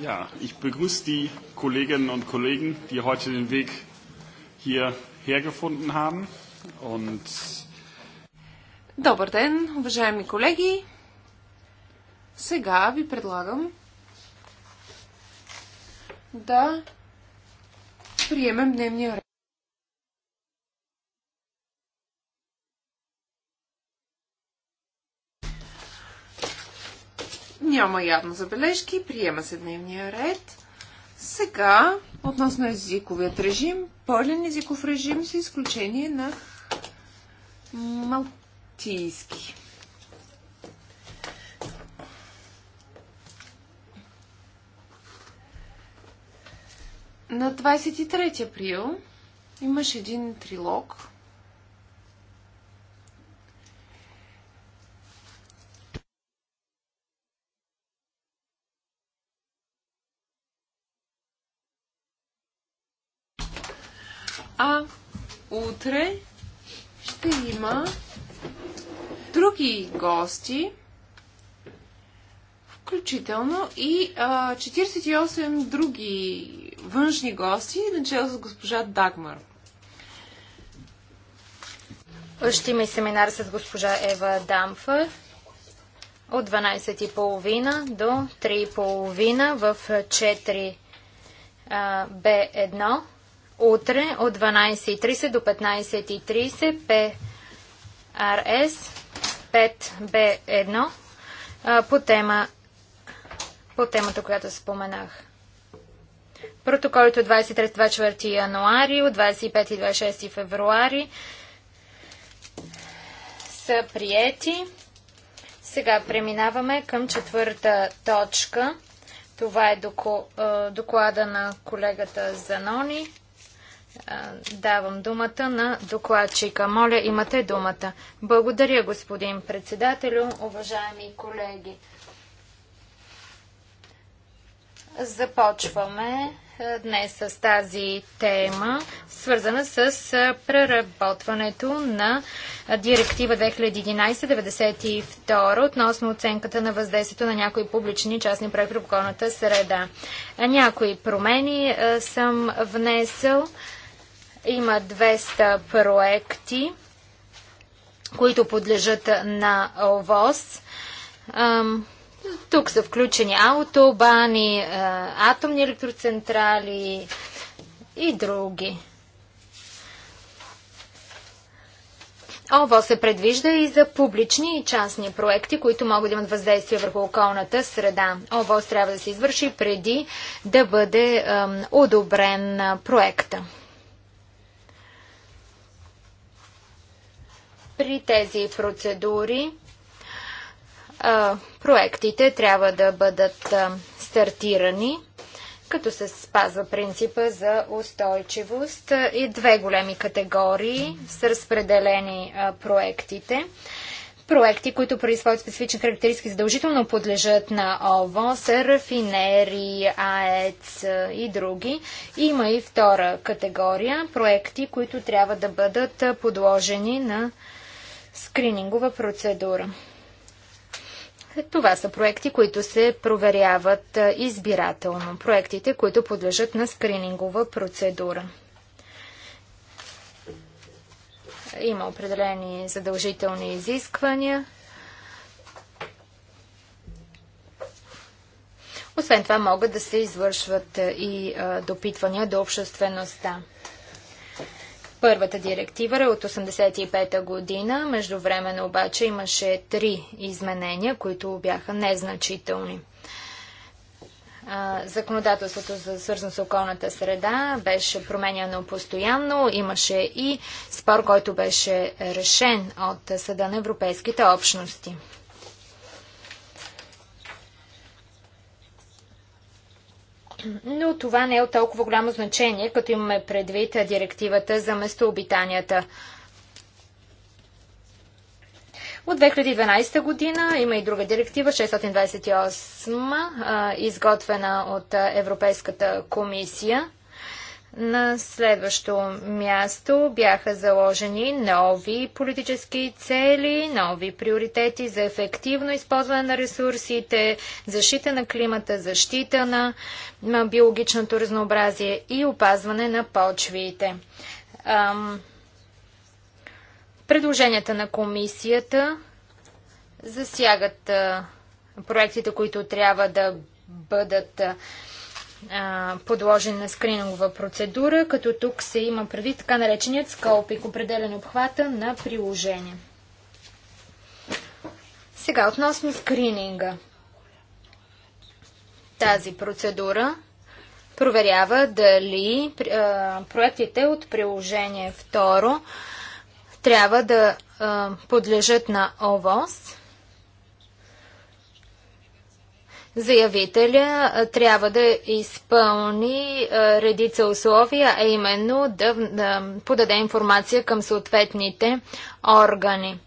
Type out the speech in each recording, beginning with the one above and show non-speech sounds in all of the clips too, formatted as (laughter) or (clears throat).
Ja, ich begrüße die Kolleginnen und Kollegen, die heute den Weg hierher gefunden haben. Und Добър ден, уважаеми колеги! Сега ви предлагам да приемем дневния ред. Няма явно забележки. Приема се дневния ред. Сега, относно езиковият режим, пълен езиков режим с изключение на малтийски. На 23 април имаш един трилог утре ще има други гости, включително и а, 48 други външни гости, начало с госпожа Дагмар. Ще има и семинар с госпожа Ева Дамфа от 12.30 до 3.30 в 4 Б B1 утре от 12.30 до 15.30 PRS 5B1 по, тема, по темата, която споменах. Протоколите от 23-24 януари, от 25 и 26 февруари са приети. Сега преминаваме към четвърта точка. Това е доклада на колегата Занони. Давам думата на докладчика. Моля, имате думата. Благодаря, господин председателю, уважаеми колеги. Започваме днес с тази тема, свързана с преработването на Директива 2011-92 относно оценката на въздействието на някои публични и частни проекти в околната среда. Някои промени съм внесъл. Има 200 проекти, които подлежат на ОВОС. Тук са включени автобани, е, атомни електроцентрали и други. ОВО се предвижда и за публични и частни проекти, които могат да имат въздействие върху околната среда. ОВОС трябва да се извърши преди да бъде одобрен проекта. При тези процедури а, проектите трябва да бъдат а, стартирани, като се спазва принципа за устойчивост а, и две големи категории са разпределени проектите. Проекти, които производят специфични характеристики, задължително подлежат на ОВО, са рафинери, АЕЦ и други. Има и втора категория проекти, които трябва да бъдат подложени на скринингова процедура. Това са проекти, които се проверяват избирателно. Проектите, които подлежат на скринингова процедура. Има определени задължителни изисквания. Освен това могат да се извършват и допитвания до обществеността. Първата директива е от 85-та година, междувременно обаче имаше три изменения, които бяха незначителни. Законодателството за свързано с околната среда беше променяно постоянно. Имаше и спор, който беше решен от Съда на Европейските общности. но това не е от толкова голямо значение, като имаме предвид директивата за местообитанията. От 2012 година има и друга директива, 628, изготвена от Европейската комисия. На следващо място бяха заложени нови политически цели, нови приоритети за ефективно използване на ресурсите, защита на климата, защита на, биологичното разнообразие и опазване на почвите. Предложенията на комисията засягат проектите, които трябва да бъдат а, подложен на скринингова процедура, като тук се има преди така нареченият скалпик, определен обхвата на приложение. Сега относно скрининга. Тази процедура проверява дали а, проектите от приложение 2 трябва да а, подлежат на ОВОС заявителя трябва да изпълни редица условия, а именно да, подаде информация към съответните органи.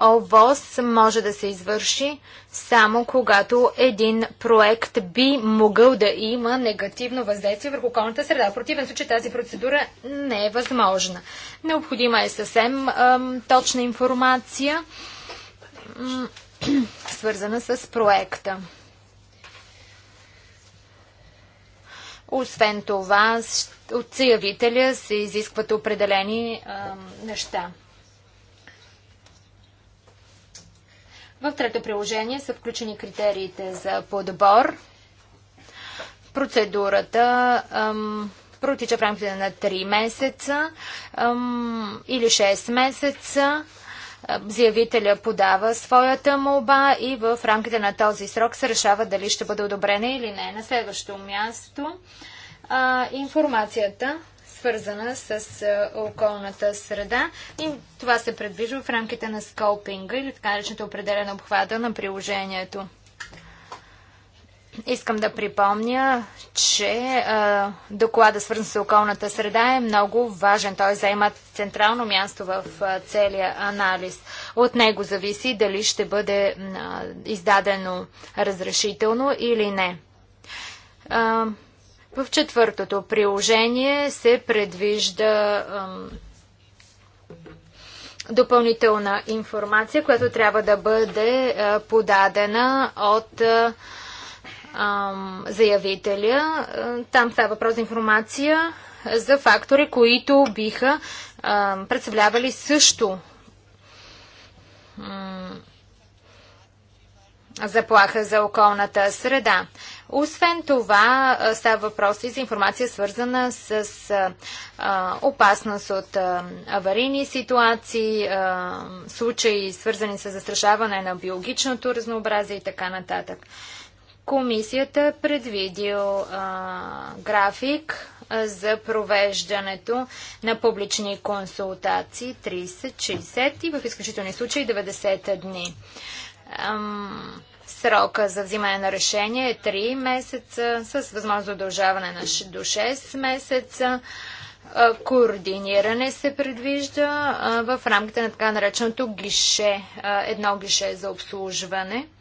ОВОС може да се извърши само когато един проект би могъл да има негативно въздействие върху околната среда. В противен случай тази процедура не е възможна. Необходима е съвсем ем, точна информация, (clears throat) свързана с проекта. Освен това, от заявителя се изискват определени а, неща. В трето приложение са включени критериите за подбор. Процедурата ам, протича в рамките на 3 месеца ам, или 6 месеца заявителя подава своята молба и в рамките на този срок се решава дали ще бъде одобрена или не. На следващо място а, информацията свързана с а, околната среда и това се предвижда в рамките на скопинга или така наречената определена обхвата на приложението. Искам да припомня, че а, доклада свързан с околната среда е много важен. Той заема централно място в а, целия анализ. От него зависи дали ще бъде а, издадено разрешително или не. А, в четвъртото приложение се предвижда а, допълнителна информация, която трябва да бъде а, подадена от. А, заявителя. Е, там става въпрос за информация за фактори, които биха представлявали също заплаха за околната среда. Освен това, е, става въпрос и за информация свързана с е, опасност от аварийни ситуации, случаи свързани с застрашаване на биологичното разнообразие и така нататък. Комисията е предвидил а, график за провеждането на публични консултации 30, 60 и в изключителни случаи 90 дни. Ам, срока за взимане на решение е 3 месеца, с възможност за удължаване на, до 6 месеца. А, координиране се предвижда а, в рамките на така нареченото гише, едно гише за обслужване –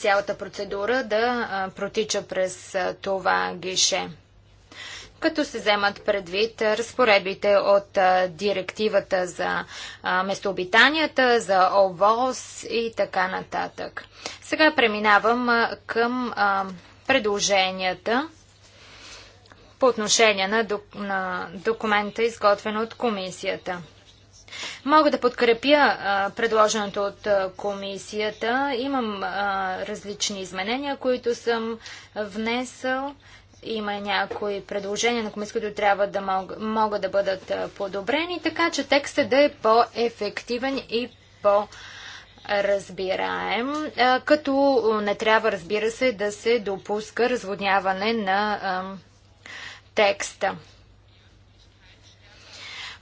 цялата процедура да протича през това гише като се вземат предвид разпоредбите от директивата за местообитанията, за ОВОС и така нататък. Сега преминавам към предложенията по отношение на документа, изготвен от комисията. Мога да подкрепя а, предложеното от а, комисията. Имам а, различни изменения, които съм внесъл. Има някои предложения на комисията, които трябва да мог, могат да бъдат подобрени, така че текстът да е по-ефективен и по- разбираем, като не трябва, разбира се, да се допуска разводняване на текста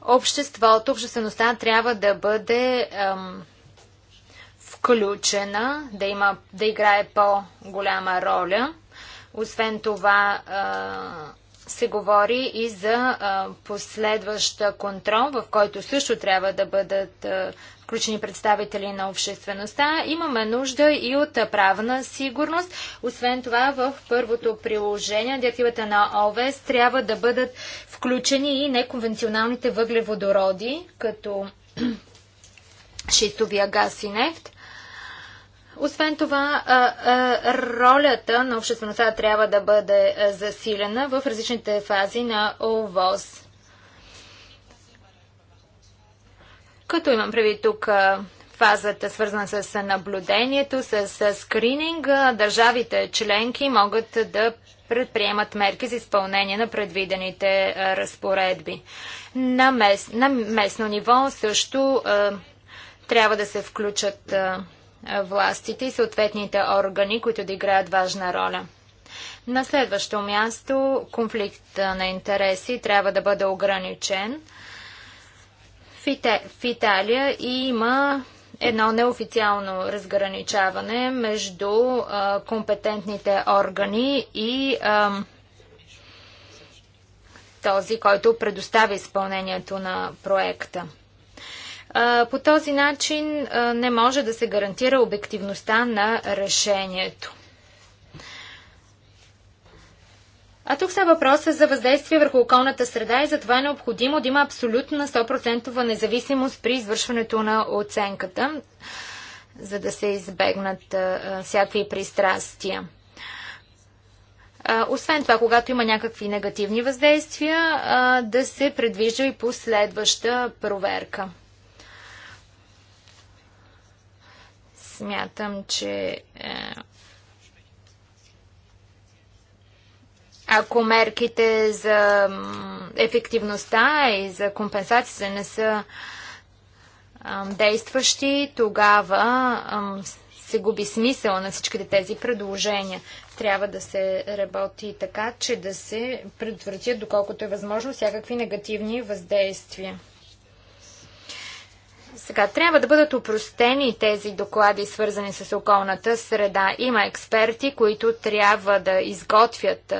обществото, обществеността трябва да бъде ам, включена, да, има, да играе по-голяма роля. Освен това, а, се говори и за а, последващ контрол, в който също трябва да бъдат а, включени представители на обществеността. Имаме нужда и от правна сигурност. Освен това, в първото приложение, директивата на ОВЕС трябва да бъдат включени и неконвенционалните въглеводороди, като (clears throat) шистовия газ и нефт. Освен това, ролята на обществеността трябва да бъде засилена в различните фази на ОВОЗ. Като имам преди тук фазата свързана с наблюдението, с скрининг, държавите членки могат да предприемат мерки за изпълнение на предвидените разпоредби. На, мес, на местно ниво също а, трябва да се включат а, властите и съответните органи, които да играят важна роля. На следващо място конфликт на интереси трябва да бъде ограничен. В, в Италия има едно неофициално разграничаване между а, компетентните органи и а, този, който предоставя изпълнението на проекта. А, по този начин не може да се гарантира обективността на решението. А тук са въпроса за въздействие върху околната среда и затова е необходимо да има абсолютна 100% независимост при извършването на оценката, за да се избегнат а, всякакви пристрастия. освен това, когато има някакви негативни въздействия, да се предвижда и последваща проверка. Смятам, че е, Ако мерките за ефективността и за компенсацията не са действащи, тогава се губи смисъл на всичките тези предложения. Трябва да се работи така, че да се предотвратят, доколкото е възможно, всякакви негативни въздействия. Сега, трябва да бъдат упростени тези доклади, свързани с околната среда. Има експерти, които трябва да изготвят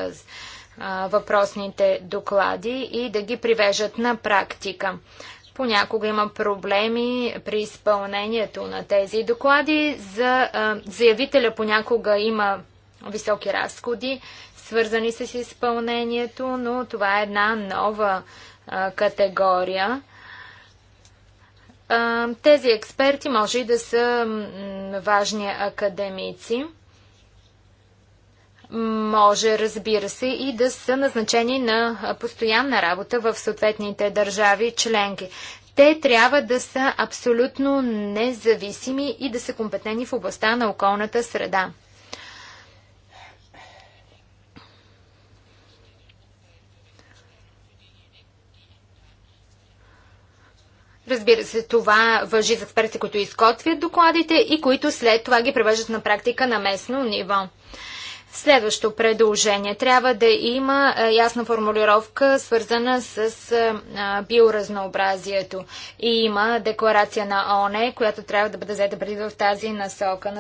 а, въпросните доклади и да ги привежат на практика. Понякога има проблеми при изпълнението на тези доклади. За а, заявителя понякога има високи разходи, свързани с изпълнението, но това е една нова а, категория тези експерти може и да са важни академици. Може, разбира се, и да са назначени на постоянна работа в съответните държави членки. Те трябва да са абсолютно независими и да са компетентни в областта на околната среда. Разбира се, това въжи за експертите, които изготвят докладите и които след това ги превеждат на практика на местно ниво. Следващо предложение. Трябва да има е, ясна формулировка, свързана с е, биоразнообразието. И има декларация на ОНЕ, която трябва да бъде взета преди в тази насока. На,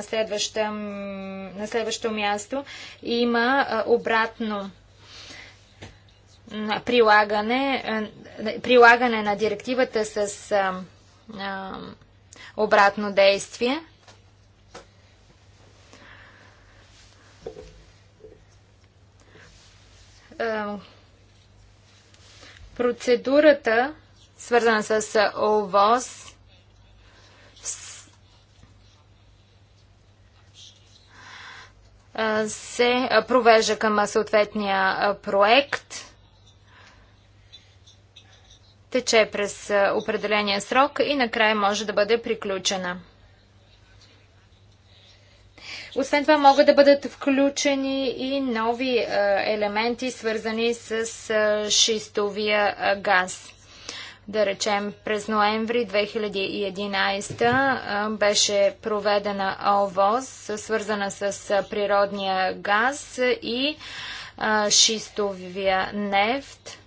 на следващо място има е, обратно прилагане, е, прилагане на директивата с обратно действие. Е, процедурата, свързана с ОВОС, се провежда към съответния проект – тече през определения срок и накрая може да бъде приключена. Освен това могат да бъдат включени и нови елементи, свързани с шистовия газ. Да речем, през ноември 2011 беше проведена ОВОз, свързана с природния газ и шистовия нефт.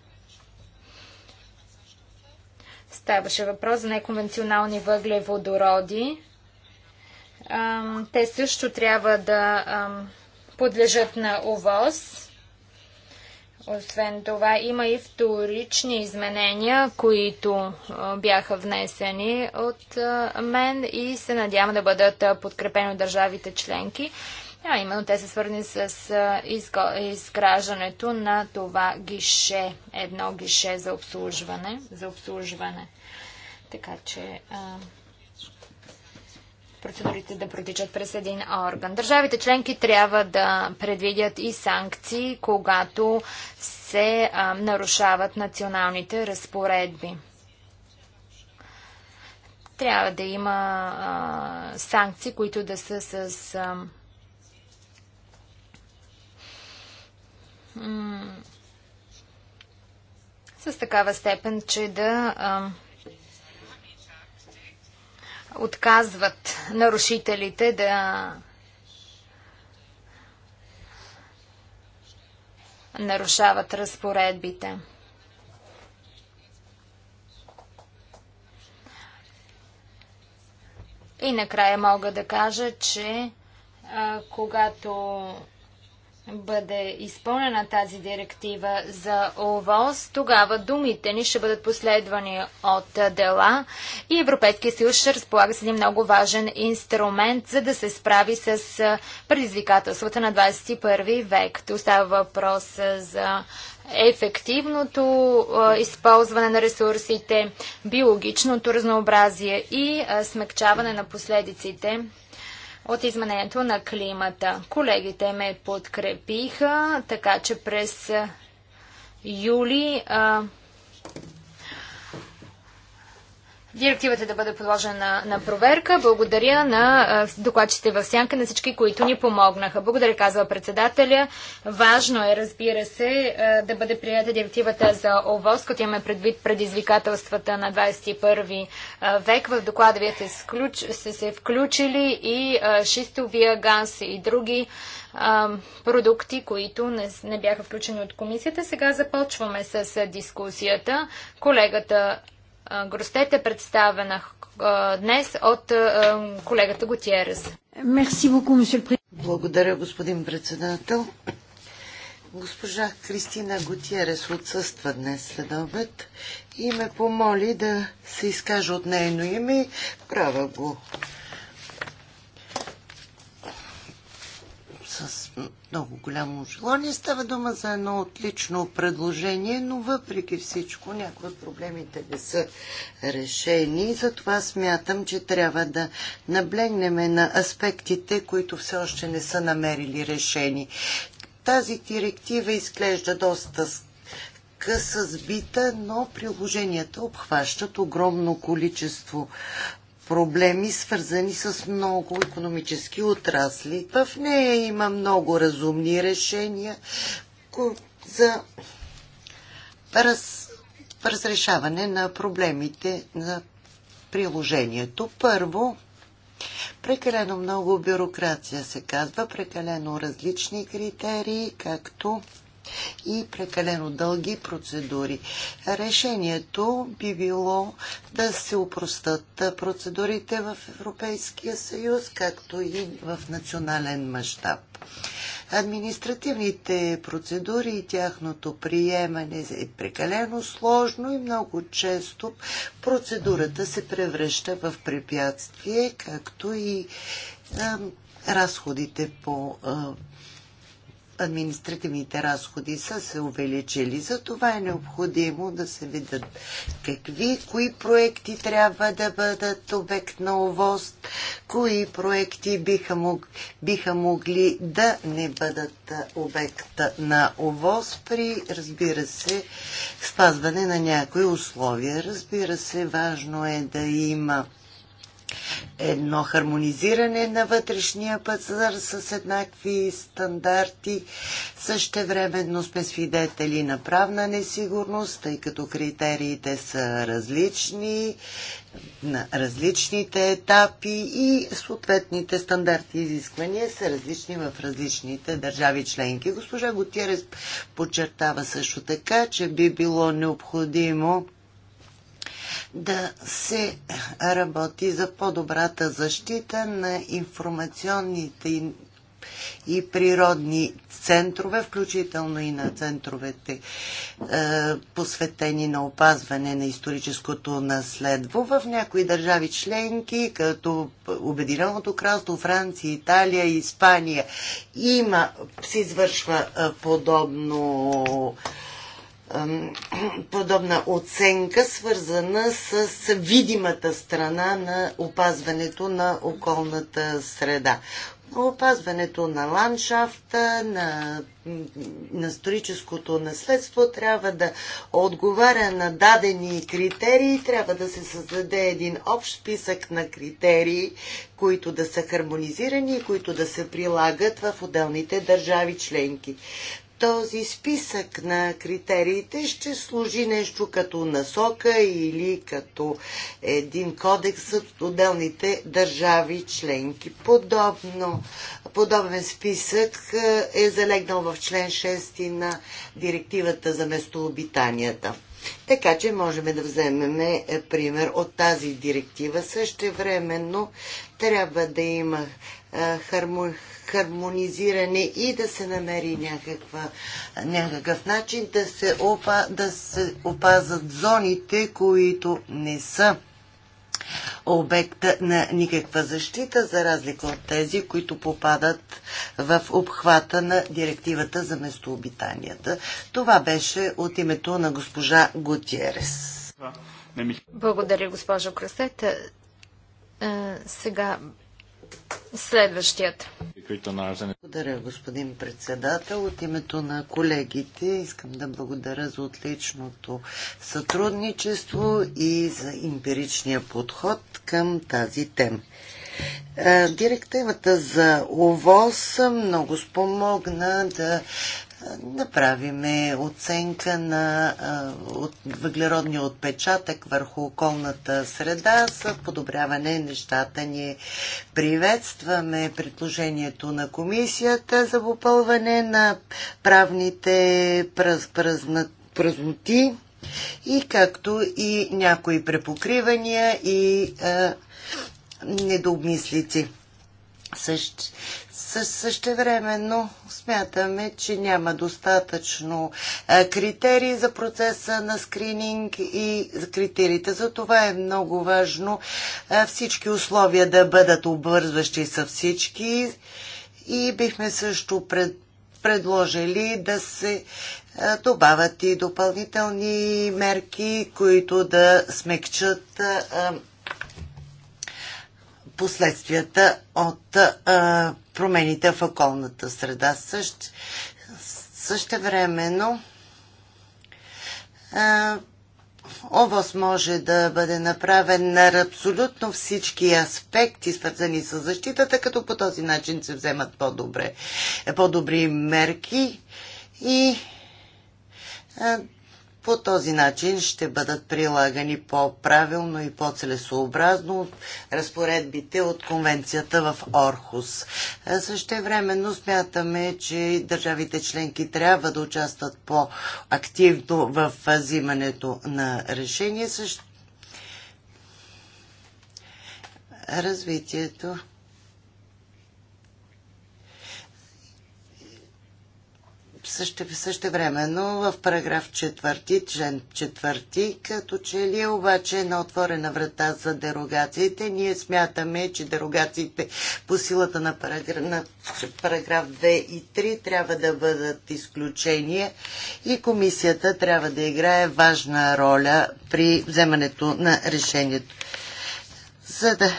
Ставаше въпрос за неконвенционални въглеводороди. Те също трябва да подлежат на ОВОз. Освен това, има и вторични изменения, които бяха внесени от мен и се надявам да бъдат подкрепени от държавите членки. А именно те са свързани с изграждането на това гише, едно гише за обслужване. За обслужване. Така че процедурите да протичат през един орган. Държавите членки трябва да предвидят и санкции, когато се а, нарушават националните разпоредби трябва да има а, санкции, които да са с а, с такава степен, че да а, отказват нарушителите да нарушават разпоредбите. И накрая мога да кажа, че а, когато бъде изпълнена тази директива за ОВОС, тогава думите ни ще бъдат последвани от дела и Европейския съюз ще разполага с един много важен инструмент, за да се справи с предизвикателствата на 21 век. То става въпрос за ефективното а, използване на ресурсите, биологичното разнообразие и а, смягчаване на последиците от изменението на климата. Колегите ме подкрепиха, така че през юли а, директивата да бъде подложена на, на проверка. Благодаря на докладчите в сянка, на всички, които ни помогнаха. Благодаря, казва председателя. Важно е, разбира се, да бъде прията директивата за ОВОС, като имаме предвид предизвикателствата на 21 век. В доклада вие сте, сключ... сте се включили и шистовия газ и други продукти, които не, не бяха включени от комисията. Сега започваме с дискусията. Колегата Гростет представена днес от колегата Готиерес. Благодаря, господин председател. Госпожа Кристина Готиерес отсъства днес след обед и ме помоли да се изкажа от нейно име. Правя го с много голямо желание. Става дума за едно отлично предложение, но въпреки всичко някои от проблемите не са решени. Затова смятам, че трябва да наблегнем на аспектите, които все още не са намерили решени. Тази директива изглежда доста къса сбита, но приложенията обхващат огромно количество проблеми, свързани с много економически отрасли. В нея има много разумни решения за раз, разрешаване на проблемите на приложението. Първо, прекалено много бюрокрация се казва, прекалено различни критерии, както и прекалено дълги процедури. Решението би било да се упростат процедурите в Европейския съюз, както и в национален мащаб. Административните процедури и тяхното приемане е прекалено сложно и много често процедурата се превръща в препятствие, както и разходите по административните разходи са се увеличили. За това е необходимо да се видят какви, кои проекти трябва да бъдат обект на овоз, кои проекти биха, мог, биха могли да не бъдат обект на овоз при, разбира се, спазване на някои условия. Разбира се, важно е да има едно хармонизиране на вътрешния пазар с еднакви стандарти. Същевременно сме свидетели на правна несигурност, тъй като критериите са различни на различните етапи и съответните стандарти и изисквания са различни в различните държави членки. Госпожа Готиерес подчертава също така, че би било необходимо да се работи за по-добрата защита на информационните и, и природни центрове, включително и на центровете е, посветени на опазване на историческото наследство в някои държави членки, като Обединеното кралство, Франция, Италия, Испания. Има, се извършва е, подобно е, (clears throat) подобна оценка, свързана с видимата страна на опазването на околната среда. Опазването на ландшафта, на, на историческото наследство трябва да отговаря на дадени критерии, трябва да се създаде един общ списък на критерии, които да са хармонизирани и които да се прилагат в отделните държави членки този списък на критериите ще служи нещо като насока или като един кодекс от отделните държави членки. Подобно, подобен списък е, е залегнал в член 6 на директивата за местообитанията. Така че можем да вземем е, пример от тази директива. времено трябва да има хармонизиране и да се намери някаква, някакъв начин да се, опа, да се опазат зоните, които не са обекта на никаква защита, за разлика от тези, които попадат в обхвата на директивата за местообитанията. Това беше от името на госпожа Гутиерес. Благодаря, госпожо Красет. Сега Следващият. Благодаря, господин председател. От името на колегите искам да благодаря за отличното сътрудничество и за емпиричния подход към тази тема. Е, директивата за ОВОС много спомогна да направиме оценка на от, въглеродния отпечатък върху околната среда за подобряване нещата. Ние приветстваме предложението на комисията за попълване на правните праз, празна, празноти и както и някои препокривания и а, недообмислици. Също, Същевременно смятаме, че няма достатъчно критерии за процеса на скрининг и за критериите. За това е много важно всички условия да бъдат обвързващи са всички и бихме също пред, предложили да се добавят и допълнителни мерки, които да смекчат последствията от а, промените в околната среда. Също, същевременно ОВОС може да бъде направен на абсолютно всички аспекти, свързани с защитата, като по този начин се вземат по-добре, по-добри мерки и а, по този начин ще бъдат прилагани по-правилно и по-целесообразно разпоредбите от конвенцията в Орхус. Същевременно смятаме, че държавите членки трябва да участват по-активно в взимането на решение. Също развитието също, също време, но в параграф 4, член 4, като че ли е обаче една отворена врата за дерогациите. Ние смятаме, че дерогациите по силата на параграф, на параграф 2 и 3 трябва да бъдат изключения и комисията трябва да играе важна роля при вземането на решението. За да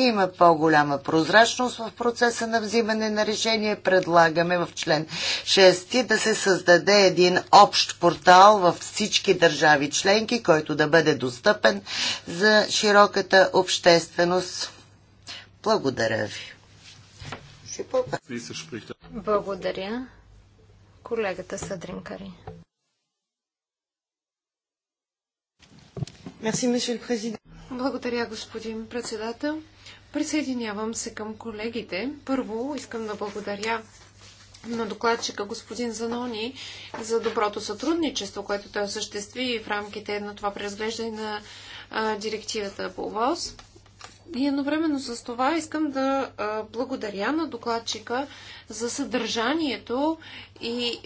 има по-голяма прозрачност в процеса на взимане на решение. Предлагаме в член 6 да се създаде един общ портал във всички държави членки, който да бъде достъпен за широката общественост. Благодаря ви. Благодаря. Колегата Садринкари. Благодаря, господин председател. Присъединявам се към колегите. Първо искам да благодаря на докладчика господин Занони за доброто сътрудничество, което той осъществи в рамките на това преразглеждане на директивата по ВОЗ. И едновременно с това искам да благодаря на докладчика за съдържанието и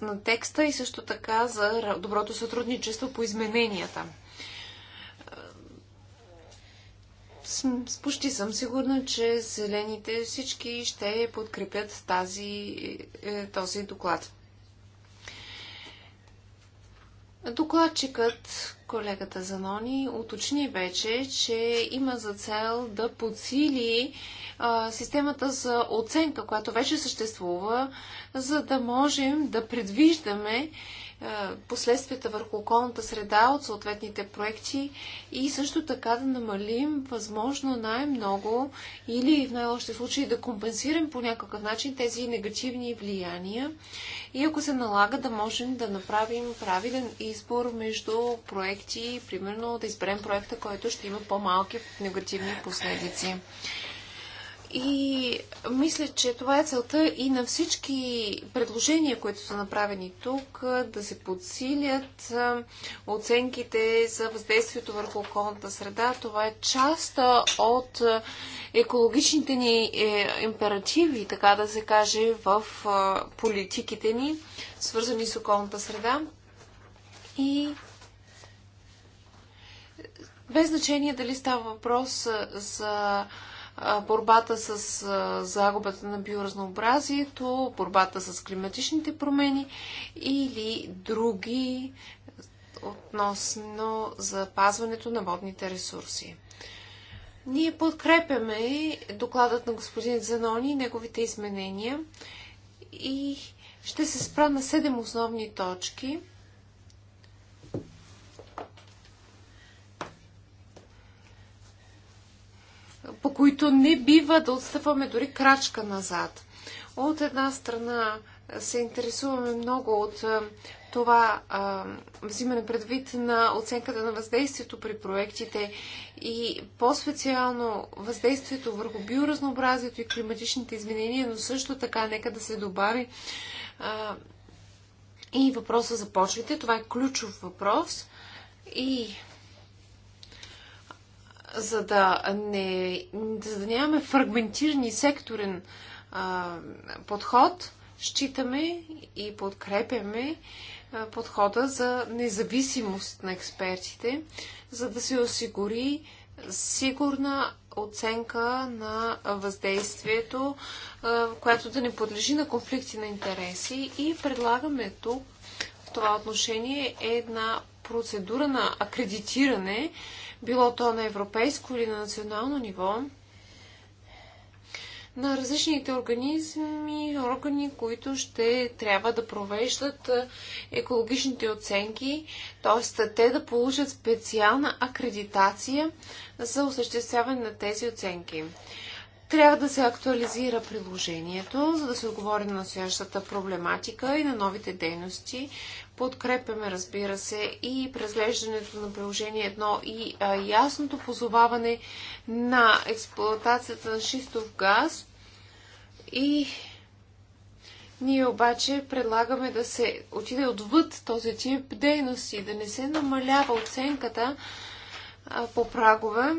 на текста и също така за доброто сътрудничество по измененията. почти съм сигурна, че зелените всички ще подкрепят тази, е, този доклад. Докладчикът, колегата Занони, уточни вече, че има за цел да подсили а, системата за оценка, която вече съществува, за да можем да предвиждаме последствията върху околната среда от съответните проекти и също така да намалим възможно най-много или в най-лошите случаи да компенсираме по някакъв начин тези негативни влияния и ако се налага да можем да направим правилен избор между проекти, примерно да изберем проекта, който ще има по-малки негативни последици. И мисля, че това е целта и на всички предложения, които са направени тук, да се подсилят оценките за въздействието върху околната среда. Това е част от екологичните ни е, императиви, така да се каже, в политиките ни, свързани с околната среда. И без значение дали става въпрос за борбата с загубата на биоразнообразието, борбата с климатичните промени или други относно запазването на водните ресурси. Ние подкрепяме докладът на господин Занони и неговите изменения и ще се спра на седем основни точки – по които не бива да отстъпваме дори крачка назад. От една страна се интересуваме много от това а, взимане предвид на оценката на въздействието при проектите и по-специално въздействието върху биоразнообразието и климатичните изменения, но също така нека да се добави а, и въпроса за почвите. Това е ключов въпрос. И за да, не, за да нямаме и секторен а, подход, считаме и подкрепяме а, подхода за независимост на експертите, за да се осигури сигурна оценка на въздействието, а, което да не подлежи на конфликти на интереси и предлагаме тук в това отношение е една процедура на акредитиране, било то на европейско или на национално ниво, на различните организми, органи, които ще трябва да провеждат екологичните оценки, т.е. те да получат специална акредитация за осъществяване на тези оценки. Трябва да се актуализира приложението, за да се отговори на настоящата проблематика и на новите дейности, Подкрепяме, разбира се, и презглеждането на приложение 1 и а, ясното позоваване на експлоатацията на шистов газ. И ние обаче предлагаме да се отиде отвъд този тип дейности, да не се намалява оценката а, по прагове,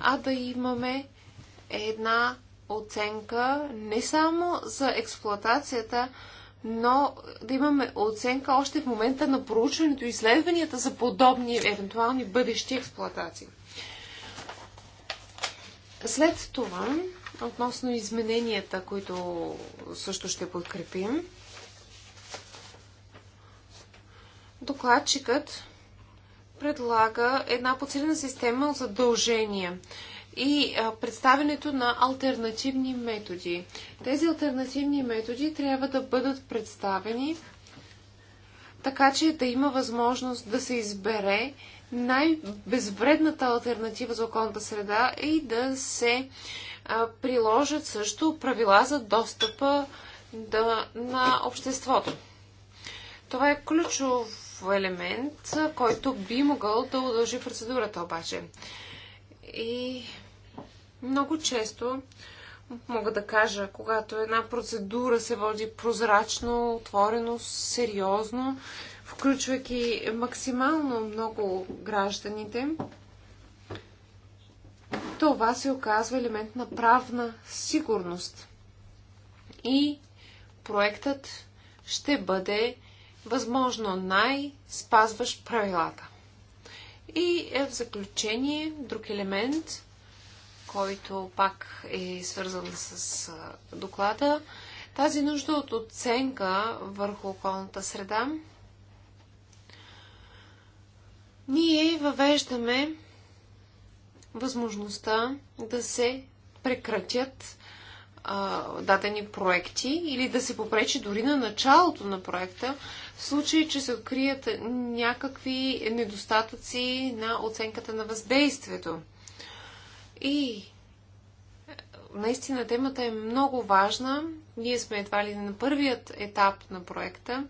а да имаме една оценка не само за експлоатацията, но да имаме оценка още в момента на проучването и изследванията за подобни евентуални бъдещи експлоатации. След това, относно измененията, които също ще подкрепим, докладчикът предлага една подсилена система от задължения и представенето на альтернативни методи. Тези альтернативни методи трябва да бъдат представени така, че да има възможност да се избере най-безвредната альтернатива за околната среда и да се приложат също правила за достъпа да, на обществото. Това е ключов елемент, който би могъл да удължи процедурата обаче. И много често мога да кажа, когато една процедура се води прозрачно, отворено, сериозно, включвайки максимално много гражданите, това се оказва елемент на правна сигурност. И проектът ще бъде възможно най-спазващ правилата. И е в заключение друг елемент – който пак е свързан с доклада. Тази нужда от оценка върху околната среда. Ние въвеждаме възможността да се прекратят а, дадени проекти или да се попречи дори на началото на проекта, в случай, че се открият някакви недостатъци на оценката на въздействието. И е, наистина темата е много важна. Ние сме едва ли на първият етап на проекта.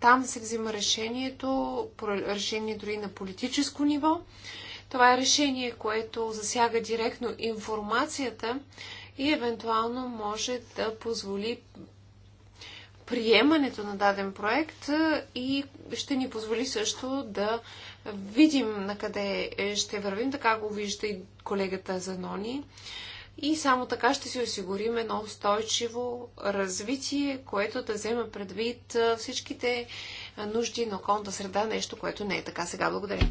Там се взима решението, решение дори на политическо ниво. Това е решение, което засяга директно информацията и евентуално може да позволи приемането на даден проект е, и ще ни позволи също да видим на къде ще вървим, така го вижда и колегата Занони. И само така ще си осигурим едно устойчиво развитие, което да взема предвид всичките нужди на околната среда, нещо, което не е така сега. Благодаря.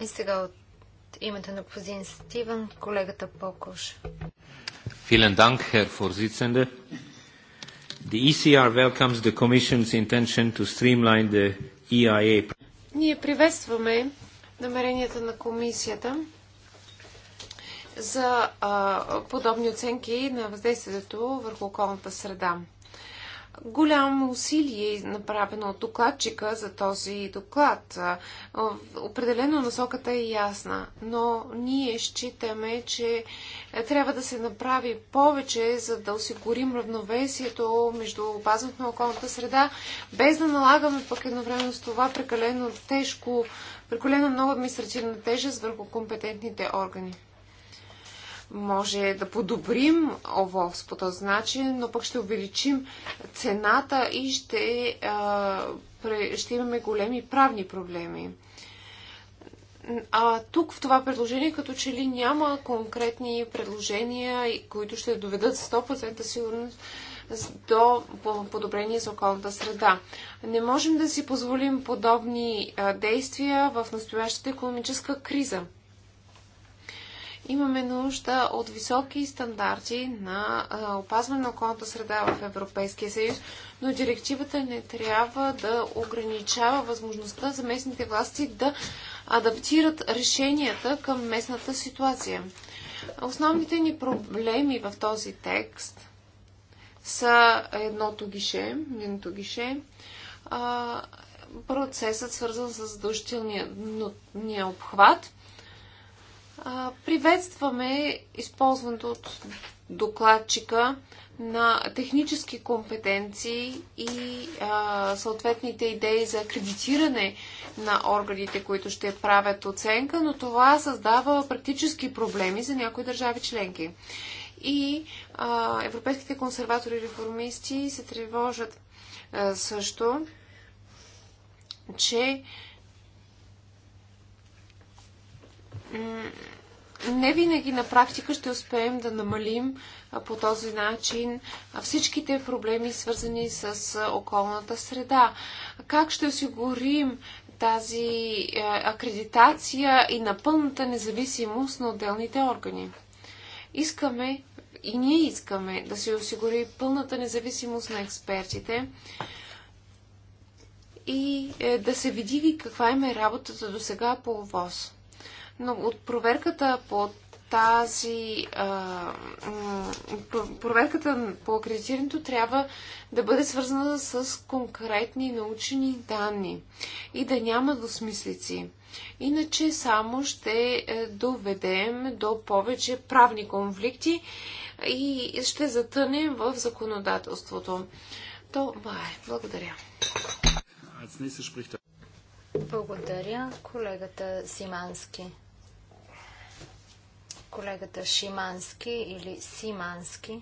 И сега от името на кузин Стивен, колегата Покош. Vielen Dank, Herr Vorsitzende. The ECR welcomes the Commission's intention to streamline the EIA. Ние приветстваме намеренията на комисията за а, подобни оценки на въздействието върху околната среда голямо усилие направено от докладчика за този доклад. Определено насоката е ясна, но ние считаме, че трябва да се направи повече, за да осигурим равновесието между опазването на околната среда, без да налагаме пък едновременно с това прекалено тежко, прекалено много административна тежест върху компетентните органи. Може да подобрим ОВОС по този начин, но пък ще увеличим цената и ще, ще имаме големи правни проблеми. А тук в това предложение като че ли няма конкретни предложения, които ще доведат 100% сигурност до подобрение за околната среда. Не можем да си позволим подобни действия в настоящата економическа криза. Имаме нужда от високи стандарти на опазване на околната среда в Европейския съюз, но директивата не трябва да ограничава възможността за местните власти да адаптират решенията към местната ситуация. Основните ни проблеми в този текст са едното гише, едното гише, процесът свързан с задължителния обхват Приветстваме използването от докладчика на технически компетенции и а, съответните идеи за акредитиране на органите, които ще правят оценка, но това създава практически проблеми за някои държави членки. И а, европейските консерватори и реформисти се тревожат а, също, че не винаги на практика ще успеем да намалим по този начин всичките проблеми, свързани с околната среда. Как ще осигурим тази е, акредитация и на пълната независимост на отделните органи? Искаме и ние искаме да се осигури пълната независимост на експертите и е, да се види каква им е работата до сега по ОВОС. Но от проверката по тази а, проверката по акредитирането трябва да бъде свързана с конкретни научени данни и да няма досмислици. Иначе само ще е, доведем до повече правни конфликти и ще затънем в законодателството. Това е. Благодаря. Благодаря, колегата Симански колегата Шимански или Симански.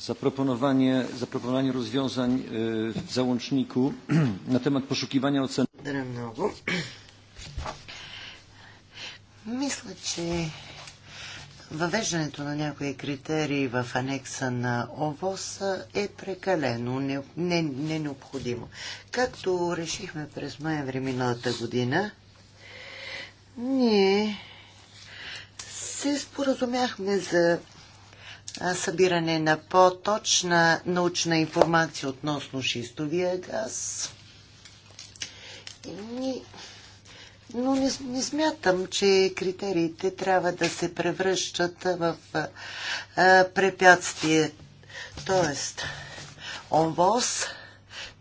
Zaproponowanie, zaproponowanie rozwiązań w załączniku (clears throat) na temat poszukiwania oceny. Много. Мисля, че въвеждането на някои критерии в анекса на ОВОС е прекалено не, не, не необходимо. Както решихме през ноември миналата година, ние се споразумяхме за събиране на по-точна научна информация относно шистовия газ. Ни... но не, не смятам, че критериите трябва да се превръщат в а, препятствие. Тоест, ОМВОС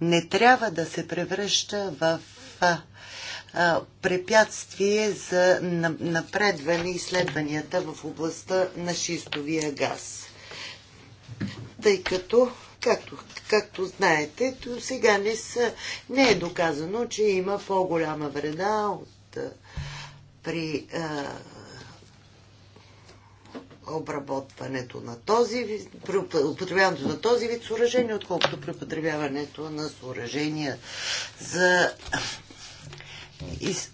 не трябва да се превръща в а, препятствие за напредване и изследванията в областта на шистовия газ. Тъй като, както, както знаете, до сега не, са, не е доказано, че има по-голяма вреда от, при а, обработването на този, при употребяването на този вид съоръжение, отколкото при употребяването на съоръжения за и с,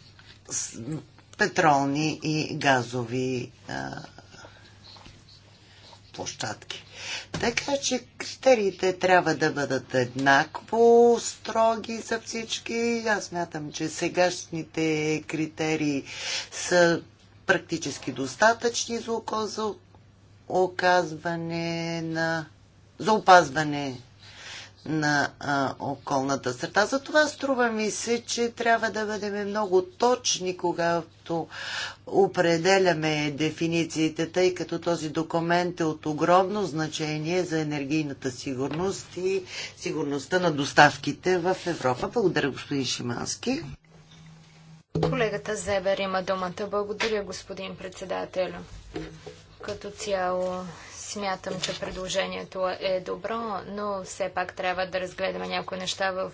петролни и газови а, площадки. Така че критериите трябва да бъдат еднакво строги за всички. Аз мятам, че сегашните критерии са практически достатъчни за, око, за оказване на за опазване на а, околната среда. Затова струва ми се, че трябва да бъдем много точни, когато определяме дефинициите, тъй като този документ е от огромно значение за енергийната сигурност и сигурността на доставките в Европа. Благодаря, господин Шимански. Колегата Зебер има думата. Благодаря, господин председател. Като цяло Смятам, че предложението е добро, но все пак трябва да разгледаме някои неща в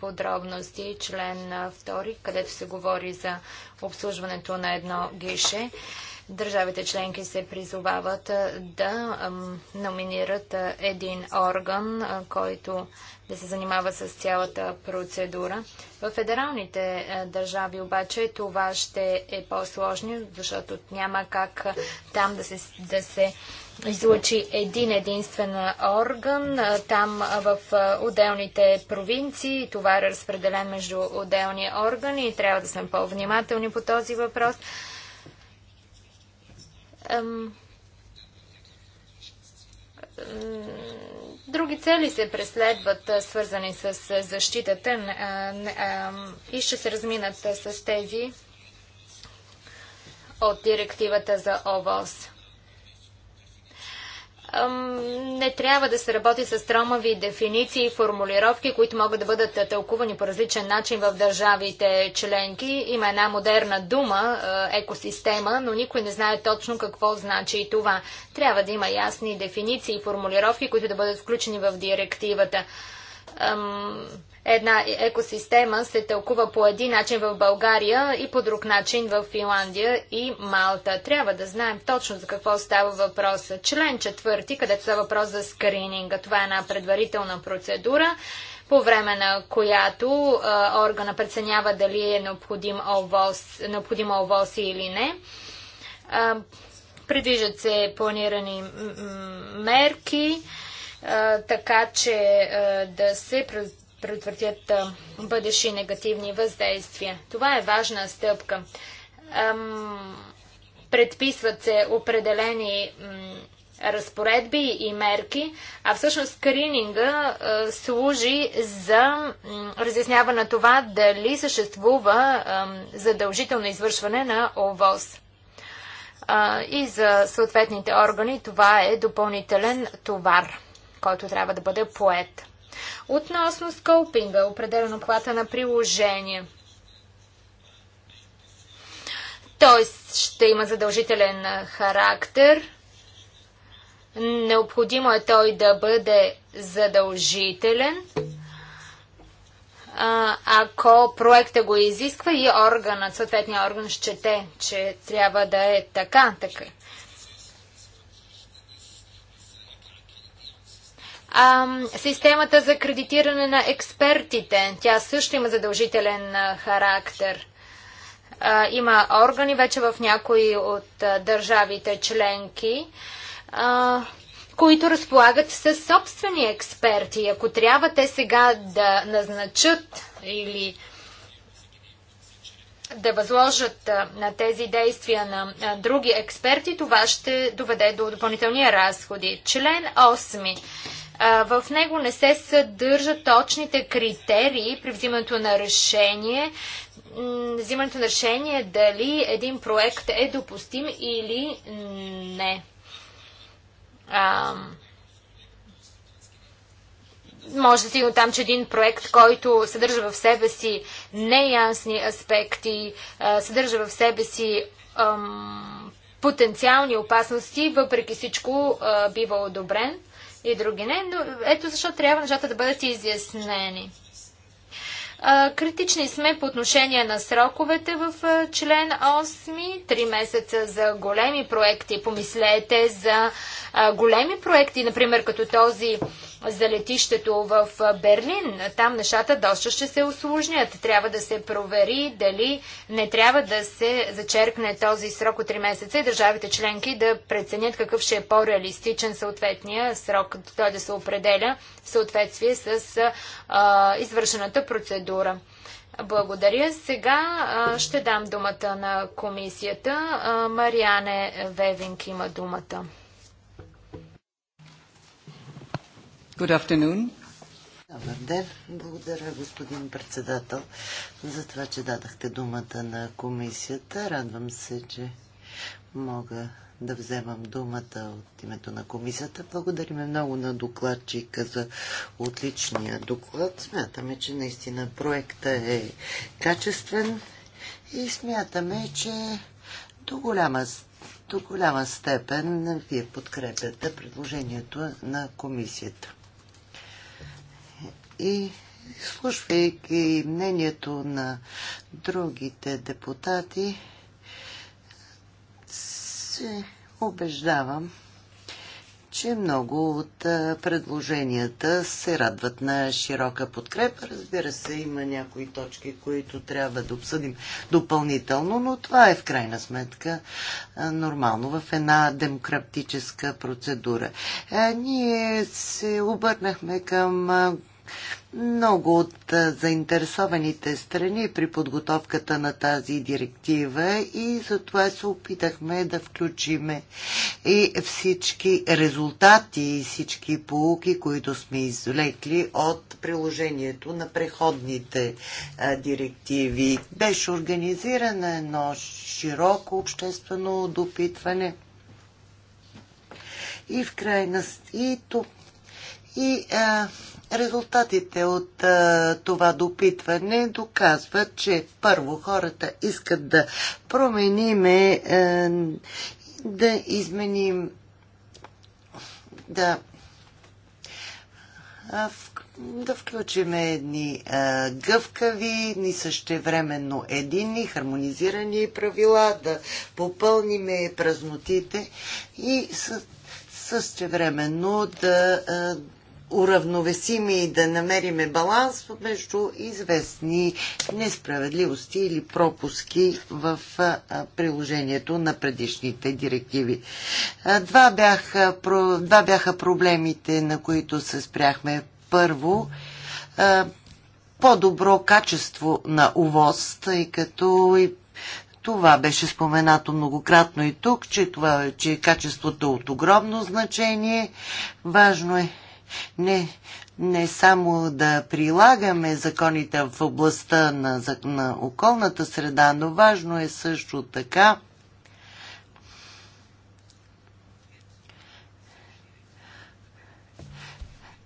подробности. Член 2, където се говори за обслужването на едно гише. Държавите членки се призовават да номинират един орган, който да се занимава с цялата процедура. В федералните е, държави обаче това ще е по-сложно, защото няма как е, там да се, да се излучи един единствен орган. Е, там в отделните провинции това е разпределен между отделни органи и трябва да сме по-внимателни по този въпрос. Ам... Други цели се преследват, свързани с защитата и ще се разминат с тези от директивата за ОВОС не трябва да се работи с тромави дефиниции и формулировки, които могат да бъдат тълкувани по различен начин в държавите членки. Има една модерна дума екосистема, но никой не знае точно какво значи и това. Трябва да има ясни дефиниции и формулировки, които да бъдат включени в директивата. Ам една екосистема се тълкува по един начин в България и по друг начин в Финландия и Малта. Трябва да знаем точно за какво става въпрос. Член четвърти, където става въпрос за скрининга. Това е една предварителна процедура по време на която а, органа преценява дали е необходим ОВОС, необходим ОВОС или не. А, предвижат се планирани мерки, а, така че а, да се предотвратят бъдещи негативни въздействия. Това е важна стъпка. предписват се определени разпоредби и мерки, а всъщност скрининга служи за разяснява разясняване на това дали съществува задължително извършване на ОВОС. и за съответните органи това е допълнителен товар, който трябва да бъде поет. Относно скопинга, определен обхвата на приложение. Той ще има задължителен характер. Необходимо е той да бъде задължителен, ако проекта го изисква и органът, съответния орган, ще те, че трябва да е така. така. А, системата за кредитиране на експертите, тя също има задължителен характер. А, има органи вече в някои от а, държавите членки, а, които разполагат със собствени експерти. Ако трябва те сега да назначат или да възложат на тези действия на други експерти, това ще доведе до допълнителния разходи. Член 8. В него не се съдържат точните критерии при взимането на решение, взимането на решение е дали един проект е допустим или не. А, може да стигна там, че един проект, който съдържа в себе си неясни аспекти, съдържа в себе си ам, потенциални опасности, въпреки всичко а, бива одобрен и други не, но ето защо трябва нещата да бъдат изяснени. Критични сме по отношение на сроковете в член 8, 3 месеца за големи проекти. Помислете за големи проекти, например като този за летището в Берлин. Там нещата доста ще се осложнят. Трябва да се провери дали не трябва да се зачеркне този срок от 3 месеца и държавите членки да преценят какъв ще е по-реалистичен съответния срок, той да се определя в съответствие с а, извършената процедура. Благодаря. Сега а, ще дам думата на комисията. А, Мариане Вевинг има думата. Good afternoon. Добър ден. Благодаря, господин председател, за това, че дадахте думата на комисията. Радвам се, че мога да вземам думата от името на комисията. Благодариме много на докладчика за отличния доклад. Смятаме, че наистина проекта е качествен и смятаме, че до голяма, до голяма степен вие подкрепяте предложението на комисията и слушвайки мнението на другите депутати, се убеждавам, че много от предложенията се радват на широка подкрепа. Разбира се, има някои точки, които трябва да обсъдим допълнително, но това е в крайна сметка нормално в една демократическа процедура. Ние се обърнахме към много от заинтересованите страни при подготовката на тази директива и затова се опитахме да включиме и всички резултати и всички полуки, които сме извлекли от приложението на преходните директиви. Беше организирано едно широко обществено допитване и в крайна и тук и а, резултатите от а, това допитване доказват, че първо хората искат да промениме, а, да изменим, да да включим едни а, гъвкави, ни същевременно единни, хармонизирани правила, да попълниме празнотите и същевременно да а, уравновесими и да намериме баланс между известни несправедливости или пропуски в приложението на предишните директиви. Два бяха, два бяха проблемите, на които се спряхме. Първо, по-добро качество на увоз, тъй като и това беше споменато многократно и тук, че, това, че качеството е от огромно значение. Важно е не, не само да прилагаме законите в областта на, на околната среда, но важно е също така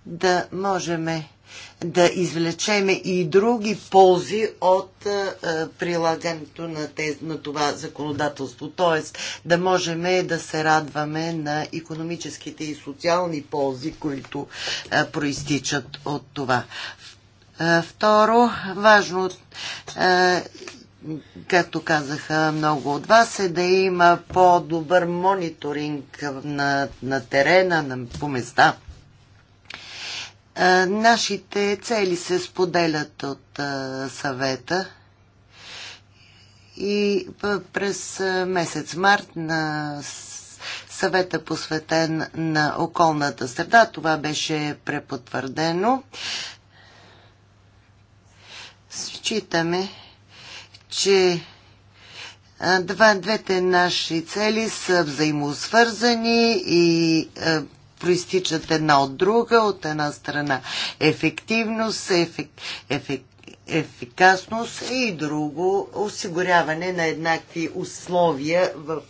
да можеме да извлечеме и други ползи от а, е, е, прилагането на, тез, на това законодателство. Тоест да можем да се радваме на економическите и социални ползи, които а, е, проистичат от това. второ, важно както казаха много от вас, е да има по-добър мониторинг на, на терена, на, по места Нашите цели се споделят от съвета и през месец март на съвета посветен на околната среда. Това беше препотвърдено. Считаме, че двете наши цели са взаимосвързани и проистичат една от друга, от една страна ефективност, ефик, ефик, ефикасност и друго осигуряване на еднакви условия в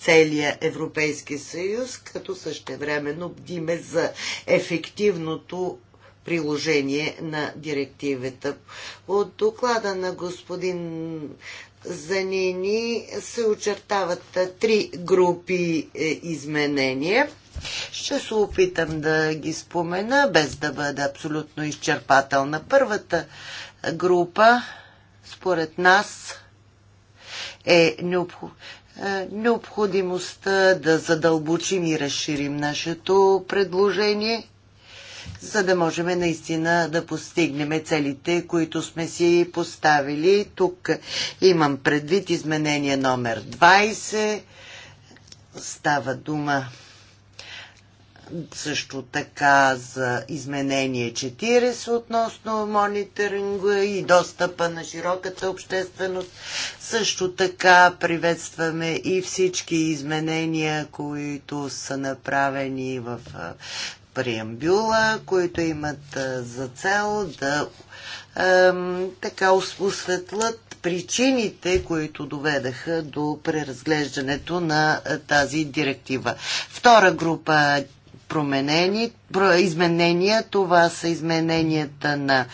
целия Европейски съюз, като същевременно бдиме за ефективното приложение на директивата. От доклада на господин Занини се очертават три групи е, изменения. Ще се опитам да ги спомена, без да бъда абсолютно изчерпателна. Първата група, според нас, е, е необходимостта да задълбочим и разширим нашето предложение, за да можем наистина да постигнем целите, които сме си поставили. Тук имам предвид изменение номер 20. Става дума също така за изменение 40 относно мониторинга и достъпа на широката общественост. Също така приветстваме и всички изменения, които са направени в преамбюла, които имат за цел да ем, така осветлят причините, които доведаха до преразглеждането на тази директива. Втора група променени, изменения. Това са измененията на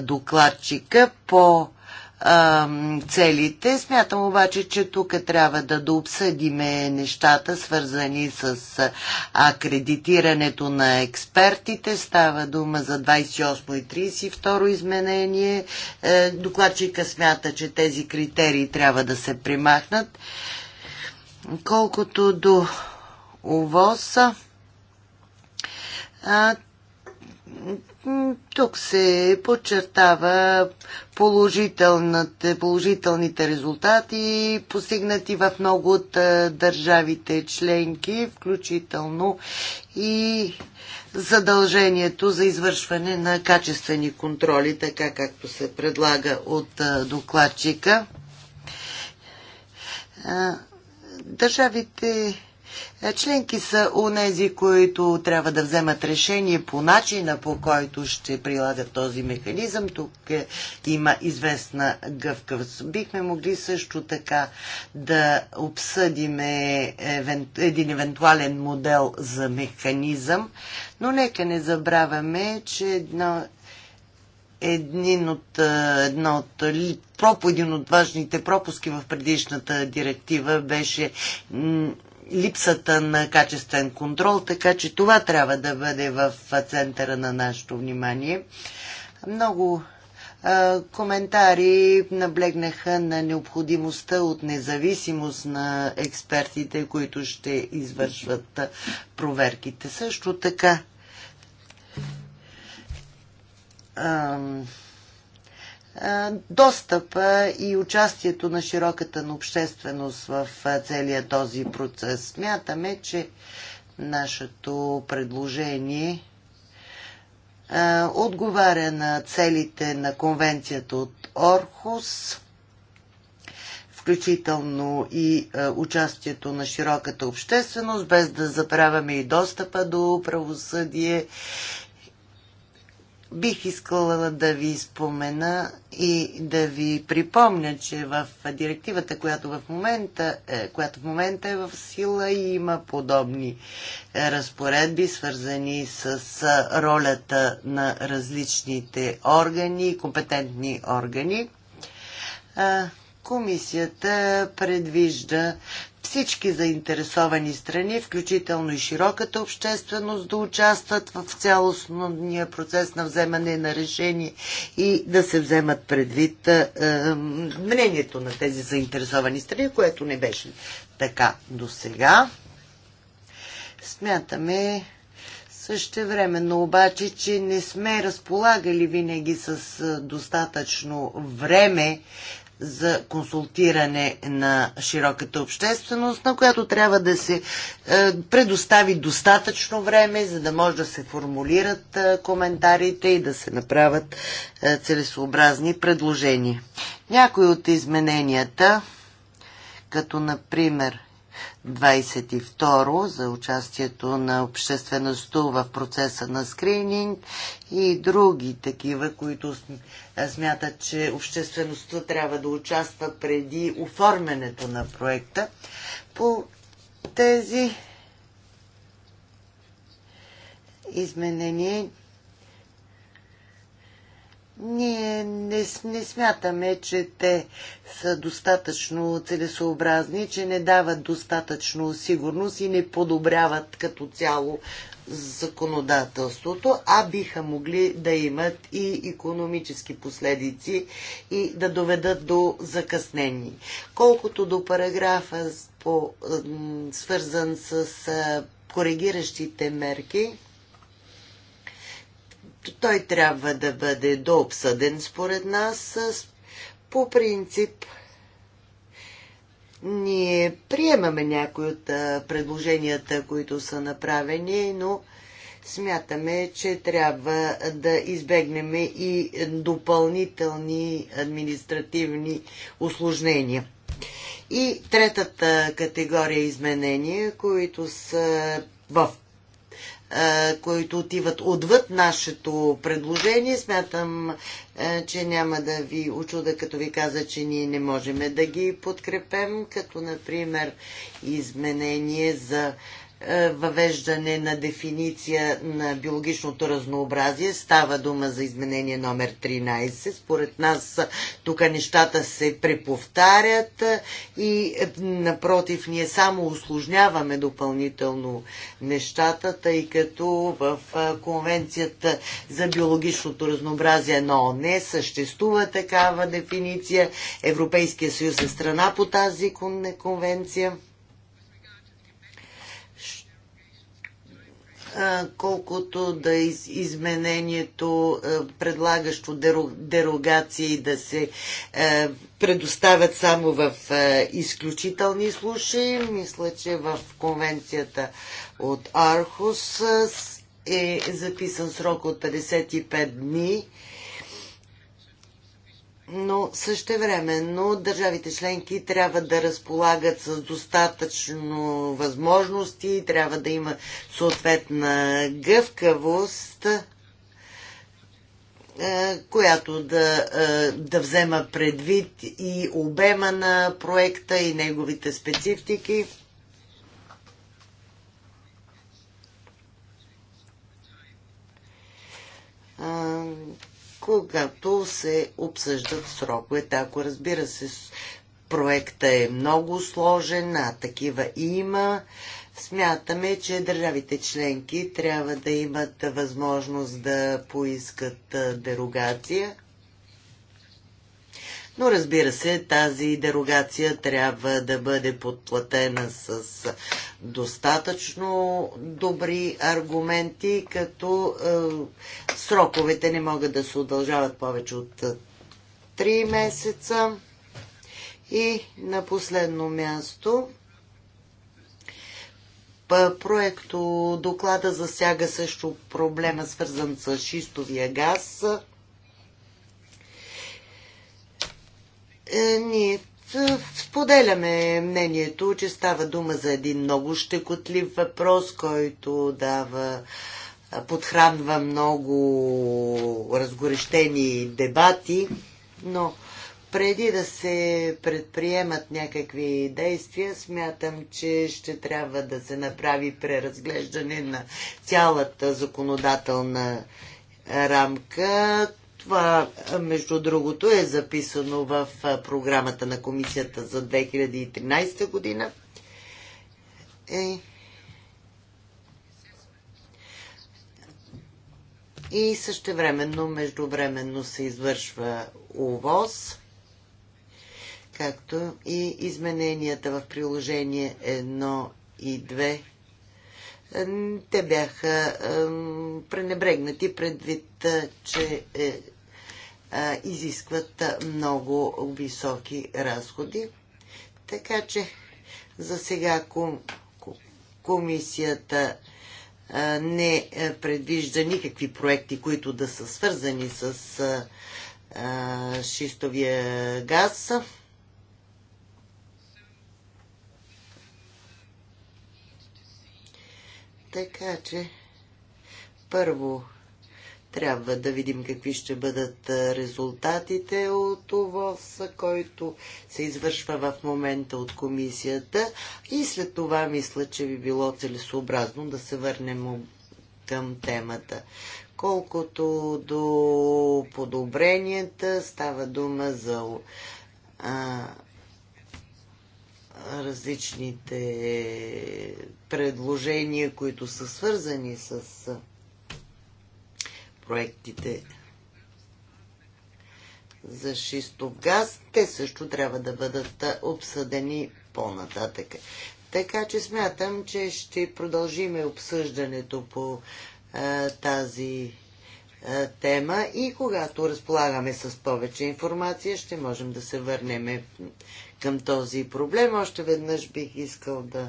докладчика по целите. Смятам обаче, че тук трябва да дообсъдиме нещата, свързани с акредитирането на експертите. Става дума за 28 и 32 изменение. Е, докладчика смята, че тези критерии трябва да се примахнат. Колкото до увоса, а, тук се подчертава положителните резултати, постигнати в много от държавите членки, включително и задължението за извършване на качествени контроли, така както се предлага от докладчика. Държавите е, членки са унези, които трябва да вземат решение по начина, по който ще прилагат този механизъм. Тук е, има известна гъвкавост. Бихме могли също така да обсъдиме един евентуален модел за механизъм, но нека не забравяме, че едно един от, е, една от, един от важните пропуски в предишната директива беше липсата на качествен контрол, така че това трябва да бъде в центъра на нашето внимание. Много а, коментари наблегнаха на необходимостта от независимост на експертите, които ще извършват проверките. Също така а, достъпа и участието на широката на общественост в целия този процес. Смятаме, че нашето предложение отговаря на целите на конвенцията от Орхус, включително и участието на широката общественост, без да забравяме и достъпа до правосъдие Бих искала да ви спомена и да ви припомня, че в директивата, която в момента, е, която в момента е в сила и има подобни е, разпоредби, свързани с е, ролята на различните органи и компетентни органи. Комисията предвижда всички заинтересовани страни, включително и широката общественост, да участват в цялостния процес на вземане на решение и да се вземат предвид е, е мнението на тези заинтересовани страни, което не беше така до сега. Смятаме също времено, обаче, че не сме разполагали винаги с е, достатъчно време за консултиране на широката общественост, на която трябва да се е, предостави достатъчно време, за да може да се формулират е, коментарите и да се направят е, целесообразни предложения. Някои от измененията, като например 22 за участието на обществеността в процеса на скрининг и други такива, които смятат, че обществеността трябва да участва преди оформянето на проекта. По тези изменения ние не, не смятаме, че те са достатъчно целесообразни, че не дават достатъчно сигурност и не подобряват като цяло законодателството, а биха могли да имат и економически последици и да доведат до закъснени. Колкото до параграфа по, свързан с коригиращите мерки, той трябва да бъде дообсъден според нас. По принцип, ние приемаме някои от предложенията, които са направени, но смятаме, че трябва да избегнем и допълнителни административни осложнения. И третата категория изменения, които са в които отиват отвъд нашето предложение. Смятам, че няма да ви очуда, като ви каза, че ние не можем да ги подкрепем, като например изменение за е, въвеждане на дефиниция на биологичното разнообразие. Става дума за изменение номер 13. Според нас е, тук нещата се преповтарят е, и напротив ние само усложняваме допълнително нещата, тъй като в Конвенцията за биологичното разнообразие на ОНЕ съществува такава дефиниция. Европейския съюз е страна по тази конвенция. колкото да изменението, предлагащо дерогации да се предоставят само в изключителни случаи. Мисля, че в конвенцията от Архус е записан срок от 55 дни но същевременно държавите членки трябва да разполагат с достатъчно възможности, трябва да има съответна гъвкавост, е, която да, е, да взема предвид и обема на проекта и неговите специфики. Е, когато се обсъждат сроковете. Ако разбира се, проекта е много сложен, а такива има, смятаме, че държавите членки трябва да имат възможност да поискат дерогация. Но разбира се, тази дерогация трябва да бъде подплатена с достатъчно добри аргументи, като е, сроковете не могат да се удължават повече от 3 е, месеца. И на последно място проекто доклада засяга също проблема свързан с шистовия газ. Е, ние е, споделяме мнението, че става дума за един много щекотлив въпрос, който дава е, подхранва много разгорещени дебати, но преди да се предприемат някакви действия, смятам, че ще трябва да се направи преразглеждане на цялата законодателна рамка, това, между другото, е записано в програмата на комисията за 2013 година. Е... И същевременно, междувременно се извършва увоз, както и измененията в приложение 1 и 2 те бяха пренебрегнати предвид, е, че е, е, изискват много високи разходи. Така че за сега комисията не предвижда никакви проекти, които да са свързани с шистовия газ. Така че, първо, трябва да видим какви ще бъдат резултатите от ОВОС, който се извършва в момента от комисията. И след това мисля, че би било целесообразно да се върнем към темата. Колкото до подобренията, става дума за а, различните предложения, които са свързани с проектите за шистов газ, те също трябва да бъдат обсъдени по-нататък. Така че смятам, че ще продължиме обсъждането по а, тази а, тема и когато разполагаме с повече информация, ще можем да се върнем към този проблем. Още веднъж бих искал да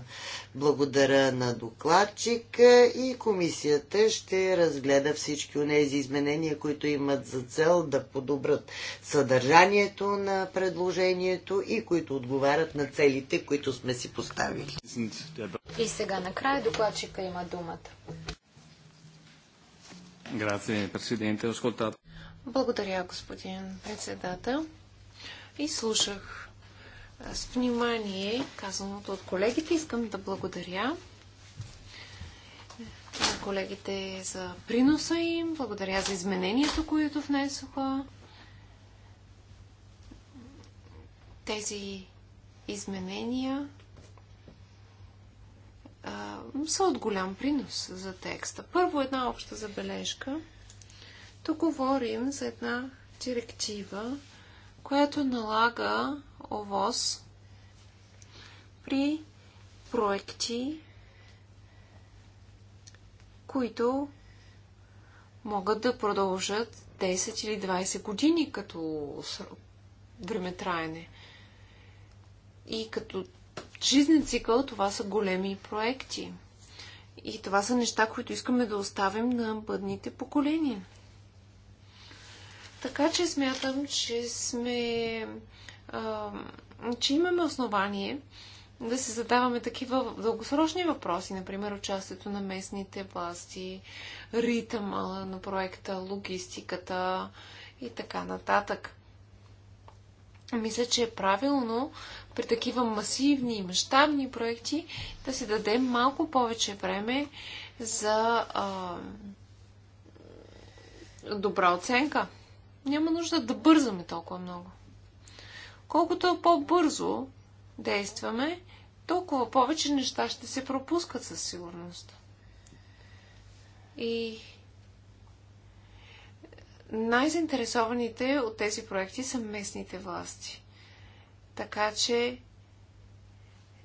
благодаря на докладчика и комисията ще разгледа всички от тези изменения, които имат за цел да подобрат съдържанието на предложението и които отговарят на целите, които сме си поставили. И сега накрая докладчика има думата. Грация, президенте, Благодаря, господин председател. И слушах с внимание казаното от колегите. Искам да благодаря на колегите за приноса им, благодаря за изменението, които внесоха. Тези изменения а, са от голям принос за текста. Първо една обща забележка. Тук говорим за една директива, която налага ОВОС при проекти, които могат да продължат 10 или 20 години като време траене. И като жизнен цикъл това са големи проекти. И това са неща, които искаме да оставим на бъдните поколения. Така че смятам, че сме че имаме основание да се задаваме такива дългосрочни въпроси, например участието на местните власти, ритъма на проекта, логистиката и така нататък. Мисля, че е правилно при такива масивни и мащабни проекти да си дадем малко повече време за а, добра оценка. Няма нужда да бързаме толкова много. Колкото по-бързо действаме, толкова повече неща ще се пропускат със сигурност. И най-заинтересованите от тези проекти са местните власти. Така че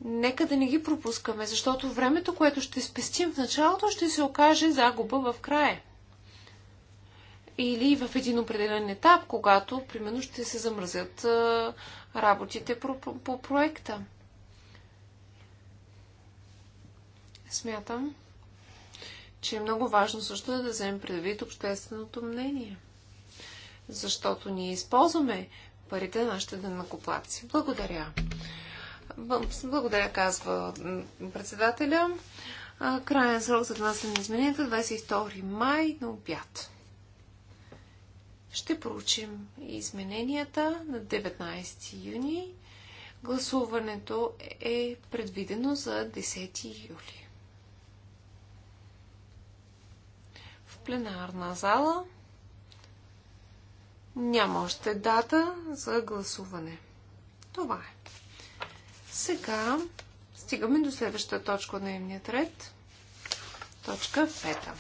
нека да не ги пропускаме, защото времето, което ще спестим в началото, ще се окаже загуба в края или в един определен етап, когато, примерно, ще се замразят работите по проекта. Смятам, че е много важно също да вземем предвид общественото мнение, защото ние използваме парите на нашите денакоплаци. Благодаря. Благодаря, казва председателя. Краен срок за внасяне на измененията 22 е май на обяд. Ще проучим измененията на 19 юни. Гласуването е предвидено за 10 юли. В пленарна зала няма още дата за гласуване. Това е. Сега стигаме до следващата точка от дневния ред. Точка 5.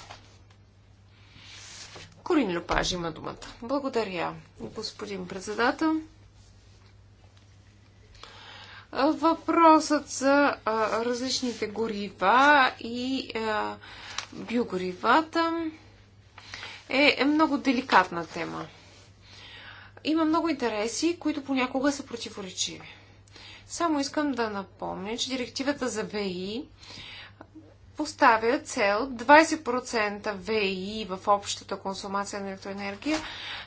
Корин Люпаж има думата. Благодаря, господин председател. Въпросът за различните горива и биогоривата е, е много деликатна тема. Има много интереси, които понякога са противоречиви. Само искам да напомня, че директивата за ВИ поставя цел 20% ВИ в общата консумация на електроенергия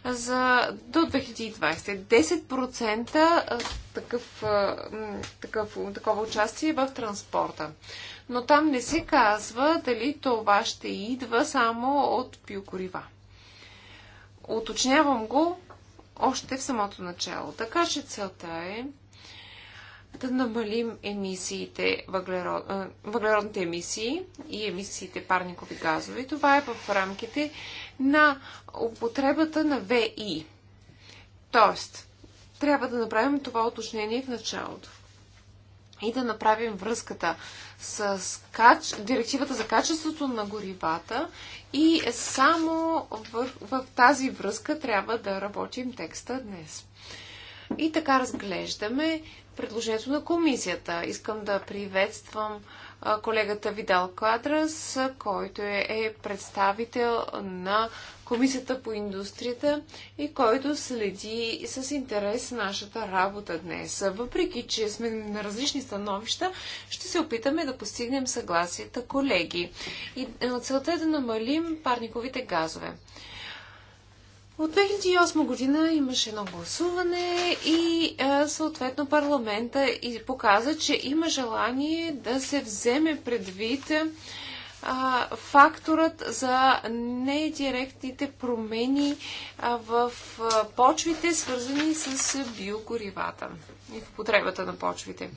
за, до 2020. 10% такъв, такъв, такова участие в транспорта. Но там не се казва дали това ще идва само от биогорива. Уточнявам го още в самото начало. Така че целта е да намалим емисиите, въглерод, въглеродните емисии и емисиите парникови газове. Това е в рамките на употребата на ВИ. Тоест, трябва да направим това уточнение в началото и да направим връзката с кач... директивата за качеството на горивата и само в... в тази връзка трябва да работим текста днес. И така разглеждаме предложението на комисията. Искам да приветствам колегата Видал Кадрас, който е, е представител на Комисията по индустрията и който следи с интерес нашата работа днес. Въпреки, че сме на различни становища, ще се опитаме да постигнем съгласията, колеги. И целта е да намалим парниковите газове. От 2008 година имаше едно гласуване и съответно парламента и показа, че има желание да се вземе предвид факторът за недиректните промени в почвите, свързани с биогоривата и в потребата на почвите.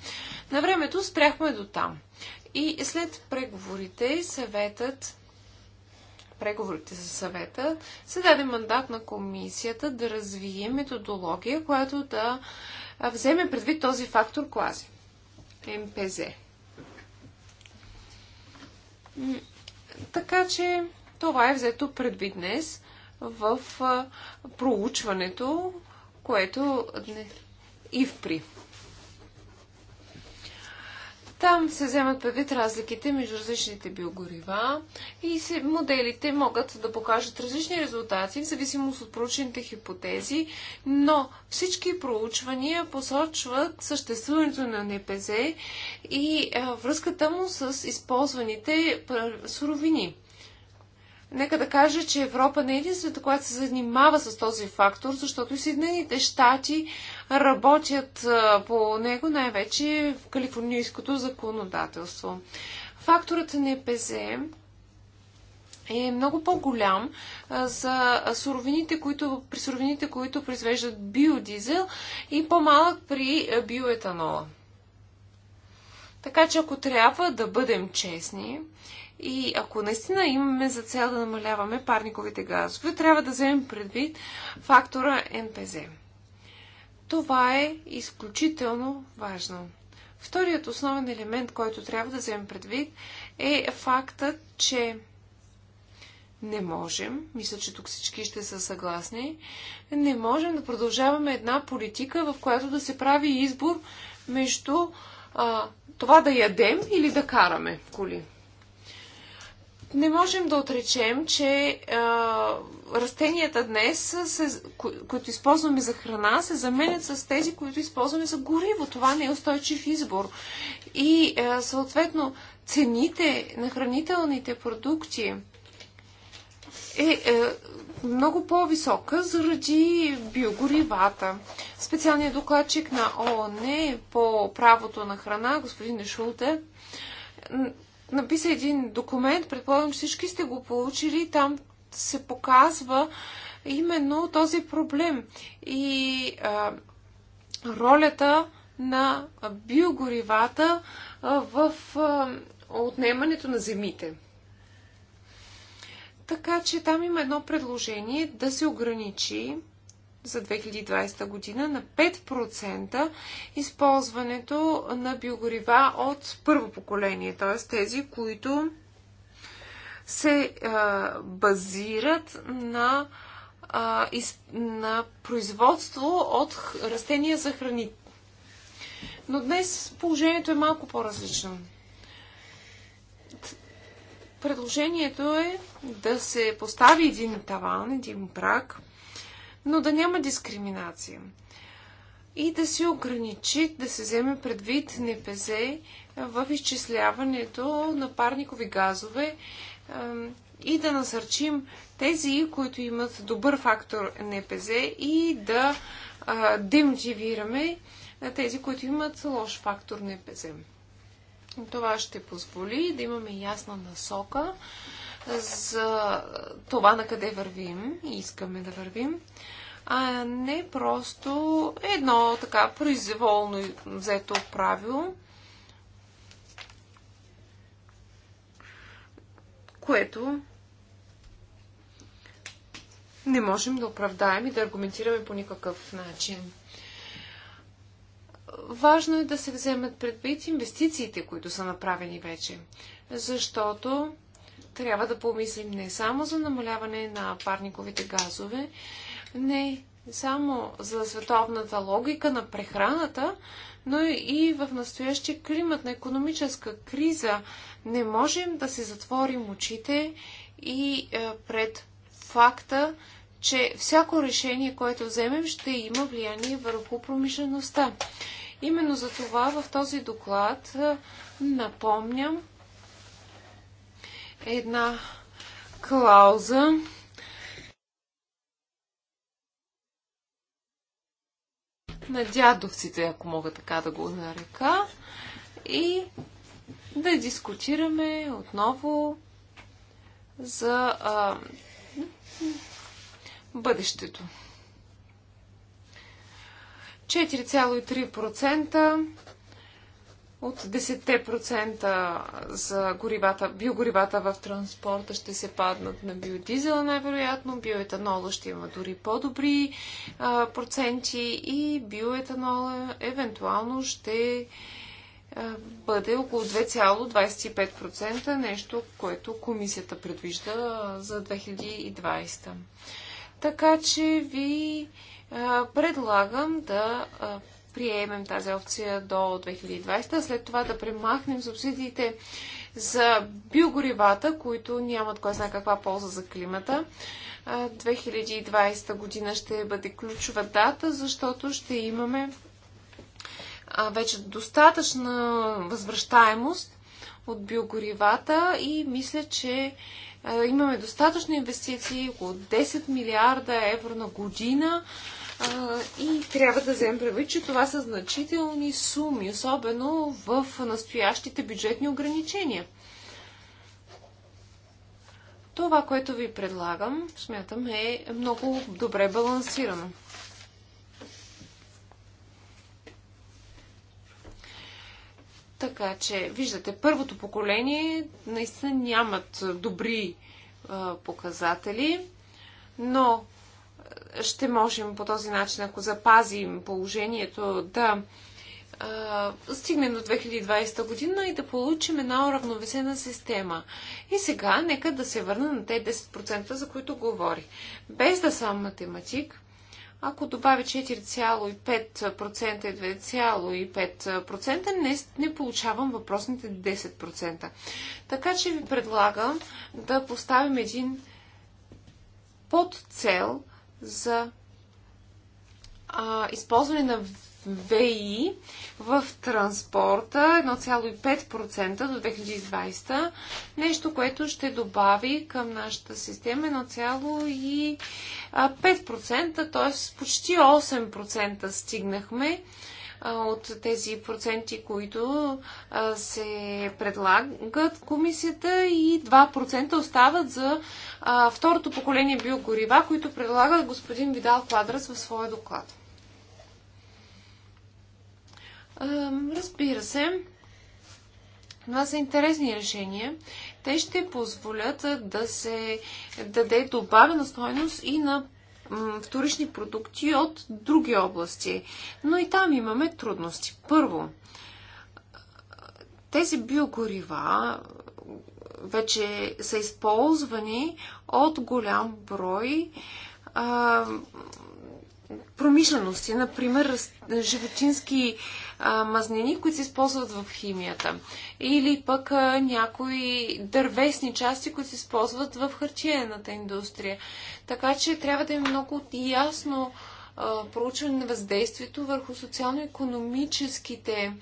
На времето спряхме до там. И след преговорите съветът преговорите за съвета, се даде мандат на комисията да развие методология, която да вземе предвид този фактор клази. МПЗ. Така че това е взето предвид днес в проучването, което и в прив. Там се вземат предвид разликите между различните биогорива и се, моделите могат да покажат различни резултати в зависимост от проучените хипотези, но всички проучвания посочват съществуването на НПЗ и а, връзката му с използваните суровини. Нека да кажа, че Европа не е единствената, която се занимава с този фактор, защото и Съединените щати работят по него най-вече в калифорнийското законодателство. Факторът на НПЗ е много по-голям за суровините, които, при суровините, които произвеждат биодизел и по-малък при биоетанола. Така че ако трябва да бъдем честни, и ако наистина имаме за цел да намаляваме парниковите газове, трябва да вземем предвид фактора НПЗ. Това е изключително важно. Вторият основен елемент, който трябва да вземем предвид, е фактът, че не можем, мисля, че тук всички ще са съгласни, не можем да продължаваме една политика, в която да се прави избор между а, това да ядем или да караме коли не можем да отречем, че а, растенията днес, се, кои, които използваме за храна, се заменят с тези, които използваме за гориво. Това не е устойчив избор. И а, съответно цените на хранителните продукти е, е много по-висока заради биогоривата. Специалният докладчик на ООН е по правото на храна, господин Шулте, написа един документ, предполагам, че всички сте го получили, там се показва именно този проблем и а, ролята на биогоривата в а, отнемането на земите. Така че там има едно предложение да се ограничи за 2020 година на 5% използването на биогорива от първо поколение, т.е. тези, които се а, базират на, а, из, на производство от растения за храни. Но днес положението е малко по-различно. Предложението е да се постави един таван, един прак – но да няма дискриминация. И да се ограничи, да се вземе предвид НПЗ в изчисляването на парникови газове и да насърчим тези, които имат добър фактор НПЗ и да демотивираме тези, които имат лош фактор НПЗ. Това ще позволи да имаме ясна насока за това на къде вървим и искаме да вървим, а не просто едно така произволно взето правило, което не можем да оправдаем и да аргументираме по никакъв начин. Важно е да се вземат предвид инвестициите, които са направени вече, защото трябва да помислим не само за намаляване на парниковите газове, не само за световната логика на прехраната, но и в настоящия климат на економическа криза не можем да се затворим очите и е, пред факта, че всяко решение, което вземем, ще има влияние върху промишлеността. Именно за това в този доклад е, напомням, една клауза, на дядовците, ако мога така да го нарека, и да дискутираме отново за а, бъдещето. 4,3% от 10% за горивата, биогоривата в транспорта ще се паднат на биодизела, най-вероятно. Биоетанола ще има дори по-добри проценти и биоетанола евентуално ще а, бъде около 2,25%, нещо, което комисията предвижда за 2020. Така че ви а, предлагам да а, приемем тази опция до 2020, а след това да премахнем субсидиите за биогоривата, които нямат кой знае каква полза за климата. 2020 година ще бъде ключова дата, защото ще имаме вече достатъчна възвръщаемост от биогоривата и мисля, че имаме достатъчно инвестиции, около 10 милиарда евро на година а, и трябва да вземем предвид, че това са значителни суми, особено в настоящите бюджетни ограничения. Това, което ви предлагам, смятам, е много добре балансирано. Така че, виждате, първото поколение наистина нямат добри а, показатели, но ще можем по този начин, ако запазим положението, да а, стигнем до 2020 година и да получим една уравновесена система. И сега нека да се върна на те 10%, за които говори. Без да съм математик, ако добавя 4,5% и 2,5%, не, не получавам въпросните 10%. Така че ви предлагам да поставим един подцел за а, използване на ВИ в транспорта 1,5% до 2020. Нещо, което ще добави към нашата система 1,5%, т.е. почти 8% стигнахме от тези проценти, които се предлагат комисията и 2% остават за второто поколение биогорива, които предлага господин Видал Квадрас в своя доклад. Разбира се, това са интересни решения. Те ще позволят да се даде добавена стойност и на вторични продукти от други области. Но и там имаме трудности. Първо, тези биогорива вече са използвани от голям брой а, промишлености, например животински мазнини, които се използват в химията. Или пък а, някои дървесни части, които се използват в хартиената индустрия. Така че трябва да има много ясно проучване на въздействието върху социално-економическите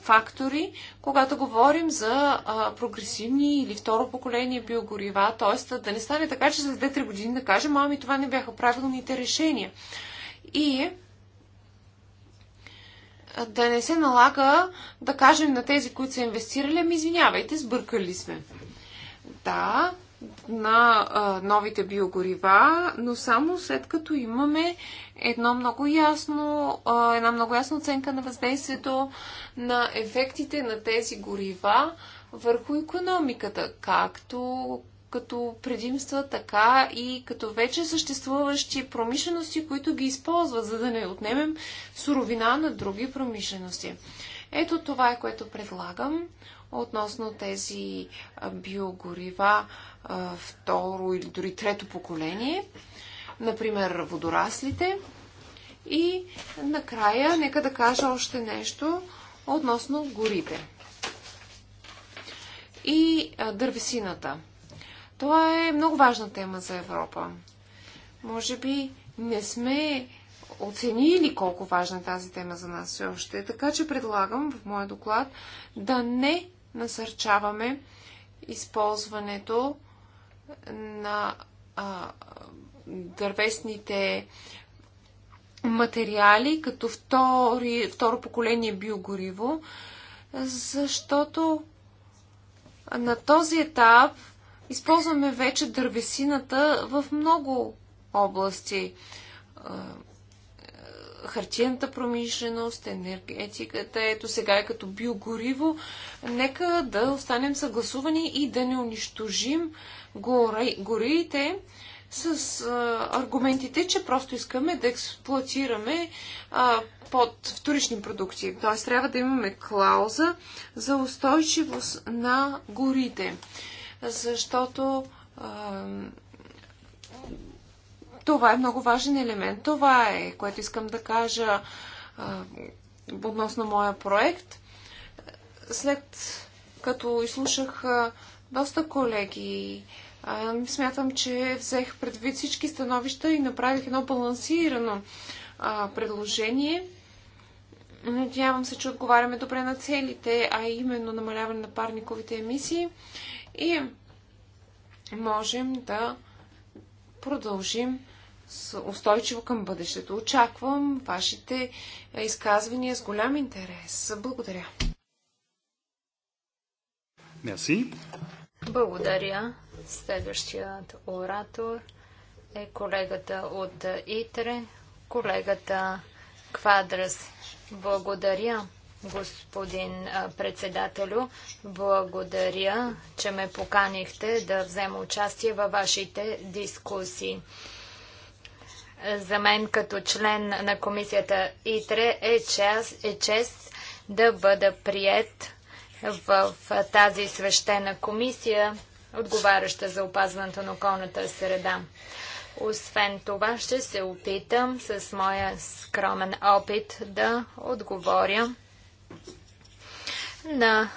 фактори, когато говорим за а, прогресивни или второ поколение биогорива, т.е. да не стане така, че за 2-3 години да кажем, ами това не бяха правилните решения. И е, да не се налага да кажем на тези, които са инвестирали, ами извинявайте, сбъркали сме. Да, на а, новите биогорива, но само след като имаме едно много ясно, а, една много ясна оценка на въздействието на ефектите на тези горива върху економиката, както като предимства, така и като вече съществуващи промишлености, които ги използват, за да не отнемем суровина на други промишлености. Ето това е, което предлагам относно тези биогорива второ или дори трето поколение, например водораслите. И накрая, нека да кажа още нещо относно горите и дървесината. Това е много важна тема за Европа. Може би не сме оценили колко важна е тази тема за нас все още. Така че предлагам в моя доклад да не насърчаваме използването на а, дървесните материали като втори, второ поколение биогориво, защото на този етап използваме вече дървесината в много области. Хартиената промишленост, енергетиката, ето сега е като биогориво. Нека да останем съгласувани и да не унищожим гориите горите с аргументите, че просто искаме да експлуатираме под вторични продукти. Т.е. трябва да имаме клауза за устойчивост на горите защото това е много важен елемент. Това е, което искам да кажа относно моя проект. След като изслушах доста колеги, смятам, че взех предвид всички становища и направих едно балансирано предложение. Надявам се, че отговаряме добре на целите, а именно намаляване на парниковите емисии и можем да продължим устойчиво към бъдещето. Очаквам вашите изказвания с голям интерес. Благодаря. Мерси. Благодаря. Следващият оратор е колегата от ИТРЕ, колегата Квадрас. Благодаря господин председателю. Благодаря, че ме поканихте да взема участие във вашите дискусии. За мен като член на комисията ИТРЕ е чест, е чест да бъда прият в тази свещена комисия, отговаряща за опазването на околната среда. Освен това, ще се опитам с моя скромен опит да отговоря на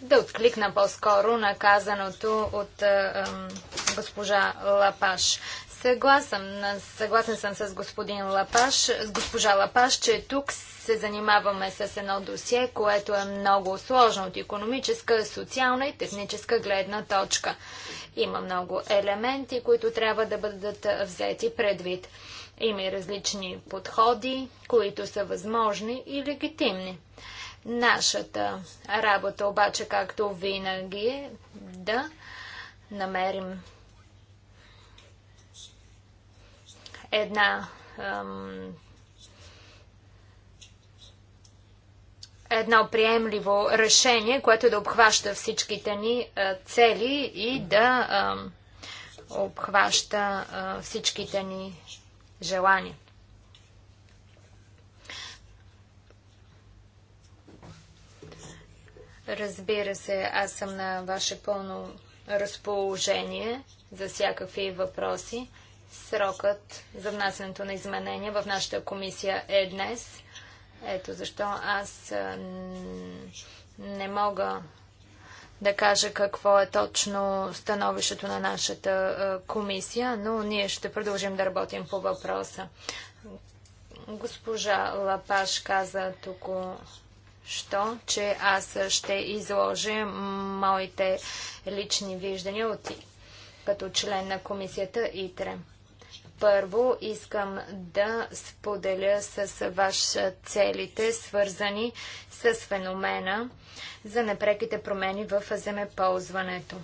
да откликна по-скоро на казаното от а, а, госпожа Лапаш. Съгласен, съгласен съм с господин Лапаш, с госпожа Лапаш, че тук се занимаваме с едно досие, което е много сложно от економическа, социална и техническа гледна точка. Има много елементи, които трябва да бъдат взети предвид. Има и различни подходи, които са възможни и легитимни. Нашата работа обаче, както винаги, е да намерим една ем, едно приемливо решение, което да обхваща всичките ни е, цели и да е, обхваща е, всичките ни желание. Разбира се, аз съм на ваше пълно разположение за всякакви въпроси. Срокът за внасянето на изменения в нашата комисия е днес. Ето защо аз не мога да кажа какво е точно становището на нашата комисия, но ние ще продължим да работим по въпроса. Госпожа Лапаш каза тук що, че аз ще изложа моите лични виждания от като член на комисията ИТРЕ. Първо искам да споделя с ваш целите, свързани с феномена за непреките промени в земеползването.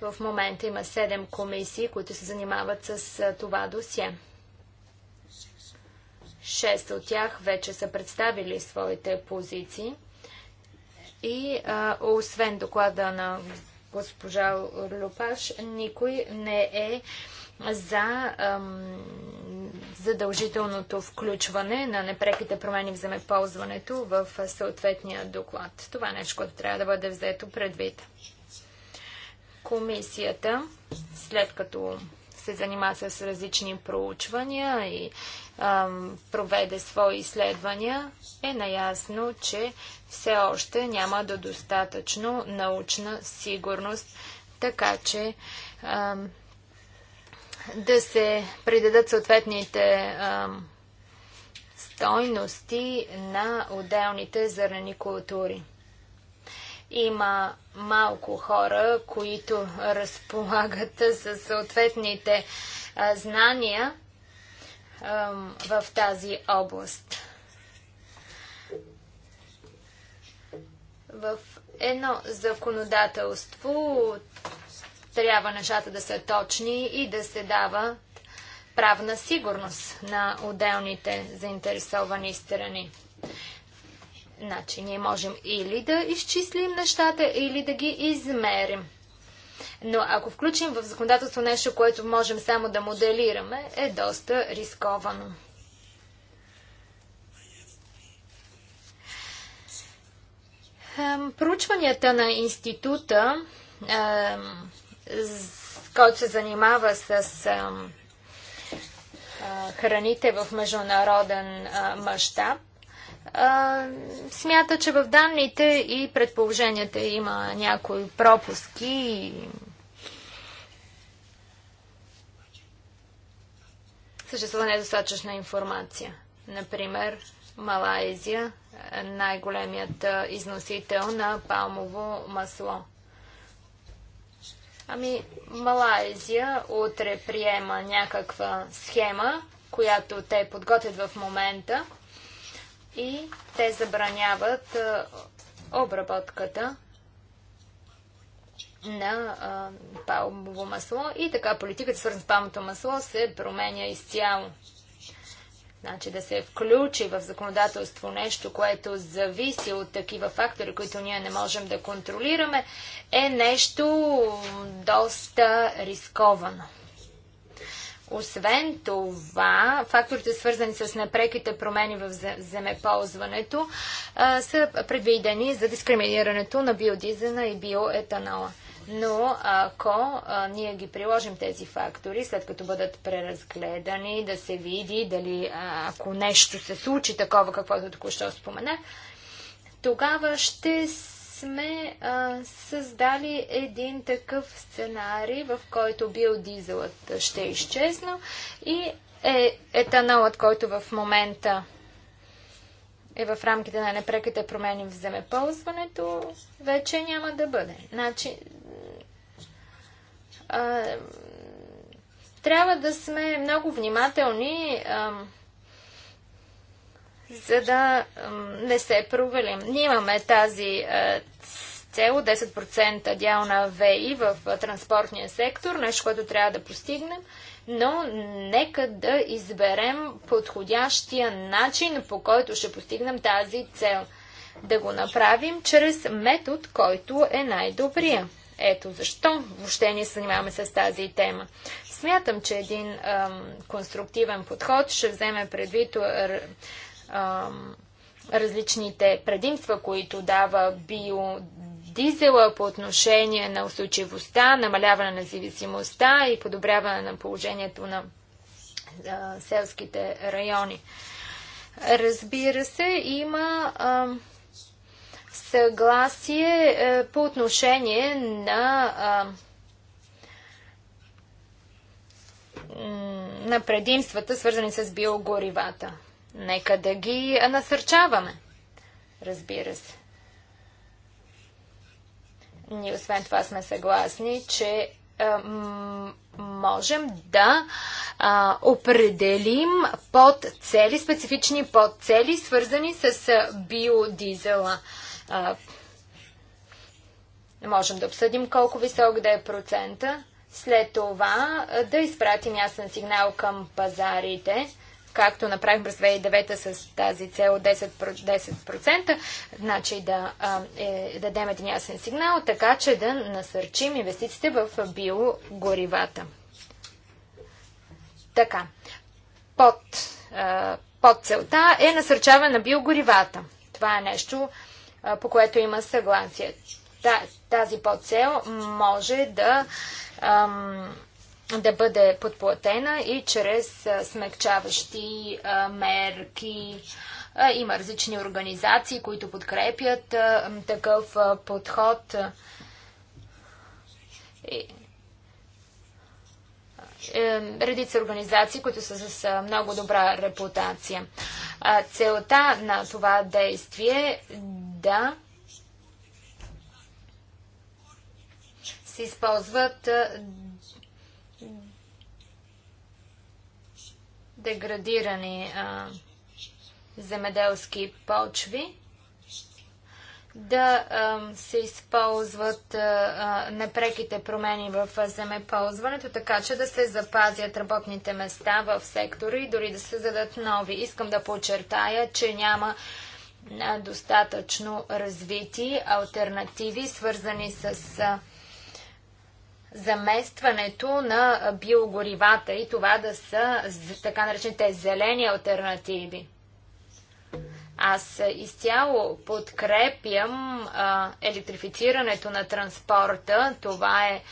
В момента има 7 комисии, които се занимават с това досие. Шест от тях вече са представили своите позиции. И а, освен доклада на госпожа Лопаш, никой не е за ам, задължителното включване на непреките промени в земеползването в съответния доклад. Това е нещо, което трябва да бъде взето предвид. Комисията, след като се занимава с различни проучвания и проведе свои изследвания, е наясно, че все още няма до достатъчно научна сигурност, така че а, да се придадат съответните а, стойности на отделните зърнени култури. Има малко хора, които разполагат със съответните знания, в тази област. В едно законодателство трябва нещата да са точни и да се дава правна сигурност на отделните заинтересовани страни. Значи, ние можем или да изчислим нещата, или да ги измерим. Но ако включим в законодателство нещо, което можем само да моделираме, е доста рисковано. Проучванията на института, който се занимава с храните в международен мащаб, смята, че в данните и предположенията има някои пропуски съществува недостатъчна информация. Например, Малайзия е най-големият износител на палмово масло. Ами, Малайзия утре приема някаква схема, която те подготвят в момента и те забраняват обработката на а, палмово масло и така политиката свързана с палмото масло се променя изцяло. Значи да се включи в законодателство нещо, което зависи от такива фактори, които ние не можем да контролираме, е нещо доста рисковано. Освен това, факторите свързани с напреките, промени в земеползването са предвидени за дискриминирането на биодизена и биоетанола. Но ако ние ги приложим тези фактори, след като бъдат преразгледани, да се види дали ако нещо се случи такова, каквото току-що спомена, тогава ще се сме а, създали един такъв сценарий, в който биодизелът ще е изчезнал и е, етанолът, който в момента е в рамките на непреките промени в земеползването, вече няма да бъде. Значи, а, трябва да сме много внимателни. А, за да не се провалим. Ние имаме тази е, цел 10% дял на ВИ в е, транспортния сектор, нещо, което трябва да постигнем, но нека да изберем подходящия начин, по който ще постигнем тази цел. Да го направим чрез метод, който е най-добрия. Ето защо въобще ние се занимаваме с тази тема. Смятам, че един ам, конструктивен подход ще вземе предвид е, различните предимства, които дава биодизела по отношение на устойчивостта, намаляване на зависимостта и подобряване на положението на а, селските райони. Разбира се, има а, съгласие а, е, по отношение на на предимствата, свързани с биогоривата. Нека да ги насърчаваме. Разбира се. Ние освен това сме съгласни, че можем да а, определим под цели, специфични подцели, свързани с биодизела. А, можем да обсъдим колко висок да е процента. След това да изпратим ясен сигнал към пазарите както направим през 2009 с тази цел 10%, 10% значи да е, дадем един ясен сигнал, така че да насърчим инвестициите в биогоривата. Така, под, е, под целта е насърчаване на биогоривата. Това е нещо, по което има съгласие. тази подцел може да ам, да бъде подплатена и чрез смягчаващи мерки. Има различни организации, които подкрепят такъв подход. Е, редица организации, които са с много добра репутация. Целта на това действие е да се използват деградирани а, земеделски почви, да а, се използват а, непреките промени в земеползването, така че да се запазят работните места в сектора и дори да се зададат нови. Искам да подчертая, че няма достатъчно развити альтернативи, свързани с а, заместването на биогоривата и това да са така наречените зелени альтернативи. Аз изцяло подкрепям електрифицирането на транспорта. Това е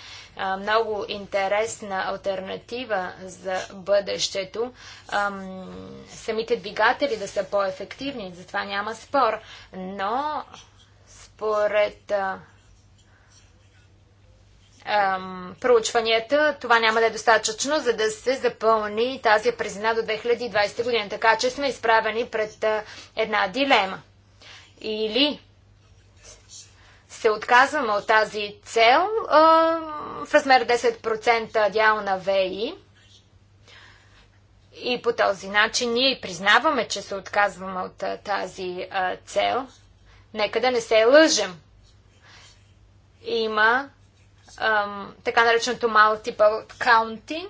много интересна альтернатива за бъдещето. самите двигатели да са по-ефективни, затова няма спор. Но според проучванията, това няма да е достатъчно, за да се запълни тази презина до 2020 година. Така че сме изправени пред една дилема. Или се отказваме от тази цел в размер 10% дял на ВИ и по този начин ние признаваме, че се отказваме от тази цел. Нека да не се лъжем. Има ам, така нареченото multiple counting,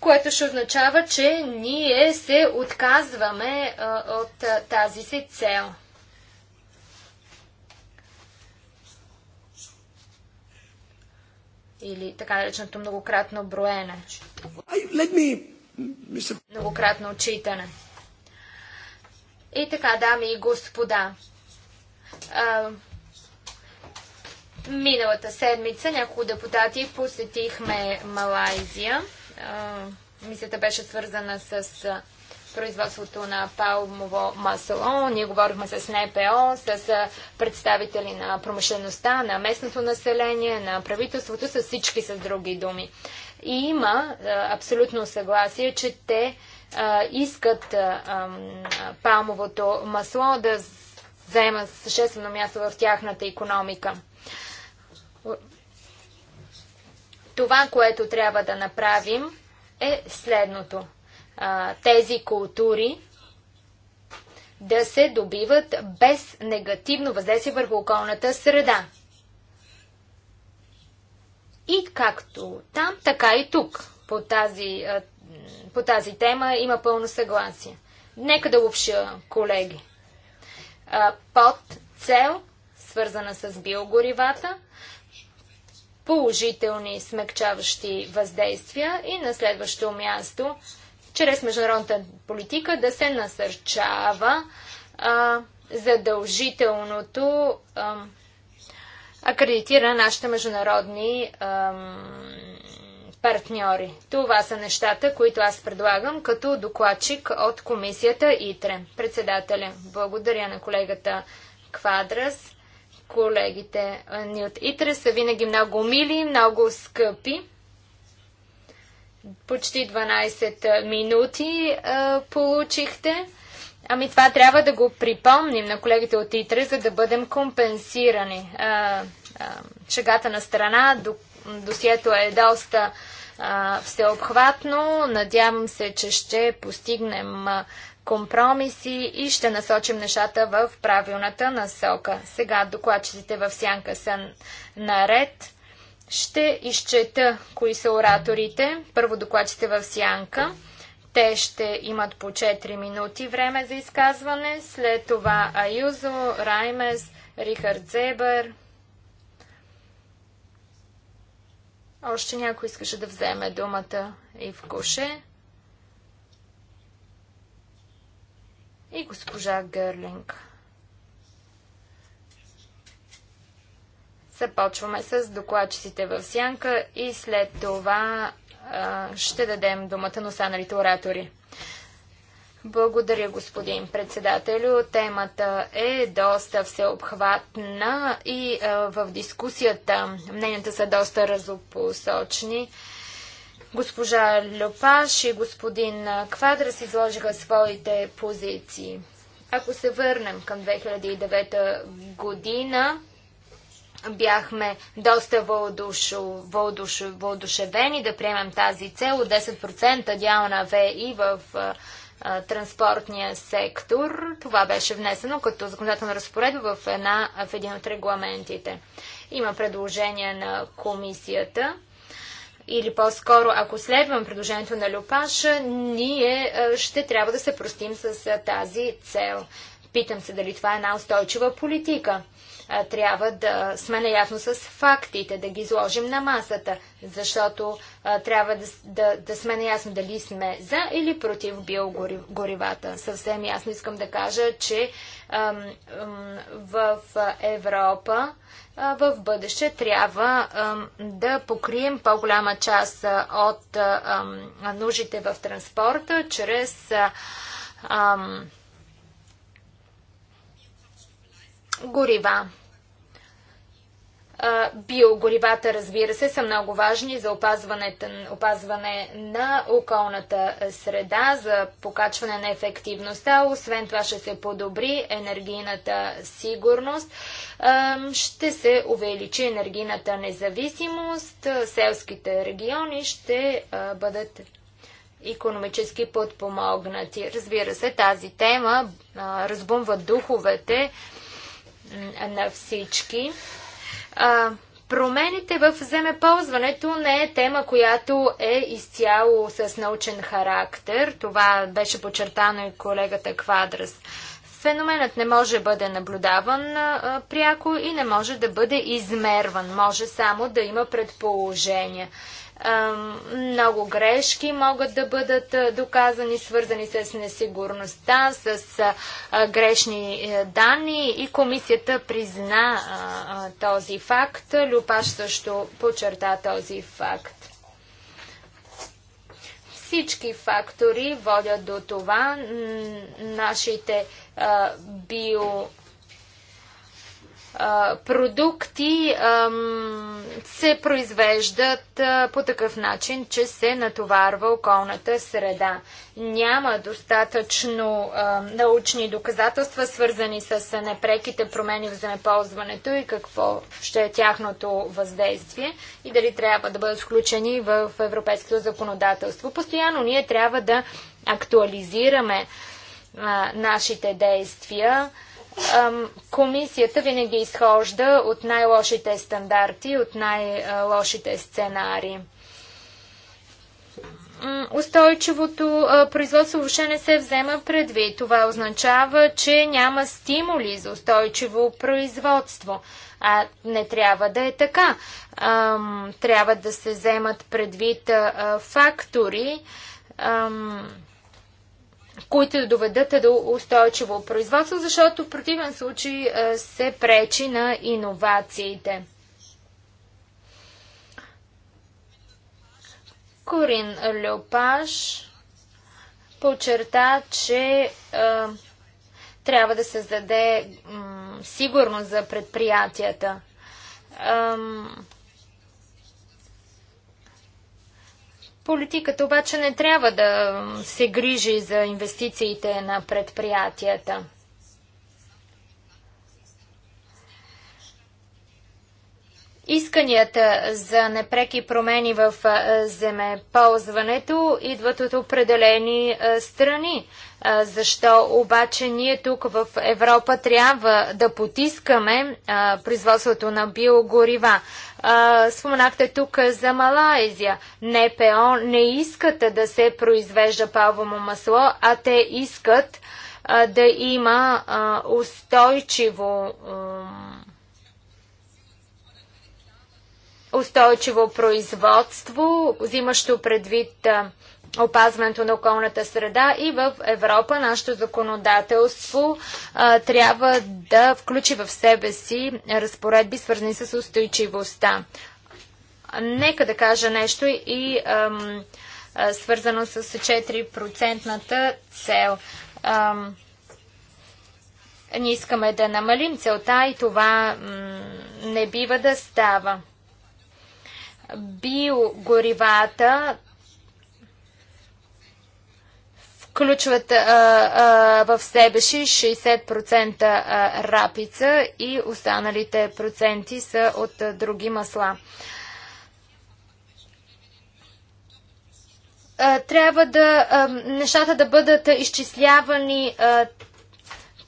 което ще означава, че ние се отказваме а, от а, тази си цел. Или така нареченото многократно броене. Me... Многократно отчитане. И така, дами и господа, а, Миналата седмица няколко депутати посетихме Малайзия. Мисията беше свързана с производството на палмово масло. Ние говорихме с НПО, с представители на промишлеността, на местното население, на правителството, с всички с други думи. И има абсолютно съгласие, че те искат палмовото масло да заема съществено място в тяхната економика. Това, което трябва да направим е следното. Тези култури да се добиват без негативно въздействие върху околната среда. И както там, така и тук по тази, по тази тема има пълно съгласие. Нека да обща, колеги. Под цел, свързана с биогоривата, положителни смягчаващи въздействия и на следващо място, чрез международната политика да се насърчава а, задължителното а, на нашите международни а, партньори. Това са нещата, които аз предлагам като докладчик от комисията ИТРЕ. Председателя, благодаря на колегата Квадрас колегите ни от ИТРЕ са винаги много мили, много скъпи. Почти 12 минути а, получихте. Ами това трябва да го припомним на колегите от ИТРЕ, за да бъдем компенсирани. А, а, шегата на страна, досието е доста всеобхватно. Надявам се, че ще постигнем компромиси и ще насочим нещата в правилната насока. Сега докладчиците в сянка са наред. Ще изчета кои са ораторите. Първо докладчите в сянка. Те ще имат по 4 минути време за изказване. След това Аюзо, Раймес, Рихард Зебър. Още някой искаше да вземе думата и вкуше. и госпожа Гърлинг. Започваме с докладчиците в сянка и след това а, ще дадем думата на останалите оратори. Благодаря, господин председателю. Темата е доста всеобхватна и а, в дискусията мненията са доста разопосочни. Госпожа Льопаш и господин Квадрас изложиха своите позиции. Ако се върнем към 2009 година, бяхме доста въодушевени да приемем тази цел от 10% дял на ВИ в транспортния сектор. Това беше внесено като законодателна разпоредба в, една, в един от регламентите. Има предложение на комисията или по-скоро, ако следвам предложението на Люпаш, ние е, ще трябва да се простим с е, тази цел. Питам се дали това е една устойчива политика. Е, трябва да сме наясно с фактите, да ги изложим на масата, защото трябва да, да, да сме наясно дали сме за или против биогоривата. Съвсем ясно искам да кажа, че в Европа, в бъдеще трябва да покрием по-голяма част от нуждите в транспорта чрез горива. Биогоривата, разбира се, са много важни за опазване на околната среда, за покачване на ефективността. Освен това ще се подобри енергийната сигурност, ще се увеличи енергийната независимост, селските региони ще бъдат економически подпомогнати. Разбира се, тази тема разбумва духовете на всички. А, промените в земеползването не е тема, която е изцяло с научен характер. Това беше подчертано и колегата Квадрас. Феноменът не може да бъде наблюдаван а, пряко и не може да бъде измерван. Може само да има предположения. Много грешки могат да бъдат доказани, свързани с несигурността, с грешни е, данни и комисията призна този факт. Люпаш също почерта този факт всички фактори водят до това нашите био продукти се произвеждат по такъв начин, че се натоварва околната среда. Няма достатъчно научни доказателства, свързани с непреките промени в земеползването и какво ще е тяхното въздействие и дали трябва да бъдат включени в европейското законодателство. Постоянно ние трябва да актуализираме нашите действия Комисията винаги изхожда от най-лошите стандарти, от най-лошите сценари. Устойчивото производство въобще не се взема предвид. Това означава, че няма стимули за устойчиво производство. А не трябва да е така. Трябва да се вземат предвид фактори, които да доведат до устойчиво производство, защото в противен случай е, се пречи на иновациите. Корин Леопаш подчерта, че е, трябва да се даде сигурност за предприятията. Е, Политиката обаче не трябва да се грижи за инвестициите на предприятията. Исканията за непреки промени в земеползването идват от определени страни. Защо обаче ние тук в Европа трябва да потискаме производството на биогорива? Споменахте тук за Малайзия. НПО не искат да се произвежда павомо масло, а те искат да има устойчиво устойчиво производство, взимащо предвид опазването на околната среда и в Европа нашето законодателство а, трябва да включи в себе си разпоредби, свързани с устойчивостта. Нека да кажа нещо и ам, а, свързано с 4 цел. Ам, ние искаме да намалим целта и това м, не бива да става биогоривата включват а, а, в себе си 60% рапица и останалите проценти са от а, други масла. А, трябва да а, нещата да бъдат изчислявани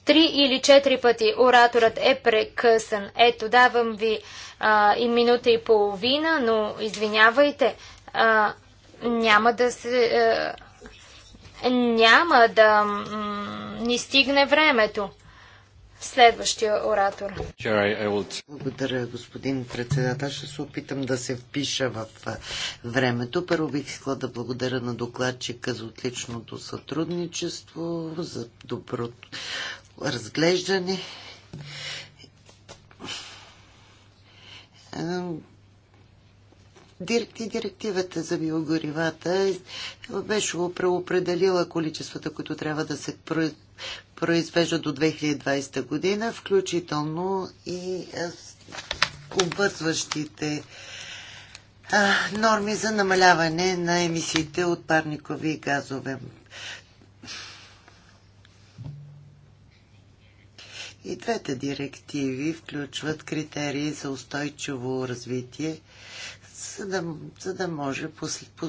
три или четири пъти. Ораторът е прекъсан. Ето, давам ви а, и минута и половина, но извинявайте, а, няма да се. А, няма да ни стигне времето. Следващия оратор. Благодаря, господин председател. Ще се опитам да се впиша в времето. Първо бих искала да благодаря на докладчика за отличното сътрудничество, за доброто разглеждане е, директивата за биогоривата беше преопределила количествата, които трябва да се произвеждат до 2020 година, включително и е, обвързващите е, норми за намаляване на емисиите от парникови газове. И двете директиви включват критерии за устойчиво развитие, за да, за да може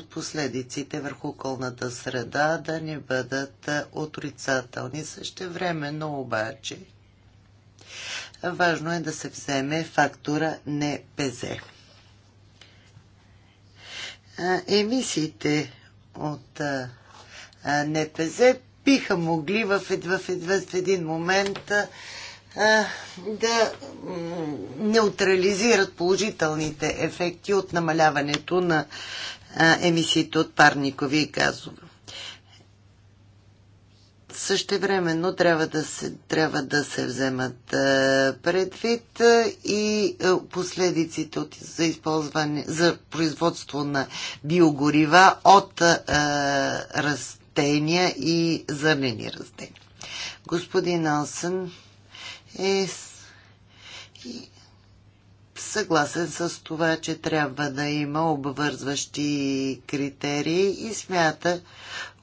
последиците върху околната среда да не бъдат отрицателни. Същевременно обаче важно е да се вземе фактора не пезе. Емисиите от НПЗ биха могли в, в, в, в един момент да неутрализират положителните ефекти от намаляването на емисиите от парникови газове. Същевременно трябва да се, трябва да се вземат предвид и последиците от, за, използване, за производство на биогорива от растения и зърнени растения. Господин Алсън, е съгласен с това, че трябва да има обвързващи критерии и смята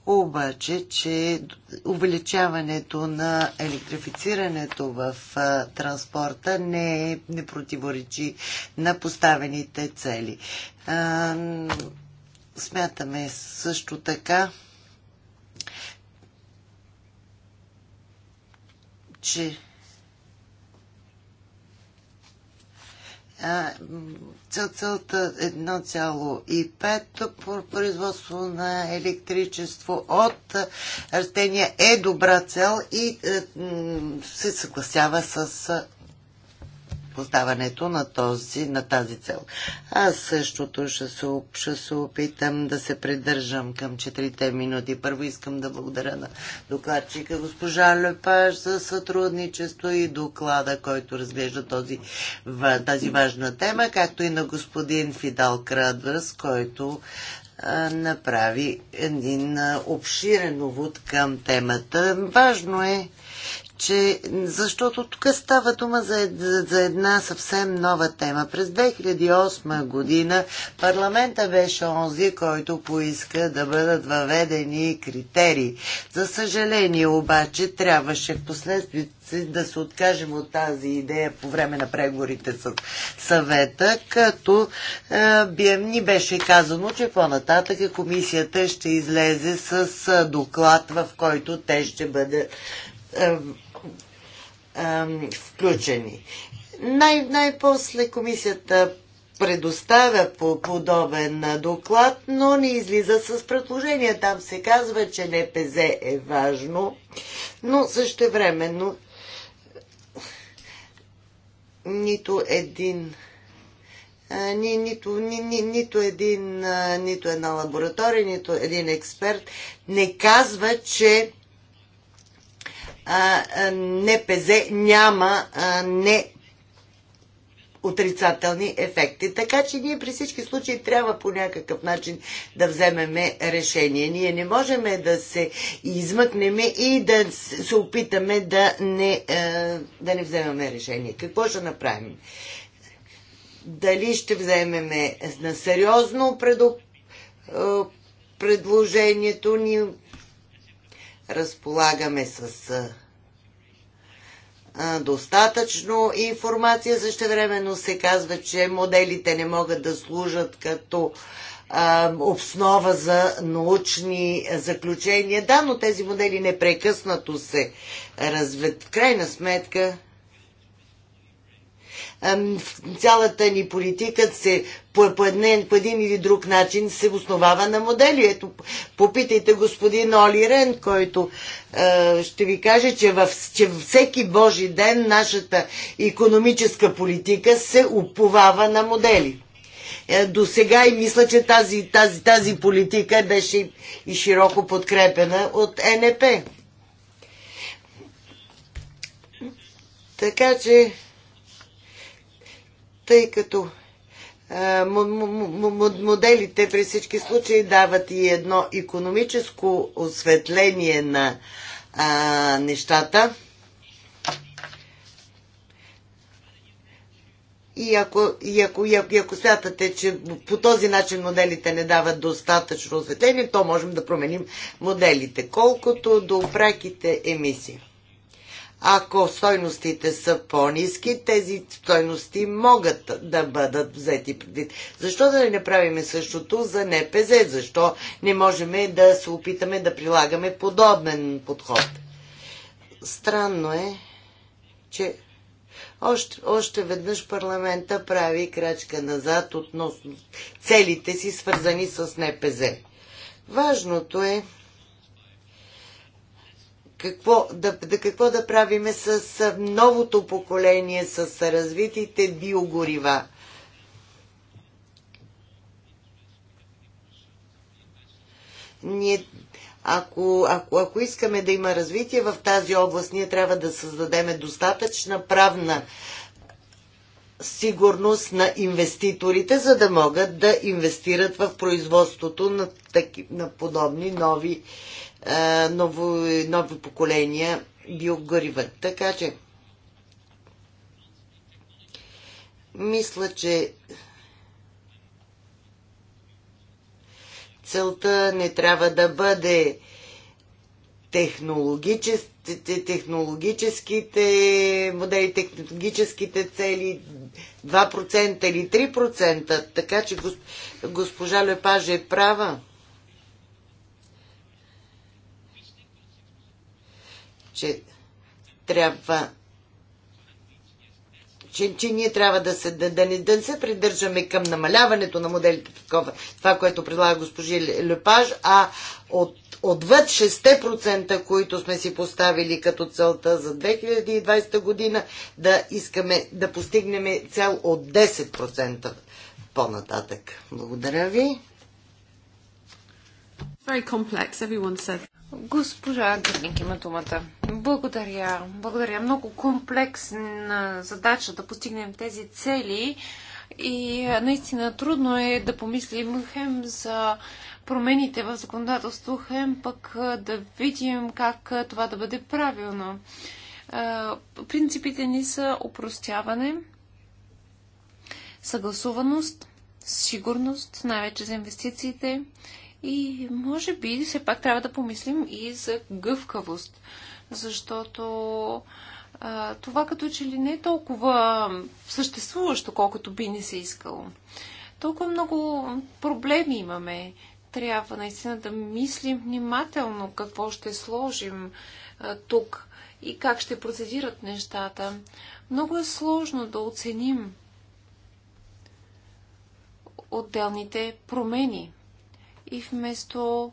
обаче, че увеличаването на електрифицирането в транспорта не, е, не противоречи на поставените цели. смятаме също така, че целта 1,5 производство на електричество от растения е добра цел и е, се съгласява с поставането на, този, на тази цел. Аз същото ще се, ще се опитам да се придържам към четирите минути. Първо искам да благодаря на докладчика госпожа Лепаш за сътрудничество и доклада, който разглежда този, тази важна тема, както и на господин Фидал Крадвърс, който направи един обширен увод към темата. Важно е че защото тук става дума за, за, за една съвсем нова тема. През 2008 година парламента беше онзи, който поиска да бъдат въведени критерии. За съжаление обаче трябваше в последствие да се откажем от тази идея по време на преговорите с съвета, като е, ни беше казано, че по-нататък комисията ще излезе с е, доклад, в който те ще бъде е, включени. Най- най-после комисията предоставя по подобен доклад, но не излиза с предложения. Там се казва, че НПЗ е важно, но същевременно нито един ни, нито, ни, ни, нито, един, нито една лаборатория, нито един експерт не казва, че НПЗ няма не отрицателни ефекти. Така че ние при всички случаи трябва по някакъв начин да вземеме решение. Ние не можем да се измъкнем и да се опитаме да не, да не вземаме решение. Какво ще направим? Дали ще вземеме на сериозно предо, предложението ни разполагаме с достатъчно информация. Същевременно се казва, че моделите не могат да служат като основа за научни заключения. Да, но тези модели непрекъснато се развиват. В крайна сметка цялата ни политика се по, по, един, по един или друг начин се основава на модели. Ето, попитайте господин Оли Рен, който е, ще ви каже, че, във, че всеки Божи ден нашата економическа политика се уповава на модели. Е, До сега и мисля, че тази, тази, тази политика беше и широко подкрепена от е НП. Така че тъй като моделите при всички случаи дават и едно економическо осветление на а, нещата. И ако, и, ако, и, ако, и ако смятате, че по този начин моделите не дават достатъчно осветление, то можем да променим моделите, колкото до праките емисии. Ако стойностите са по-низки, тези стойности могат да бъдат взети предвид. Защо да не направим същото за НПЗ? Защо не можем да се опитаме да прилагаме подобен подход? Странно е, че още, още веднъж парламента прави крачка назад относно целите си, свързани с НПЗ. Важното е какво да, да, какво да правиме с новото поколение, с развитите биогорива. Ние, ако, ако, ако искаме да има развитие в тази област, ние трябва да създадем достатъчна правна сигурност на инвеститорите, за да могат да инвестират в производството на, таки, на подобни нови е, ново, нови поколения биогорива. Така че, мисля, че целта не трябва да бъде технологическите, технологическите модели, технологическите цели 2% или 3%. Така че госпожа Лепаже е права. че трябва че, че ние трябва да се, да, да, не, да се придържаме към намаляването на моделите, такова, това, което предлага госпожи Лепаж, а от, отвъд 6%, които сме си поставили като целта за 2020 година, да искаме да постигнем цел от 10% по-нататък. Благодаря ви. Very complex, everyone said. Госпожа Гърлинг има думата. Благодаря. Благодаря. Много комплексна задача да постигнем тези цели. И наистина трудно е да помислим хем за промените в законодателство, хем пък да видим как това да бъде правилно. Принципите ни са упростяване, съгласуваност, сигурност, най-вече за инвестициите, и може би все пак трябва да помислим и за гъвкавост, защото а, това като че ли не е толкова съществуващо, колкото би не се искало. Толкова много проблеми имаме. Трябва наистина да мислим внимателно какво ще сложим а, тук и как ще процедират нещата. Много е сложно да оценим отделните промени. И вместо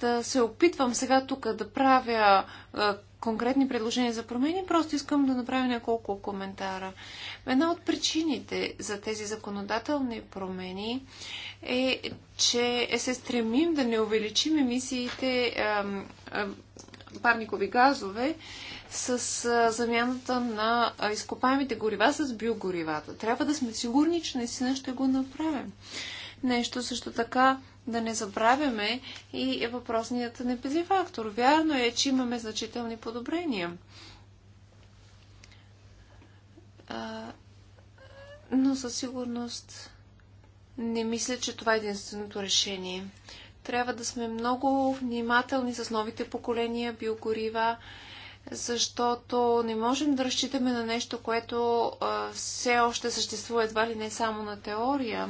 да се опитвам сега тук да правя конкретни предложения за промени, просто искам да направя няколко коментара. Една от причините за тези законодателни промени е, че се стремим да не увеличим емисиите парникови газове с замяната на изкопаемите горива с биогоривата. Трябва да сме сигурни, че наистина ще го направим. Нещо също така да не забравяме и е въпросният непези фактор. Вярно е, че имаме значителни подобрения. А, но със сигурност не мисля, че това е единственото решение. Трябва да сме много внимателни с новите поколения биогорива, защото не можем да разчитаме на нещо, което а, все още съществува едва ли не само на теория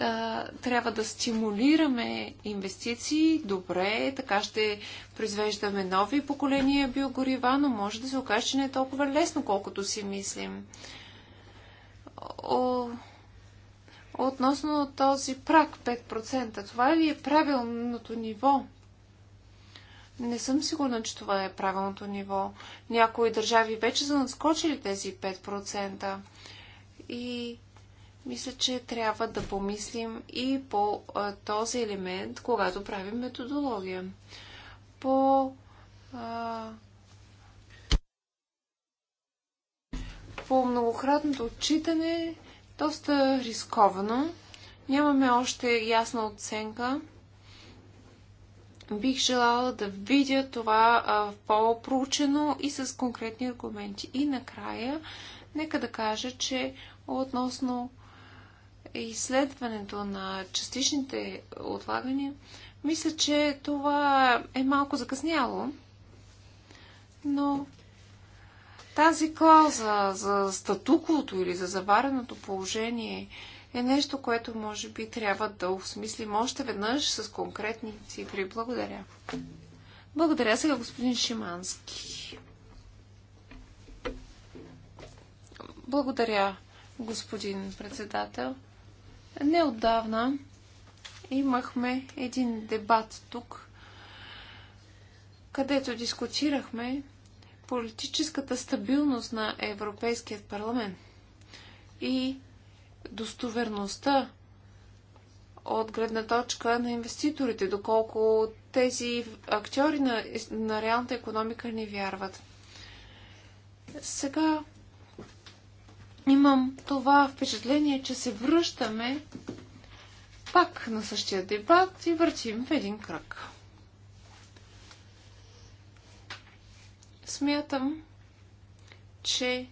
а, трябва да стимулираме инвестиции. Добре, така ще произвеждаме нови поколения биогорива, но може да се окаже, че не е толкова лесно, колкото си мислим. О, относно този прак 5%, това ли е правилното ниво? Не съм сигурна, че това е правилното ниво. Някои държави вече са надскочили тези 5%. И мисля, че трябва да помислим и по а, този елемент, когато правим методология. По, а, по многократното отчитане, доста рисковано. Нямаме още ясна оценка. Бих желала да видя това по-проучено и с конкретни аргументи. И накрая, нека да кажа, че относно изследването на частичните отлагания, мисля, че това е малко закъсняло, но тази клауза за статуквото или за завареното положение е нещо, което може би трябва да осмислим още веднъж с конкретни цифри. Благодаря. Благодаря сега господин Шимански. Благодаря, господин председател. Неотдавна имахме един дебат тук, където дискутирахме политическата стабилност на Европейският парламент и достоверността от гледна точка на инвеститорите, доколко тези актьори на, на реалната економика не вярват. Сега имам това впечатление, че се връщаме пак на същия дебат и въртим в един кръг. Смятам, че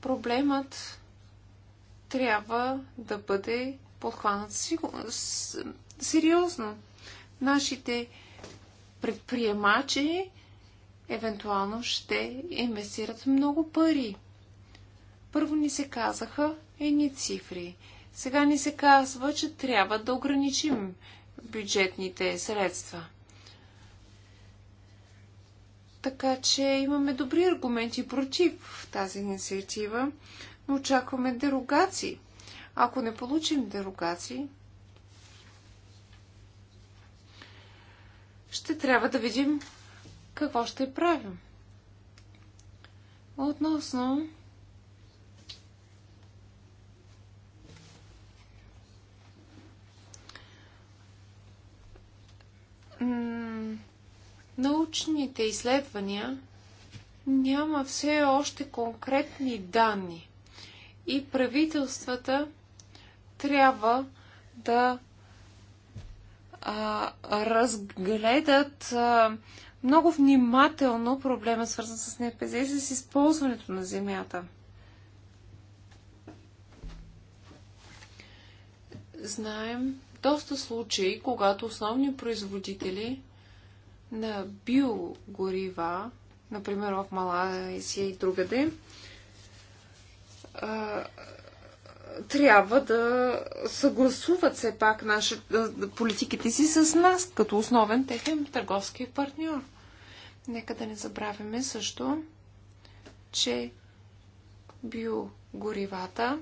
проблемът трябва да бъде подхванат сериозно. Нашите предприемачи евентуално ще инвестират много пари – първо ни се казаха едни цифри. Сега ни се казва, че трябва да ограничим бюджетните средства. Така че имаме добри аргументи против тази инициатива, но очакваме дерогации. Ако не получим дерогации, ще трябва да видим какво ще правим. Относно научните изследвания няма все още конкретни данни и правителствата трябва да а, разгледат а, много внимателно проблема, свързан с НПЗ и с използването на земята. Знаем, доста случаи, когато основни производители на биогорива, например в Малайзия и другаде, трябва да съгласуват все пак наши, политиките си с нас, като основен техен търговски партньор. Нека да не забравяме също, че биогоривата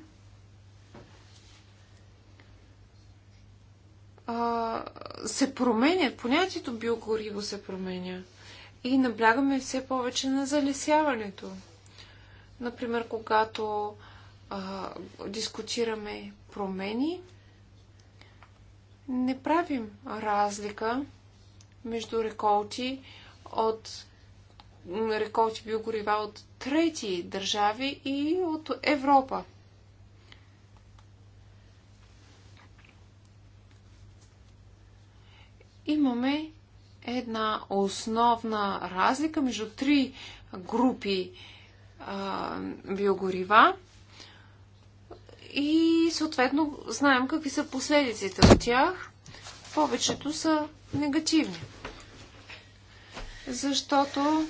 а, се променят, понятието биогориво се променя. И наблягаме все повече на залесяването. Например, когато а, дискутираме промени, не правим разлика между реколти от реколти биогорива от трети държави и от Европа. имаме една основна разлика между три групи а, биогорива и съответно знаем какви са последиците от тях. Повечето са негативни. Защото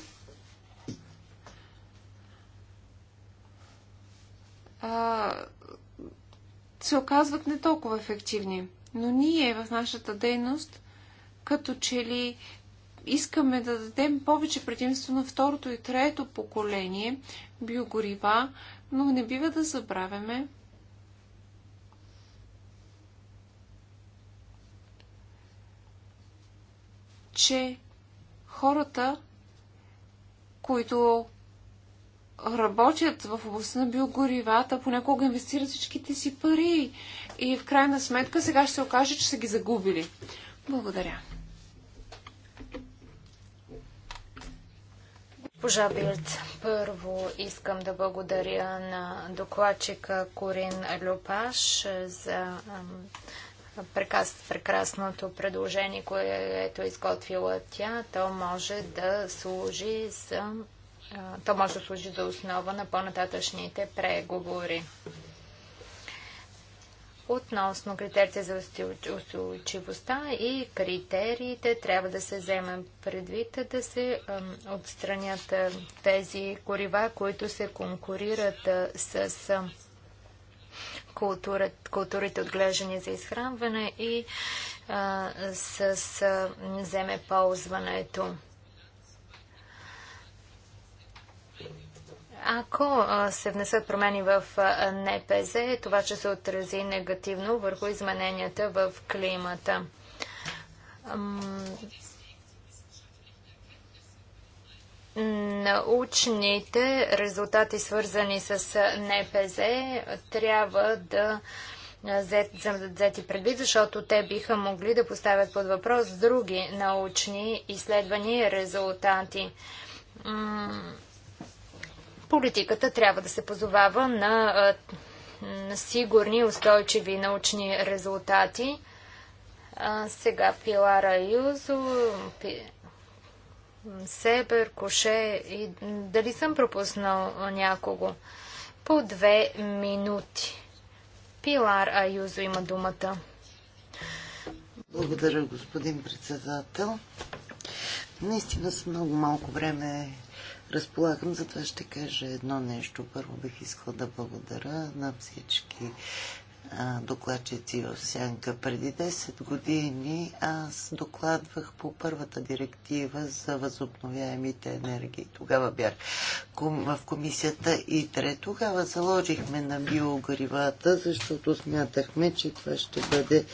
а, се оказват не толкова ефективни. Но ние в нашата дейност като че ли искаме да дадем повече предимство на второто и трето поколение биогорива, но не бива да забравяме, че хората, които работят в областта на биогоривата, понякога инвестират всичките си пари и в крайна сметка сега ще се окаже, че са ги загубили. Благодаря. Госпожа Билт, първо искам да благодаря на докладчика Корин Люпаш за прекрасното предложение, което е изготвила тя. То може да служи за, то може да служи за основа на по-нататъчните преговори. Относно критериите за устойчивостта и критериите трябва да се вземем предвид да се отстранят тези корива, които се конкурират с културите отглеждани за изхранване и с земеползването. Ако се внесат промени в НПЗ, това ще се отрази негативно върху измененията в климата. Научните резултати, свързани с НПЗ, трябва да взети предвид, защото те биха могли да поставят под въпрос други научни изследвания и резултати Политиката трябва да се позовава на, на сигурни устойчиви научни резултати. А, сега Пилара Юзо, Пи... Себер, Коше и дали съм пропуснал някого? По две минути. Пилар Аюзо има думата. Благодаря, господин председател. Наистина с много малко време разполагам, затова ще кажа едно нещо. Първо бих искал да благодаря на всички докладчици в Сянка. Преди 10 години аз докладвах по първата директива за възобновяемите енергии. Тогава бях в комисията и ИТРЕ. Тогава заложихме на биогоривата, защото смятахме, че това ще бъде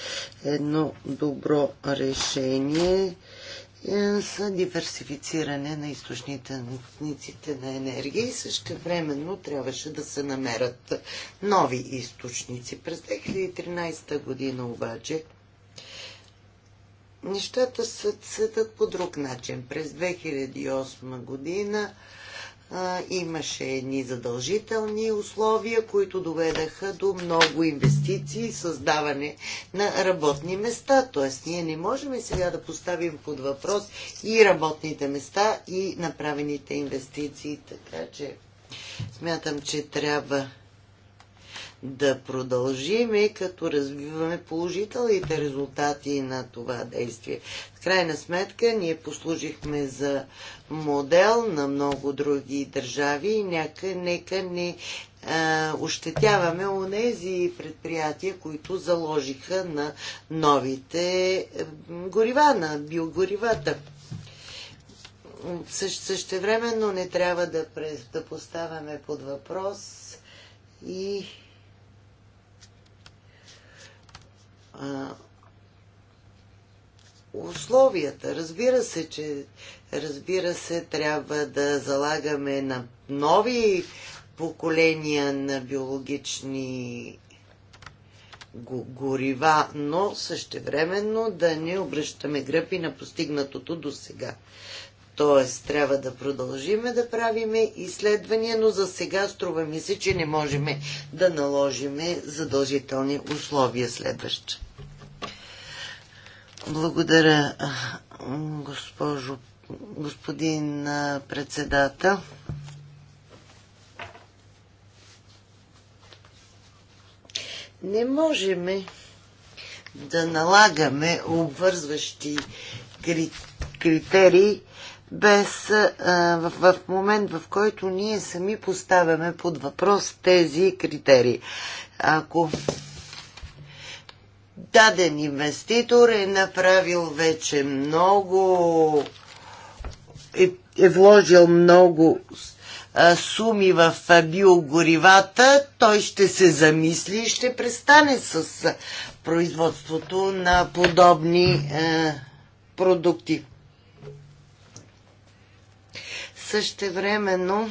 едно добро решение с е, диверсифициране на източниците на енергия и също времено трябваше да се намерят нови източници. През 2013 година обаче нещата се цветат по друг начин. През 2008 година имаше едни задължителни условия, които доведаха до много инвестиции и създаване на работни места. Тоест, ние не можем сега да поставим под въпрос и работните места, и направените инвестиции. Така че смятам, че трябва да продължиме, като развиваме положителните резултати на това действие крайна сметка ние послужихме за модел на много други държави и няка, нека не а, ощетяваме онези предприятия, които заложиха на новите е, горива, на биогоривата. Също, същевременно не трябва да, през, да поставяме под въпрос и а, условията. Разбира се, че разбира се, трябва да залагаме на нови поколения на биологични горива, но същевременно да не обръщаме гръпи на постигнатото до сега. Тоест, трябва да продължиме да правиме изследвания, но за сега струва ми се, че не можем да наложиме задължителни условия следващи. Благодаря, госпожо, господин председател. Не можем да налагаме обвързващи критерии без в момент, в който ние сами поставяме под въпрос тези критерии. Ако даден инвеститор е направил вече много, е, е вложил много суми в биогоривата, той ще се замисли и ще престане с производството на подобни а, продукти. Също времено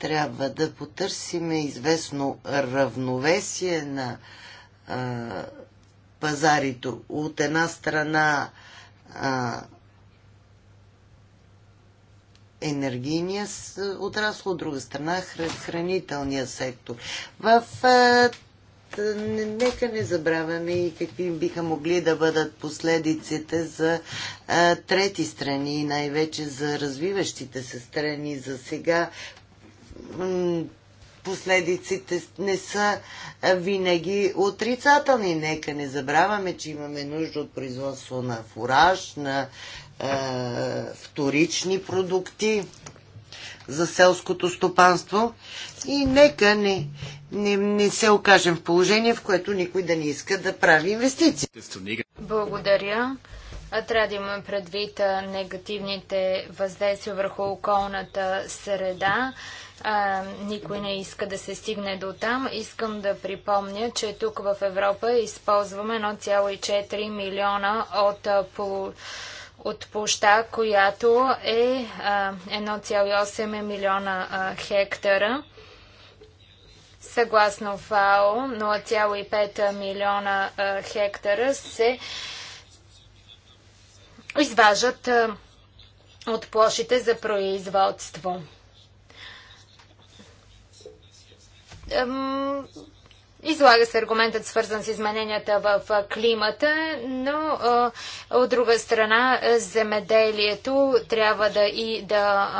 трябва да потърсиме известно равновесие на а, пазарите. От една страна а, енергийния отрасъл, от друга страна хранителния сектор. В а, нека не забравяме и какви биха могли да бъдат последиците за а, трети страни, най-вече за развиващите се страни. За сега последиците не са винаги отрицателни. Нека не забравяме, че имаме нужда от производство на фураж, на е, вторични продукти за селското стопанство и нека не, не, не се окажем в положение, в което никой да не иска да прави инвестиции. Благодаря. Трябва да имаме предвид негативните въздействия върху околната среда а, никой не иска да се стигне до там. Искам да припомня, че тук в Европа използваме 1,4 милиона от от площа, която е 1,8 милиона а, хектара. Съгласно ФАО, 0,5 милиона а, хектара се изважат а, от площите за производство. Излага се аргументът свързан с измененията в климата, но от друга страна земеделието трябва да и да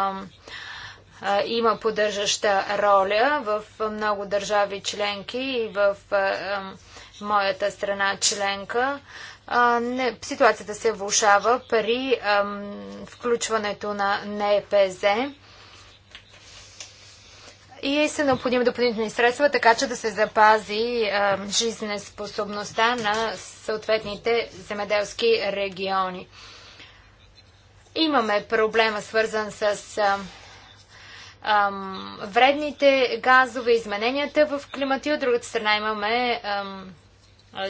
има поддържаща роля в много държави членки и в моята страна членка. ситуацията се влушава при включването на НПЗ и са необходими допълнителни средства, така че да се запази а, жизнеспособността на съответните земеделски региони. Имаме проблема свързан с а, а, вредните газове, измененията в климата и от другата страна имаме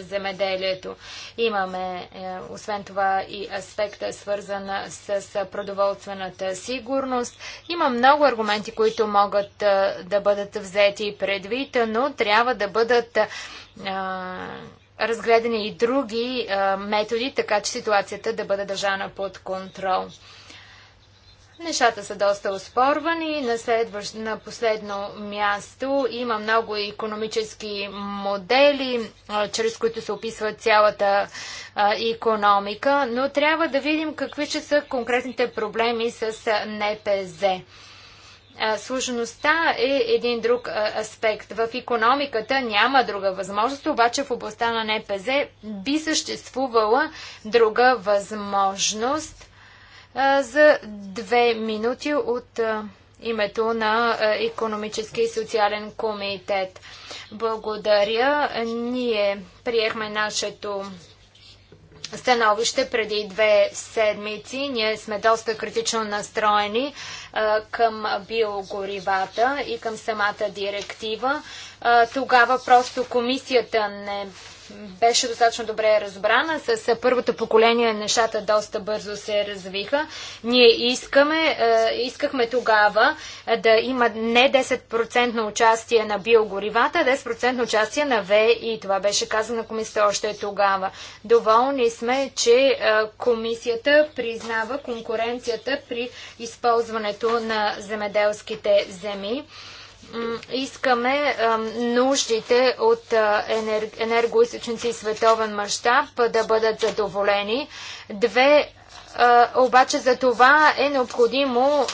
земеделието. Имаме, е, освен това, и аспекта свързана с, продоволствената сигурност. Има много аргументи, които могат да бъдат взети предвид, но трябва да бъдат разгледани и други методи, така че ситуацията да бъде държана под контрол. Нещата са доста успорвани. На, следващ, на последно място има много економически модели, чрез които се описва цялата економика, но трябва да видим какви ще са конкретните проблеми с НПЗ. Сложността е един друг аспект. В економиката няма друга възможност, обаче в областта на НПЗ би съществувала друга възможност – за две минути от името на економически и социален комитет. Благодаря. Ние приехме нашето становище преди две седмици. Ние сме доста критично настроени а, към биогоривата и към самата директива. А, тогава просто комисията не беше достатъчно добре разбрана. С първото поколение нещата доста бързо се развиха. Ние искаме, е, искахме тогава е, да има не 10% участие на биогоривата, а 10% участие на и Това беше казано на комисията още тогава. Доволни сме, че е, комисията признава конкуренцията при използването на земеделските земи искаме нуждите от енергоисточници и световен мащаб да бъдат задоволени. Две обаче за това е необходимо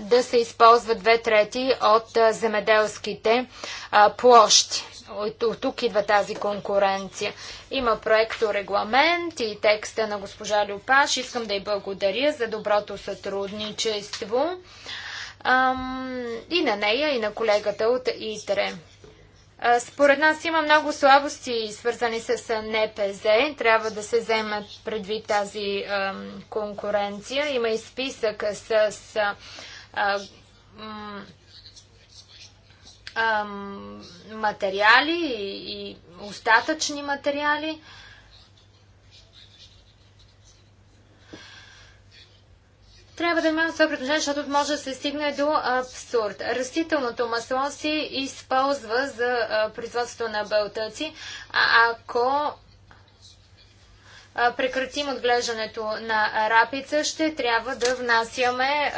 да се използват две трети от земеделските площи. От, от тук идва тази конкуренция. Има проекто регламент и текста на госпожа Люпаш. Искам да й благодаря за доброто сътрудничество и на нея, и на колегата от ИТРЕ. Според нас има много слабости, свързани с НПЗ. Трябва да се вземат предвид тази конкуренция. Има и списък с материали и остатъчни материали. Трябва да имаме това предложение, защото може да се стигне до абсурд. Растителното масло се използва за производството на бълтъци, а ако прекратим отглеждането на рапица, ще трябва да внасяме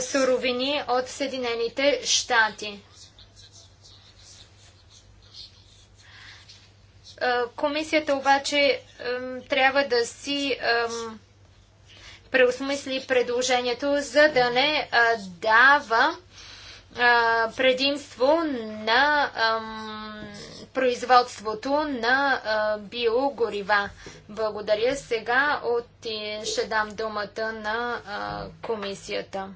суровини от Съединените щати. Е, комисията обаче трябва да си преосмисли предложението, за да не е, дава е, предимство на производството на биогорива. Благодаря. Сега от... ще дам думата на комисията.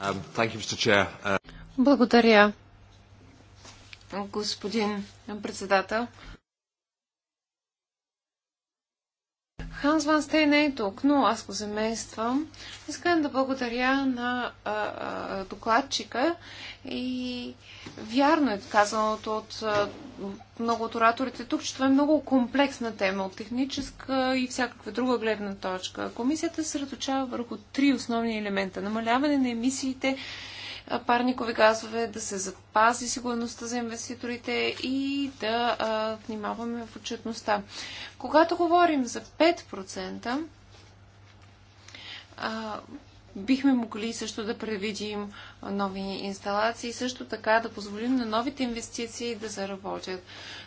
Um, uh, Благодаря, господин председател. Ханс Ван Стей не е тук, но аз го замествам. Искам да благодаря на а, а, докладчика и вярно е казаното от а, много от ораторите тук, че това е много комплексна тема от техническа и всякаква друга гледна точка. Комисията се съсредоточава върху три основни елемента. Намаляване на емисиите, парникови газове, да се запази сигурността за инвеститорите и да а, внимаваме в отчетността. Когато говорим за 5%, а, бихме могли също да предвидим нови инсталации, също така да позволим на новите инвестиции да заработят.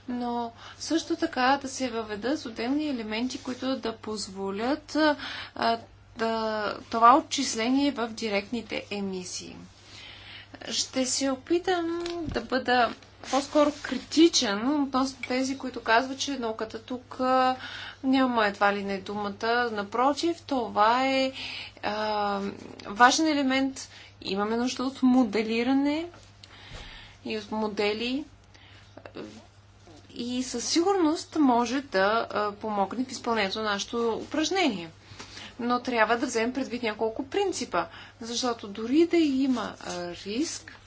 Но също така да се въведат отделни елементи, които да позволят а, да, това отчисление в директните емисии. Ще се опитам да бъда по-скоро критичен относно тези, които казват, че науката тук няма едва ли не думата. Напротив, това е а, важен елемент. Имаме нужда от моделиране и от модели. И със сигурност може да помогне в изпълнението на нашето упражнение но трябва да вземем предвид няколко принципа, защото дори да има риск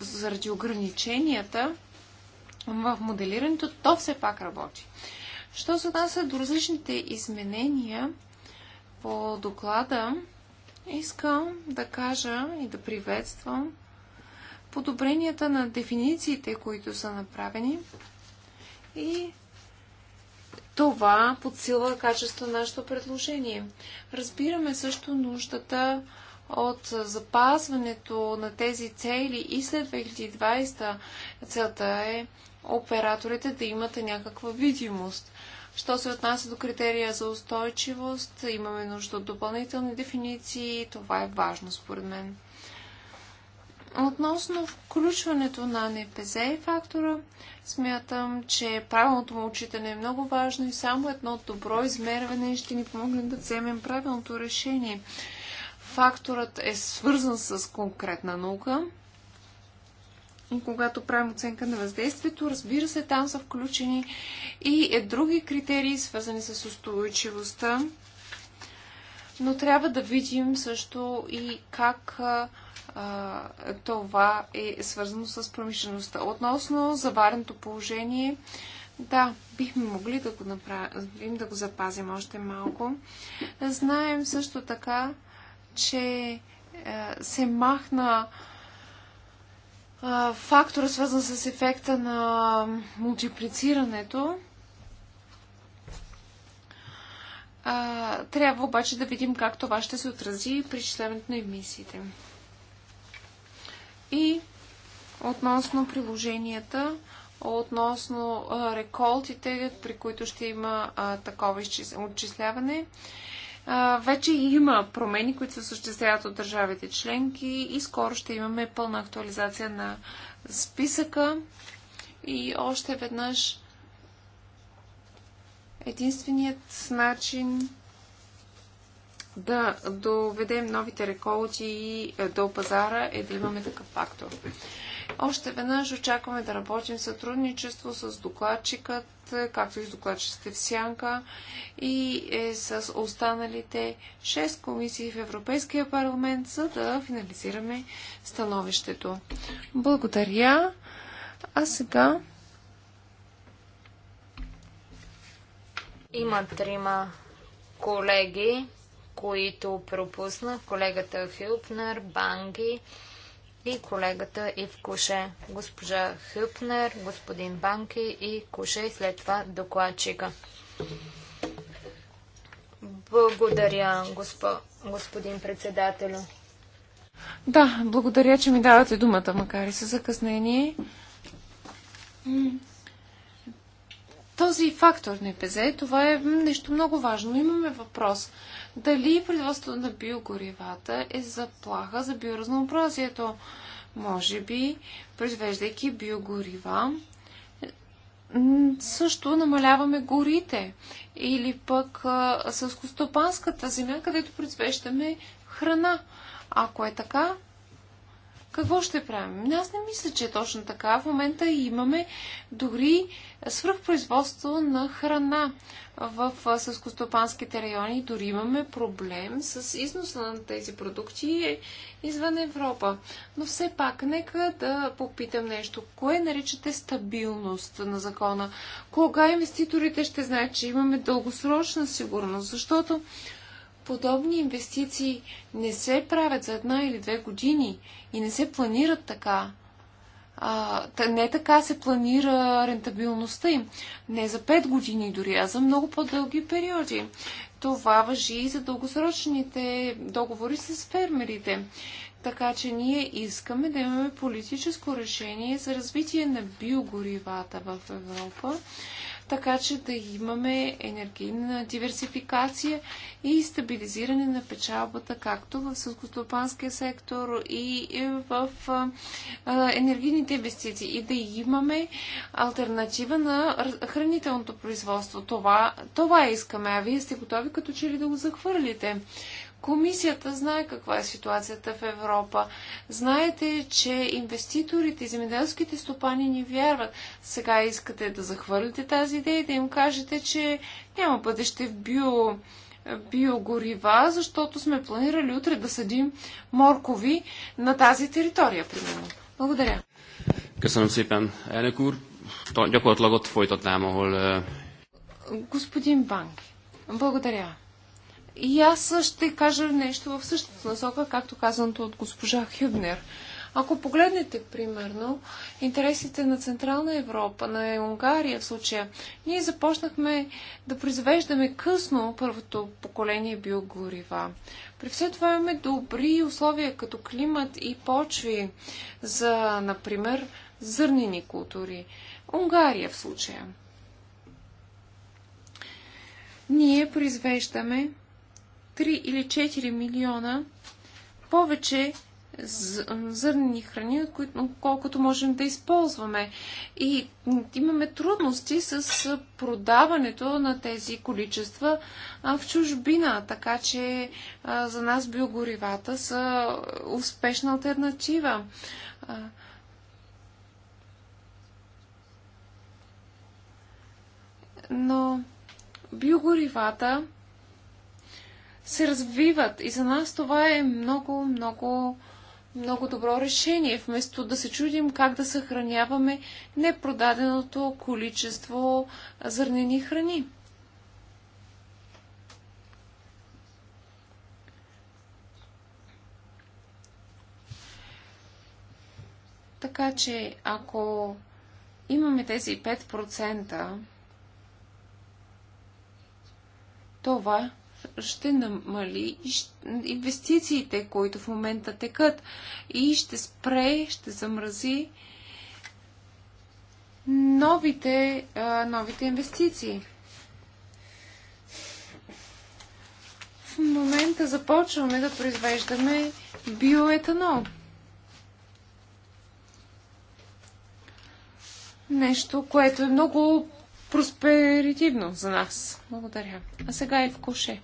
заради ограниченията в моделирането, то все пак работи. Що се отнася до различните изменения по доклада, искам да кажа и да приветствам подобренията на дефинициите, които са направени и това подсилва качество на нашето предложение. Разбираме също нуждата от запазването на тези цели и след 2020 целта е операторите да имат някаква видимост. Що се отнася до критерия за устойчивост, имаме нужда от допълнителни дефиниции. Това е важно според мен. Относно включването на НПЗ и фактора, смятам, че правилното му отчитане е много важно и само едно добро измерване ще ни помогне да вземем правилното решение. Факторът е свързан с конкретна наука и когато правим оценка на въздействието, разбира се, там са включени и е други критерии, свързани с устойчивостта, но трябва да видим също и как това е свързано с промишлеността. Относно завареното положение, да, бихме могли да го, направим, да го запазим още малко. Знаем също така, че а, е, се махна фактора, свързан с ефекта на мултиплицирането. А, трябва обаче да видим как това ще се отрази при изчисляването на емисиите. И относно приложенията, относно реколтите, при които ще има такова отчисляване. вече има промени, които се осъществяват от държавите членки и скоро ще имаме пълна актуализация на списъка. И още веднъж единственият начин да доведем новите реколти е, до пазара е да имаме такъв фактор. Още веднъж очакваме да работим сътрудничество с докладчикът, е, както и с докладчиците в Сянка и е, с останалите 6 комисии в Европейския парламент, за да финализираме становището. Благодаря. А сега има трима колеги, които пропуснах, колегата Хюпнер, Банги и колегата Куше. Госпожа Хюпнер, господин Банки и Куше и след това докладчика. Благодаря, госпо... господин председателю. Да, благодаря, че ми давате думата, макар и със закъснение този фактор на ПЗ, това е нещо много важно. Имаме въпрос. Дали производството на биогоривата е заплаха за биоразнообразието? Може би, произвеждайки биогорива, също намаляваме горите или пък сълскостопанската земя, където произвеждаме храна. Ако е така, какво ще правим? Аз не мисля, че е точно така. В момента имаме дори свръхпроизводство на храна в съскостопанските райони. Дори имаме проблем с износа на тези продукти е, извън Европа. Но все пак, нека да попитам нещо. Кое наричате стабилност на закона? Кога инвеститорите ще знаят, че имаме дългосрочна сигурност? Защото подобни инвестиции не се правят за една или две години и не се планират така. А, не така се планира рентабилността им. Не за 5 години дори, а за много по-дълги периоди. Това въжи и за дългосрочните договори с фермерите. Така че ние искаме да имаме политическо решение за развитие на биогоривата в Европа, така че да имаме енергийна диверсификация и стабилизиране на печалбата както в сълскостопанския сектор и в енергийните инвестиции и да имаме альтернатива на хранителното производство. Това, това искаме, а вие сте готови като че ли да го захвърлите. Комисията знае каква е ситуацията в Европа. Знаете, че инвеститорите и земеделските стопани ни вярват. Сега искате да захвърлите тази идея и да им кажете, че няма бъдеще в био биогорива, защото сме планирали утре да съдим моркови на тази територия, примерно. Благодаря. Köszönöm szépen, elnök úr. Gyakorlatilag ott folytatnám, ahol... Господин Банк, благодаря. И аз ще кажа нещо в същата насока, както казаното от госпожа Хюбнер. Ако погледнете, примерно, интересите на Централна Европа, на Унгария в случая, ние започнахме да произвеждаме късно първото поколение биогорива. При все това имаме добри условия като климат и почви за, например, зърнени култури. Унгария в случая. Ние произвеждаме 3 или 4 милиона повече зърнени храни, колкото можем да използваме. И имаме трудности с продаването на тези количества в чужбина, така че за нас биогоривата са успешна альтернатива. Но биогоривата се развиват. И за нас това е много, много, много добро решение. Вместо да се чудим как да съхраняваме непродаденото количество зърнени храни. Така че, ако имаме тези 5%, това ще намали инвестициите, които в момента текат и ще спре, ще замрази новите, новите инвестиции. В момента започваме да произвеждаме биоетанол. Нещо, което е много просперитивно за нас. Благодаря. А сега е в коше.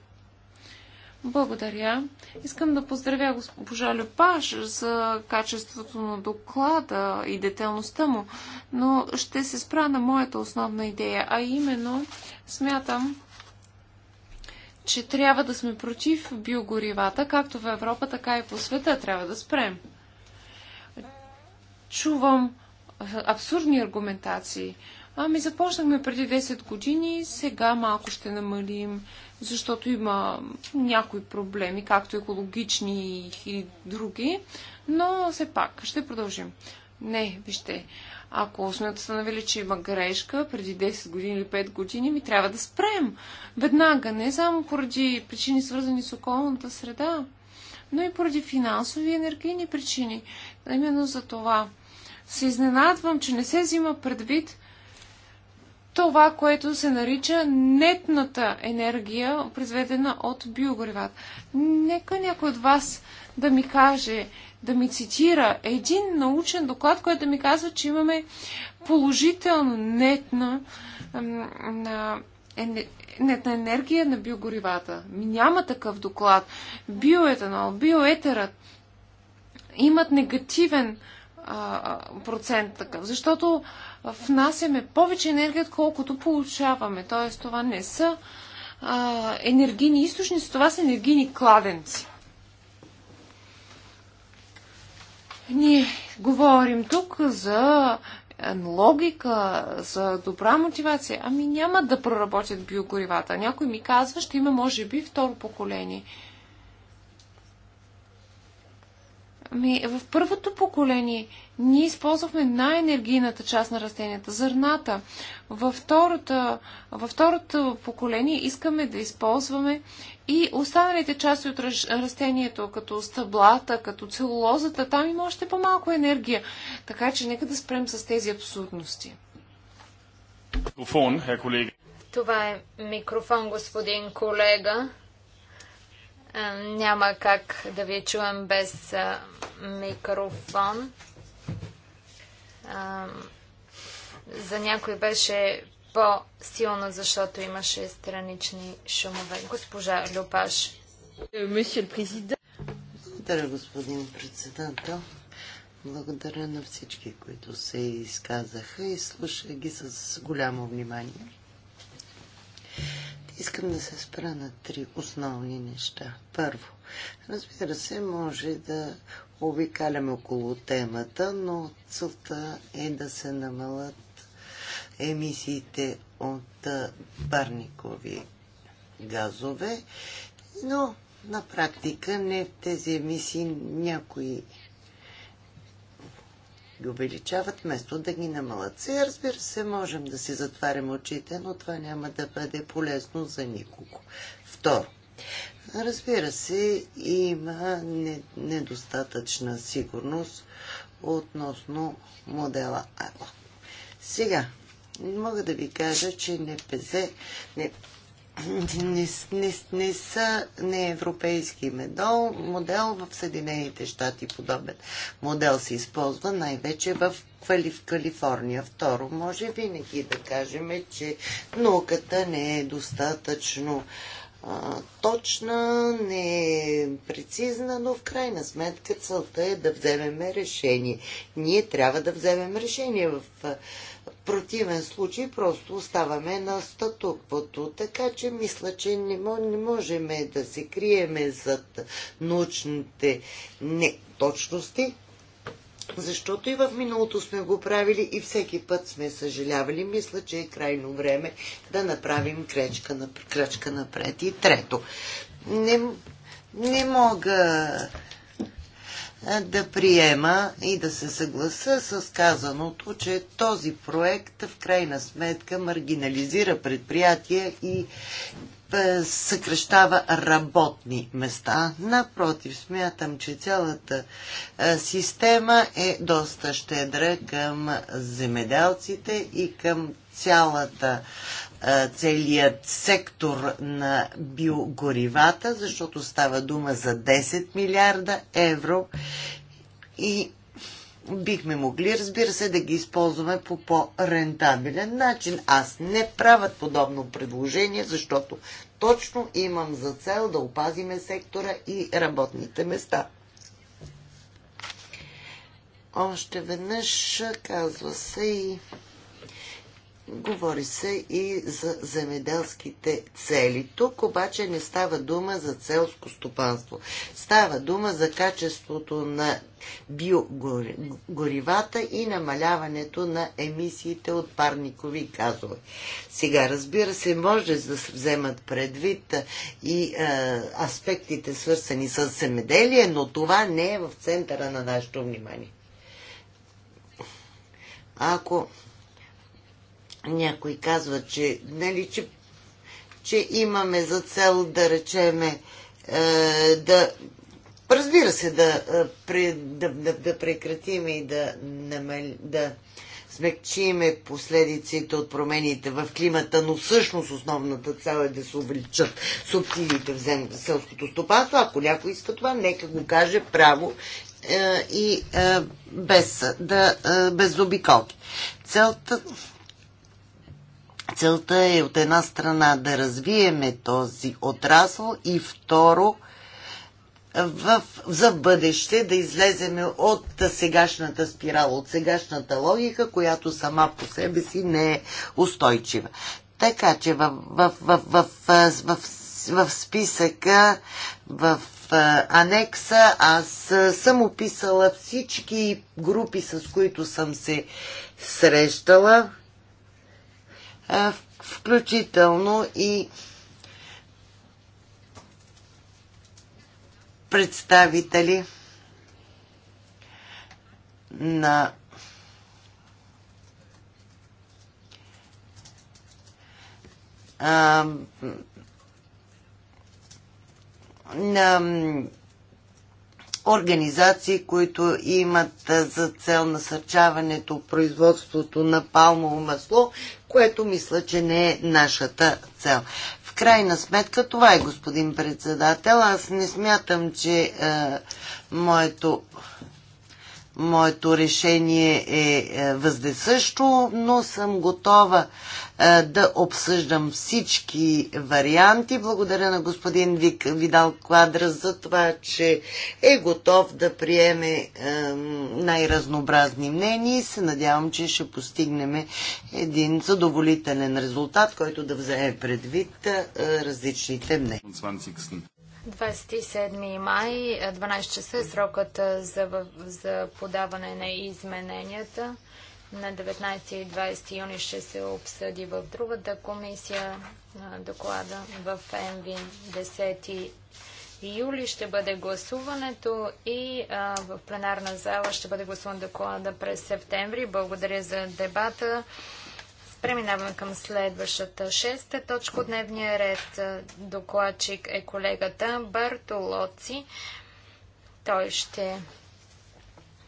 Благодаря. Искам да поздравя госпожа Лепаш за качеството на доклада и детелността му, но ще се спра на моята основна идея, а именно смятам, че трябва да сме против биогоривата, както в Европа, така и по света. Трябва да спрем. Чувам абсурдни аргументации. Ами започнахме преди 10 години, сега малко ще намалим защото има някои проблеми, както екологични и други, но все пак ще продължим. Не, вижте, ако сме установили, че има грешка преди 10 години или 5 години, ми трябва да спрем. Веднага, не само поради причини свързани с околната среда, но и поради финансови и енергийни причини. Именно за това се изненадвам, че не се взима предвид това, което се нарича нетната енергия, произведена от биогоривата. Нека някой от вас да ми каже, да ми цитира един научен доклад, който ми казва, че имаме положително нетна, на, е, нетна енергия на биогоривата. Няма такъв доклад. Биоетанол, биоетерът имат негативен а, процент такъв, защото внасяме повече енергия, отколкото получаваме. Т.е. това не са а, енергийни източници, това са енергийни кладенци. Ние говорим тук за логика, за добра мотивация. Ами няма да проработят биогоривата. Някой ми казва, ще има може би второ поколение. Ами, в първото поколение ние използвахме най-енергийната част на растенията, зърната. Във, втората, във второто поколение искаме да използваме и останалите части от растението, като стъблата, като целулозата, там има още по-малко енергия. Така че нека да спрем с тези абсурдности. Е, Това е микрофон, господин колега. Няма как да ви чуем без микрофон. За някой беше по-силно, защото имаше странични шумове. Госпожа Люпаш. Благодаря, господин председател. Благодаря на всички, които се изказаха и слушах ги с голямо внимание. Искам да се спра на три основни неща. Първо, разбира се, може да обикаляме около темата, но целта е да се намалят емисиите от парникови газове, но на практика не тези емисии някои ги увеличават, вместо да ги намалят. Сега, разбира се, можем да си затваряме очите, но това няма да бъде полезно за никого. Второ, разбира се, има недостатъчна сигурност относно модела АЛА. Сега, мога да ви кажа, че НПЗ, не, не, не, не са европейски модел, модел в Съединените щати подобен модел се използва най-вече в в Калифорния. Второ, може винаги да кажем, че науката не е достатъчно а, точна, не е прецизна, но в крайна сметка целта е да вземем решение. Ние трябва да вземем решение в противен случай просто оставаме на статуквото. Така че мисля, че не, не можем да се криеме зад научните неточности, защото и в миналото сме го правили и всеки път сме съжалявали. Мисля, че е крайно време да направим крачка, на, крачка напред. И трето, не, не мога да приема и да се съгласа с казаното, че този проект в крайна сметка маргинализира предприятия и е, съкръщава работни места. Напротив, смятам, че цялата е, система е доста щедра към земеделците и към цялата е, целият сектор на биогоривата, защото става дума за 10 милиарда евро и бихме могли, разбира се, да ги използваме по по-рентабелен начин. Аз не правя подобно предложение, защото точно имам за цел да опазиме сектора и работните места. Още веднъж казва се и Говори се и за земеделските цели. Тук обаче не става дума за целско стопанство. Става дума за качеството на биогоривата и намаляването на емисиите от парникови газове. Сега, разбира се, може да се вземат предвид и е, аспектите свързани с земеделие, но това не е в центъра на нашето внимание. Ако някой казва, че, нали, че, че имаме за цел да речеме е, да Разбира се, да, е, да, да, да прекратим и да, намал, да смекчиме последиците от промените в климата, но всъщност основната цел е да се увеличат субсидиите в зем, селското стопанство. Ако някой иска това, нека го каже право е, и е, без, да, е, без обиколки. Целта Целта е от една страна да развиеме този отрасъл и второ в, за бъдеще да излеземе от сегашната спирала, от сегашната логика, която сама по себе си не е устойчива. Така че в, в, в, в, в, в, в списъка, в анекса, аз съм описала всички групи, с които съм се срещала включително и представители на на организации, които имат за цел насърчаването производството на палмово масло, което мисля, че не е нашата цел. В крайна сметка това е, господин председател. Аз не смятам, че е, моето Моето решение е, е въздесъщо, но съм готова е, да обсъждам всички варианти. Благодаря на господин Вик, Видал Квадра за това, че е готов да приеме е, най-разнообразни мнения и се надявам, че ще постигнем един задоволителен резултат, който да вземе предвид различните мнения. 27 май, 12 часа е срокът за, за подаване на измененията. На 19 и 20 юни ще се обсъди в другата комисия доклада в МВ 10 юли ще бъде гласуването и в пленарна зала ще бъде гласуван доклада през септември. Благодаря за дебата. Преминаваме към следващата шеста точка от дневния ред. Докладчик е колегата Бартолоци. Той ще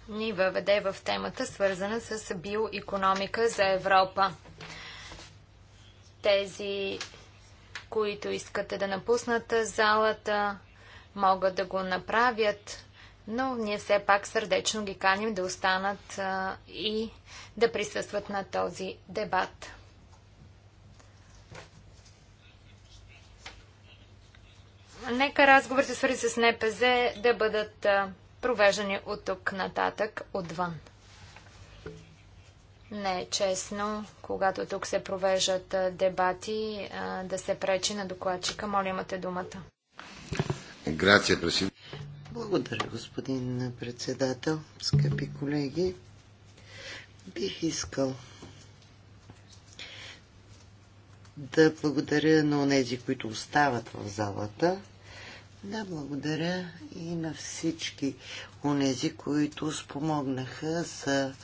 ни въведе в темата, свързана с биоекономика за Европа. Тези, които искате да напуснат залата, могат да го направят но ние все пак сърдечно ги каним да останат а, и да присъстват на този дебат. Нека разговорите свързани с НПЗ да бъдат а, провеждани от тук нататък отвън. Не е честно, когато тук се провеждат а, дебати, да се пречи на докладчика. Моля, имате думата. Благодаря, господин председател, скъпи колеги. Бих искал да благодаря на онези, които остават в залата. Да, благодаря и на всички онези, които спомогнаха за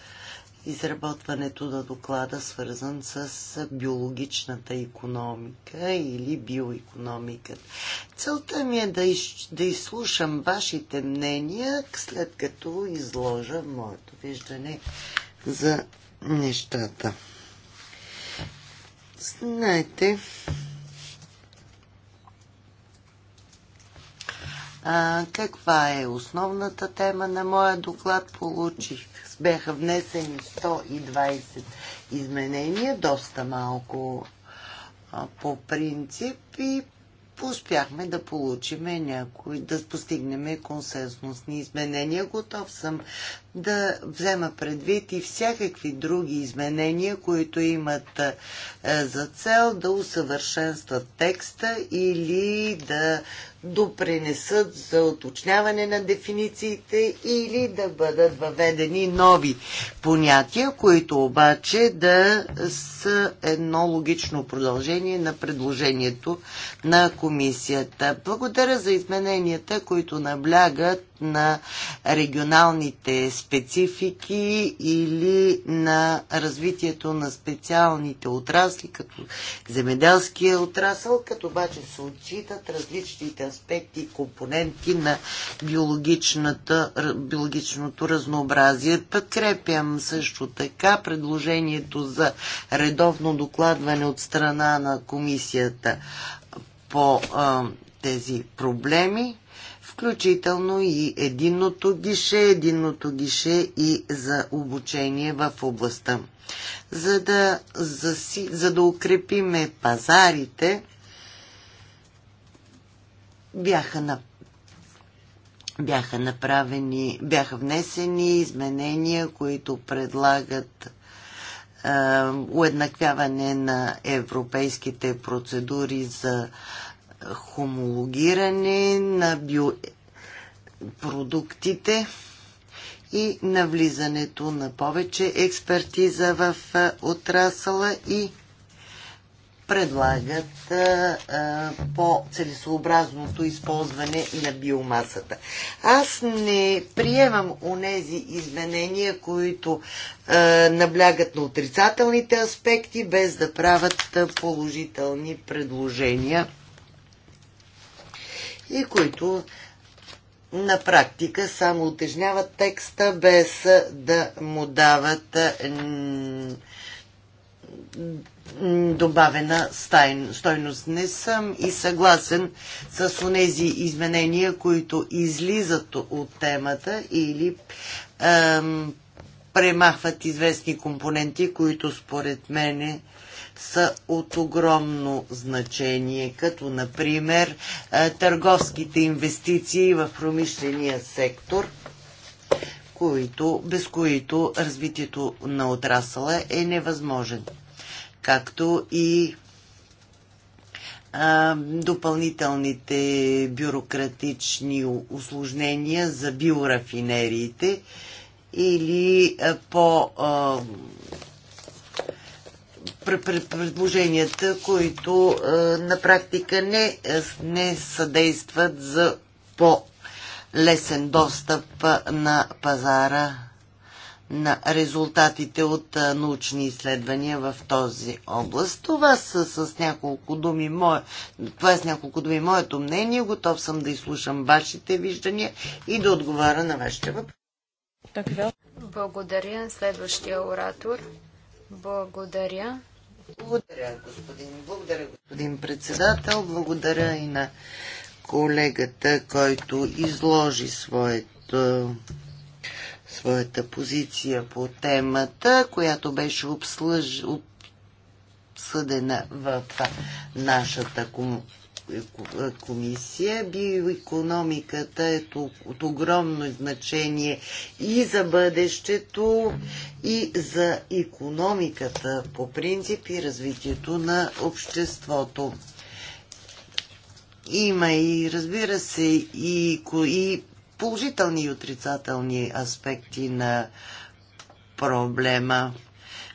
изработването на доклада, свързан с биологичната економика или биоекономиката. Целта ми е да, из, да изслушам вашите мнения, след като изложа моето виждане за нещата. Знаете, А, каква е основната тема на моя доклад? Получих. Бяха внесени 120 изменения, доста малко а, по принцип и успяхме да получиме някои, да постигнем консенсусни изменения. Готов съм да взема предвид и всякакви други изменения, които имат е, за цел да усъвършенстват текста или да допринесат за уточняване на дефинициите или да бъдат въведени нови понятия, които обаче да са едно логично продължение на предложението на комисията. Благодаря за измененията, които наблягат на регионалните специфики или на развитието на специалните отрасли, като земеделския отрасъл, като обаче се отчитат различните аспекти и компоненти на биологичното разнообразие. Подкрепям също така предложението за редовно докладване от страна на комисията по тези проблеми включително и единното гише, единното гише и за обучение в областта. За да, за, за да укрепиме пазарите, бяха на бяха направени, бяха внесени изменения, които предлагат е, уеднаквяване на европейските процедури за е, хомологиране на биопродуктите и навлизането на повече експертиза в отрасъла и предлагат по-целесообразното използване на биомасата. Аз не приемам онези изменения, които а, наблягат на отрицателните аспекти, без да правят положителни предложения и които на практика само утежняват текста без да му дават е, добавена стойност. Не съм и съгласен с онези изменения, които излизат от темата или премахват известни компоненти, които според мен са от огромно значение, като например е, търговските инвестиции в промишления сектор, които, без които развитието на отрасъла е невъзможен, както и а, е, допълнителните бюрократични осложнения за биорафинериите или е, по а, предложенията, които е, на практика не, е, не съдействат за по-лесен достъп е, на пазара на резултатите от научни изследвания в този област. Това са с няколко думи мое, това е с няколко думи моето мнение. Готов съм да изслушам вашите виждания и да отговаря на вашите въпроси. Благодаря. Следващия оратор. Благодаря. Благодаря, господин. Благодаря, господин председател. Благодаря и на колегата, който изложи своето, своята позиция по темата, която беше обслъж, обсъдена в нашата комисия. Биоекономиката е от огромно значение и за бъдещето, и за економиката по принцип и развитието на обществото. Има и, разбира се, и, и положителни и отрицателни аспекти на проблема.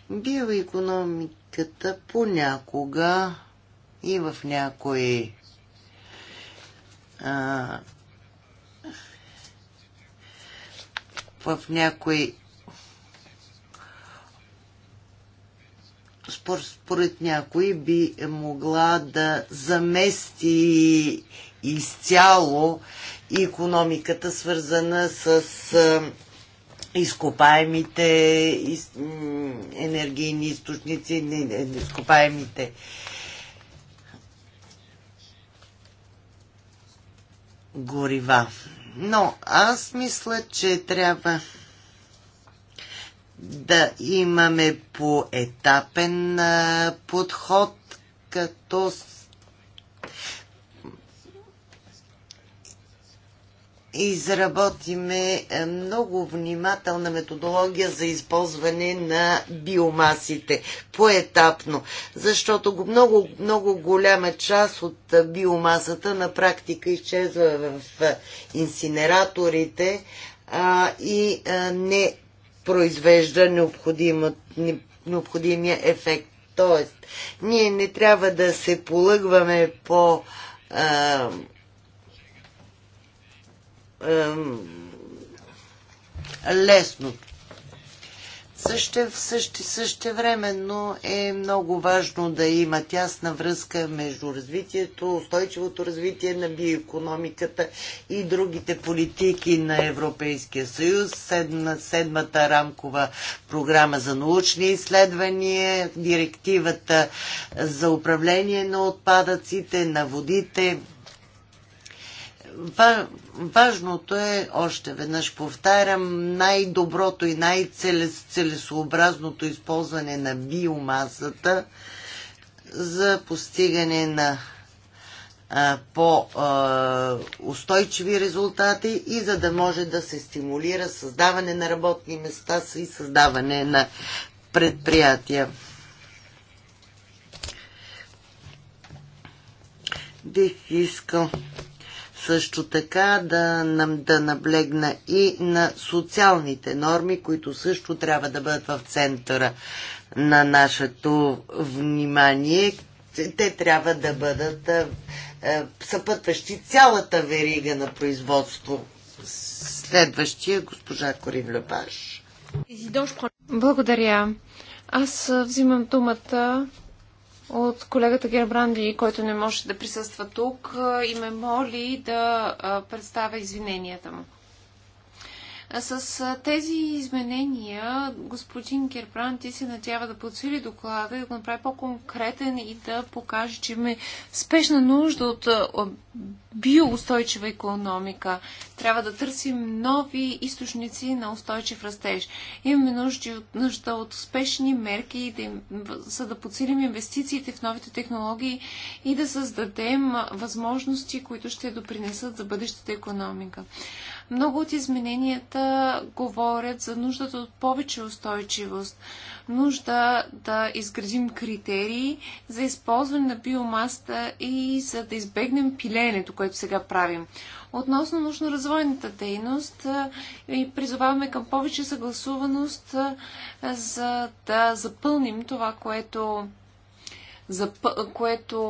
Биоекономиката понякога и в някои а, в някои спор, според някой би могла да замести изцяло економиката, свързана с а, изкопаемите из, енергийни източници, изкопаемите горива. Но аз мисля, че трябва да имаме поетапен подход, като изработиме е, много внимателна методология за използване на биомасите поетапно, защото много, много голяма част от е, биомасата на практика изчезва в е, инсинераторите а, и а, не произвежда необходимия ефект. Тоест, ние не трябва да се полъгваме по а, лесно. Съще, време, но е много важно да има тясна връзка между развитието, устойчивото развитие на биоекономиката и другите политики на Европейския съюз. Седна, седмата рамкова програма за научни изследвания, директивата за управление на отпадъците, на водите. Важното е, още веднъж повтарям, най-доброто и най-целесообразното използване на биомасата за постигане на по-устойчиви резултати и за да може да се стимулира създаване на работни места и създаване на предприятия. Бих искал също така да, да наблегна и на социалните норми, които също трябва да бъдат в центъра на нашето внимание. Те трябва да бъдат съпътващи цялата верига на производство. Следващия госпожа Корин Лепаш. Благодаря. Аз взимам думата от колегата Гербранди, който не може да присъства тук и ме моли да представя извиненията му. С тези изменения господин ти се надява да подсили доклада и да го направи по-конкретен и да покаже, че има спешна нужда от биоустойчива економика. Трябва да търсим нови източници на устойчив растеж. Имаме нужда от, нужда от успешни мерки, да им, за да подсилим инвестициите в новите технологии и да създадем възможности, които ще допринесат за бъдещата економика. Много от измененията говорят за нуждата от повече устойчивост, нужда да изградим критерии за използване на биомаста и за да избегнем пиленето, което сега правим. Относно нужно развойната дейност, и призоваваме към повече съгласуваност, за да запълним това, което, което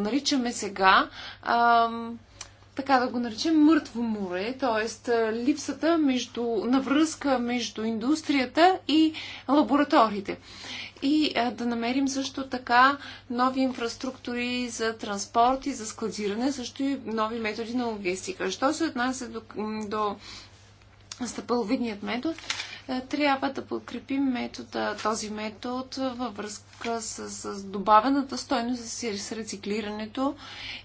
наричаме сега така да го наречем, мъртво море, т.е. липсата между, на връзка между индустрията и лабораториите. И а, да намерим също така нови инфраструктури за транспорт и за складиране, също и нови методи на логистика. Що се отнася до, до стъпаловидният метод, е, трябва да подкрепим метода, този метод във връзка с, с добавената стойност с рециклирането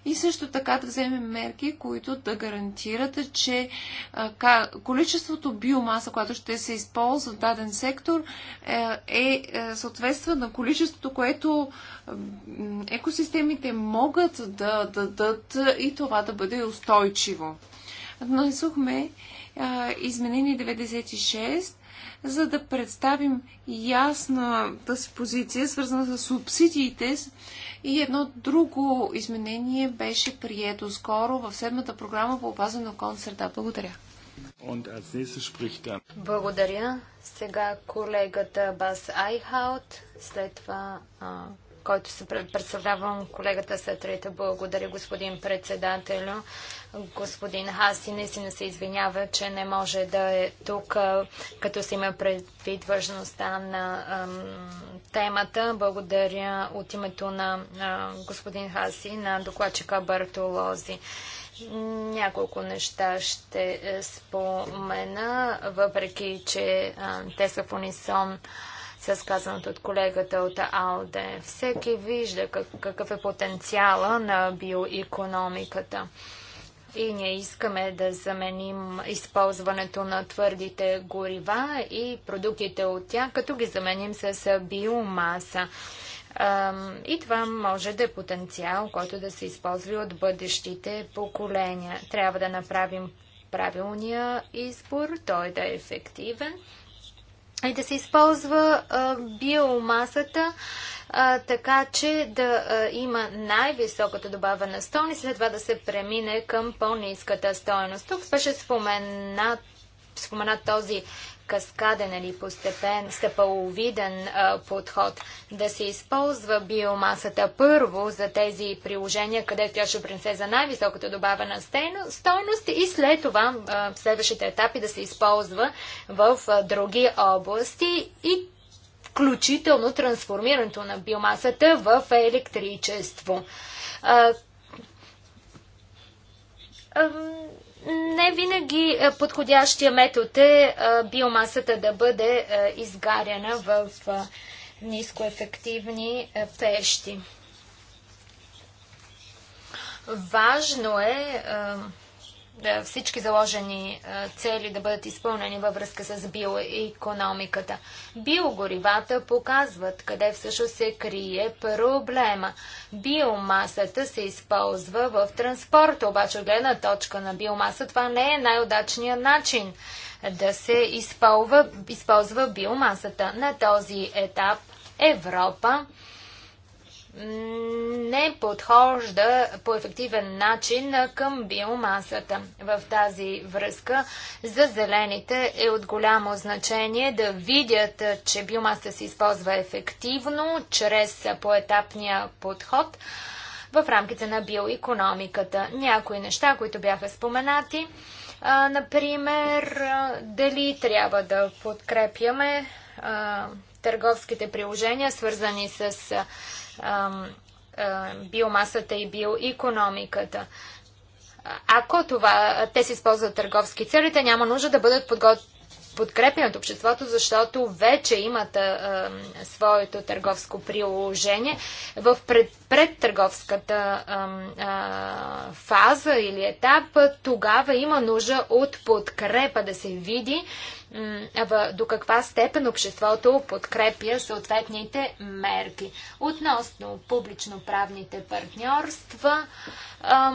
и също така да вземем мерки, които да гарантират, че а, количеството биомаса, която ще се използва в даден сектор, е, е, е съответства на количеството, което екосистемите могат да дадат и това да бъде устойчиво. Нанесохме изменение 96, за да представим ясната си позиция, свързана с субсидиите. И едно друго изменение беше прието скоро в седмата програма по опазване на концерта. среда. Благодаря. Благодаря. Сега колегата Бас Айхаут, след това който се представлявам колегата трета. Благодаря, господин председателю. Господин Хаси, си не се извинява, че не може да е тук, като се има предвид важността на темата. Благодаря от името на господин Хаси, на докладчика Бартолози. Няколко неща ще е, спомена, въпреки че те са в унисон с казаното от колегата от АЛДЕ. Всеки вижда как, какъв е потенциала на биоекономиката. И ние искаме да заменим използването на твърдите горива и продуктите от тях, като ги заменим с биомаса. И това може да е потенциал, който да се използва от бъдещите поколения. Трябва да направим правилния избор, той да е ефективен и да се използва биомасата така, че да има най-високата добавена стойност и след това да се премине към по-низката стойност. Тук беше споменат споменат този каскаден или постепен, стъпаловиден а, подход. Да се използва биомасата първо за тези приложения, където тя ще принесе за най-високата добавена стойност и след това а, в следващите етапи да се използва в а, други области и включително трансформирането на биомасата в електричество. А, не винаги е, подходящия метод е, е биомасата да бъде е, изгаряна в нискоефективни пещи. Важно е е, всички заложени е, цели да бъдат изпълнени във връзка с биоекономиката. Биогоривата показват къде всъщност се крие проблема. Биомасата се използва в транспорта, обаче от гледна точка на биомаса това не е най-удачният начин да се използва, използва биомасата. На този етап Европа не подхожда по ефективен начин към биомасата. В тази връзка за зелените е от голямо значение да видят, че биомаса се използва ефективно чрез поетапния подход в рамките на биоекономиката. Някои неща, които бяха споменати, например, дали трябва да подкрепяме търговските приложения, свързани с биомасата и биоекономиката. Ако това, те се използват търговски целите, няма нужда да бъдат подготвени подкрепени от обществото, защото вече имат а, своето търговско приложение. В пред, предтърговската а, а, фаза или етап тогава има нужда от подкрепа да се види до каква степен обществото подкрепя съответните мерки. Относно публично-правните партньорства, а,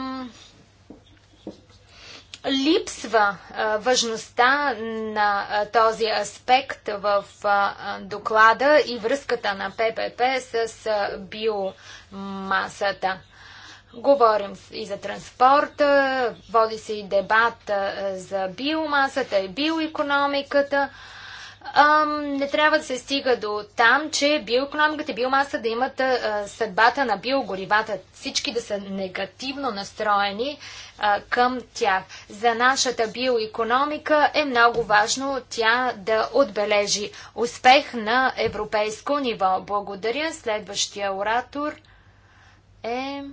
липсва а, важността на а, този аспект в а, доклада и връзката на ППП с биомасата. Говорим и за транспорта, води се и дебат за биомасата и биоекономиката. Ам, не трябва да се стига до там, че биоекономиката и биомаса да имат а, съдбата на биогоривата. Всички да са негативно настроени а, към тях. За нашата биоекономика е много важно тя да отбележи успех на европейско ниво. Благодаря. Следващия оратор е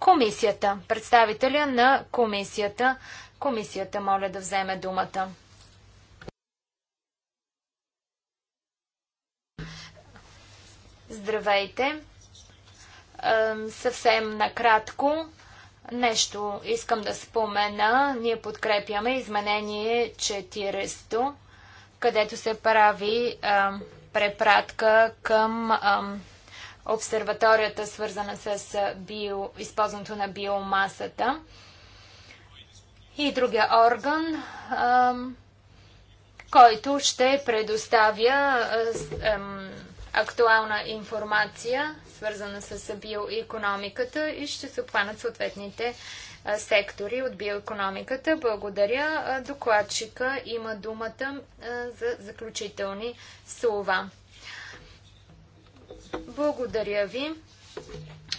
комисията. Представителя на комисията. Комисията моля да вземе думата. Здравейте! Съвсем накратко нещо искам да спомена. Ние подкрепяме изменение 40, където се прави препратка към обсерваторията, свързана с био, използването на биомасата. И другия орган, който ще предоставя актуална информация, свързана с биоекономиката и ще се обхванат съответните сектори от биоекономиката. Благодаря. Докладчика има думата за заключителни слова. Благодаря ви.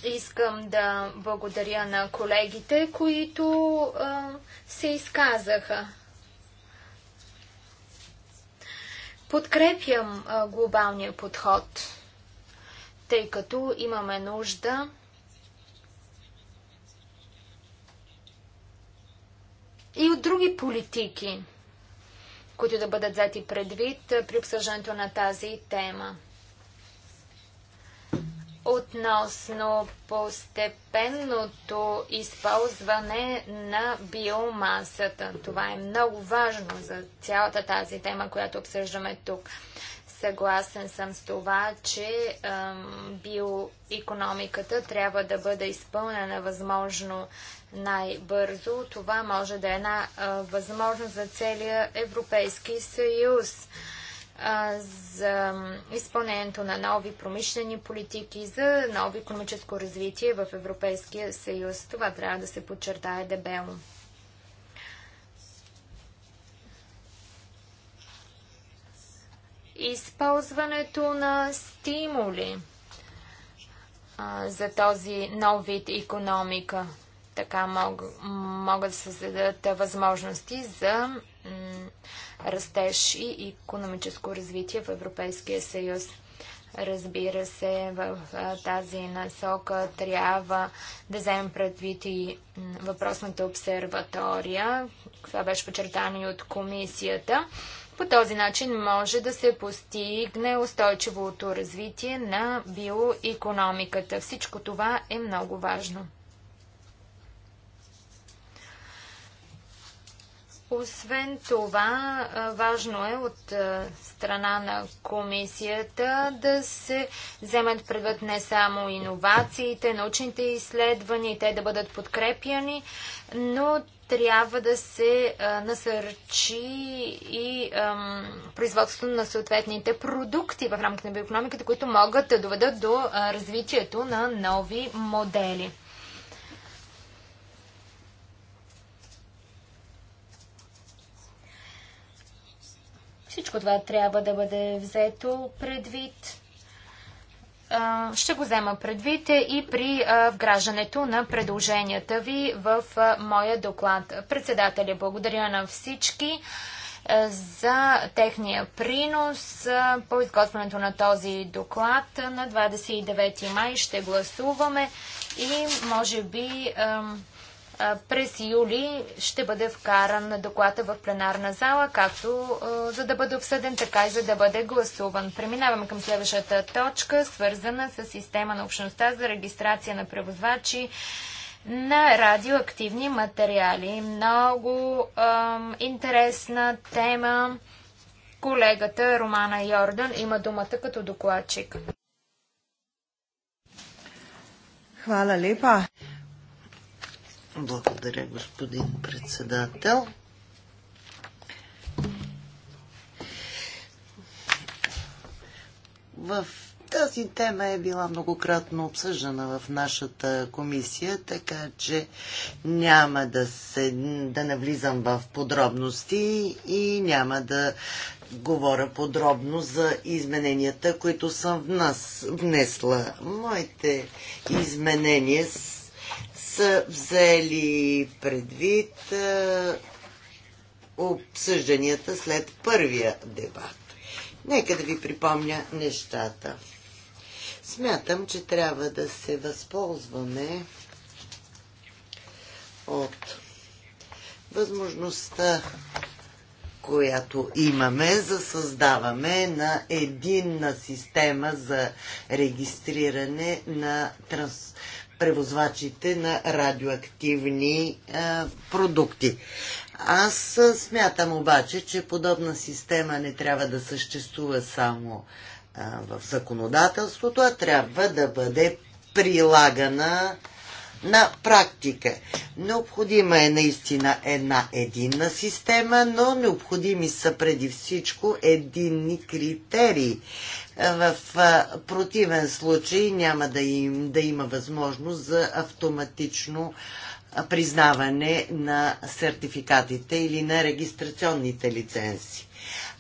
Искам да благодаря на колегите, които а, се изказаха. Подкрепям а, глобалния подход, тъй като имаме нужда и от други политики, които да бъдат взети предвид при обсъждането на тази тема относно постепенното използване на биомасата. Това е много важно за цялата тази тема, която обсъждаме тук. Съгласен съм с това, че биоекономиката трябва да бъде изпълнена възможно най-бързо. Това може да е една възможност за целия Европейски съюз за изпълнението на нови промишлени политики, за ново економическо развитие в Европейския съюз. Това трябва да се подчертае дебело. Използването на стимули за този нов вид економика. Така могат да се създадат възможности за растеж и економическо развитие в Европейския съюз. Разбира се, в тази насока трябва да вземем предвид и въпросната обсерватория. Това беше подчертано и от комисията. По този начин може да се постигне устойчивото развитие на биоекономиката. Всичко това е много важно. Освен това, важно е от страна на комисията да се вземат предвид не само иновациите, научните изследвания, те да бъдат подкрепяни, но трябва да се насърчи и ам, производството на съответните продукти в рамките на биоекономиката, които могат да доведат до развитието на нови модели. Всичко това трябва да бъде взето предвид. Ще го взема предвид и при вграждането на предложенията ви в моя доклад. Председателя, благодаря на всички за техния принос по изготвянето на този доклад. На 29 май ще гласуваме и може би през юли ще бъде вкаран доклада в пленарна зала, както за да бъде обсъден, така и за да бъде гласуван. Преминаваме към следващата точка, свързана с система на общността за регистрация на превозвачи на радиоактивни материали. Много ам, интересна тема. Колегата Романа Йордан има думата като докладчик. Hvala lepa. Благодаря, господин председател. В тази тема е била многократно обсъждана в нашата комисия, така че няма да, се, да навлизам в подробности и няма да говоря подробно за измененията, които съм внес, внесла. Моите изменения са взели предвид обсъжданията след първия дебат. Нека да ви припомня нещата. Смятам, че трябва да се възползваме от възможността, която имаме за създаваме на единна система за регистриране на транс превозвачите на радиоактивни а, продукти. Аз смятам обаче, че подобна система не трябва да съществува само а, в законодателството, а трябва да бъде прилагана на практика. Необходима е наистина една единна система, но необходими са преди всичко единни критерии. В противен случай няма да, им, да има възможност за автоматично признаване на сертификатите или на регистрационните лицензи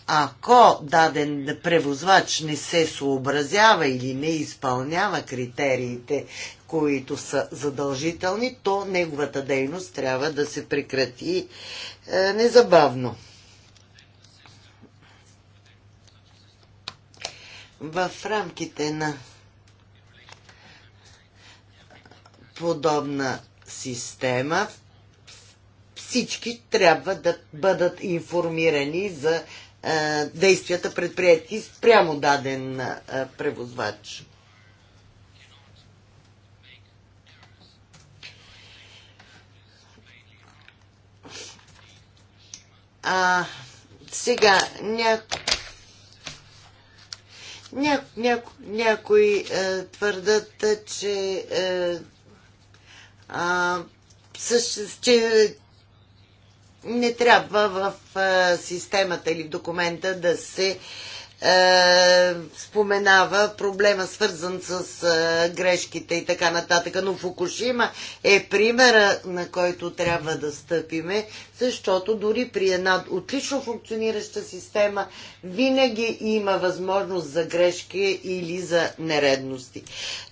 ако даден превозвач не се съобразява или не изпълнява критериите, които са задължителни, то неговата дейност трябва да се прекрати е, незабавно. В рамките на подобна система всички трябва да бъдат информирани за е, действията предприяти спрямо даден е, превозвач. А, сега, някои няко, няко, някои твърдат, е, че, а, също, че, не трябва в системата или в документа да се а, споменава проблема свързан с а, грешките и така нататък. Но Фукушима е примера, на който трябва да стъпиме, защото дори при една отлично функционираща система винаги има възможност за грешки или за нередности.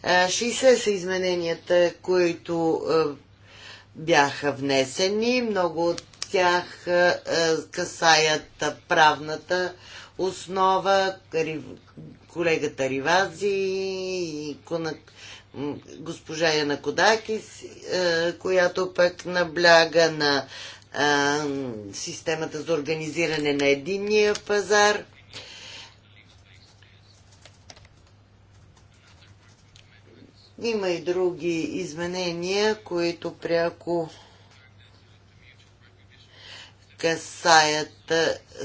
А, 60 са измененията, които а, бяха внесени. Много от тях е, е, касаят правната основа, колегата Ривази и госпожа Яна Кодакис, е, която пък набляга на системата за организиране на единния пазар. Има и други изменения, които пряко касаят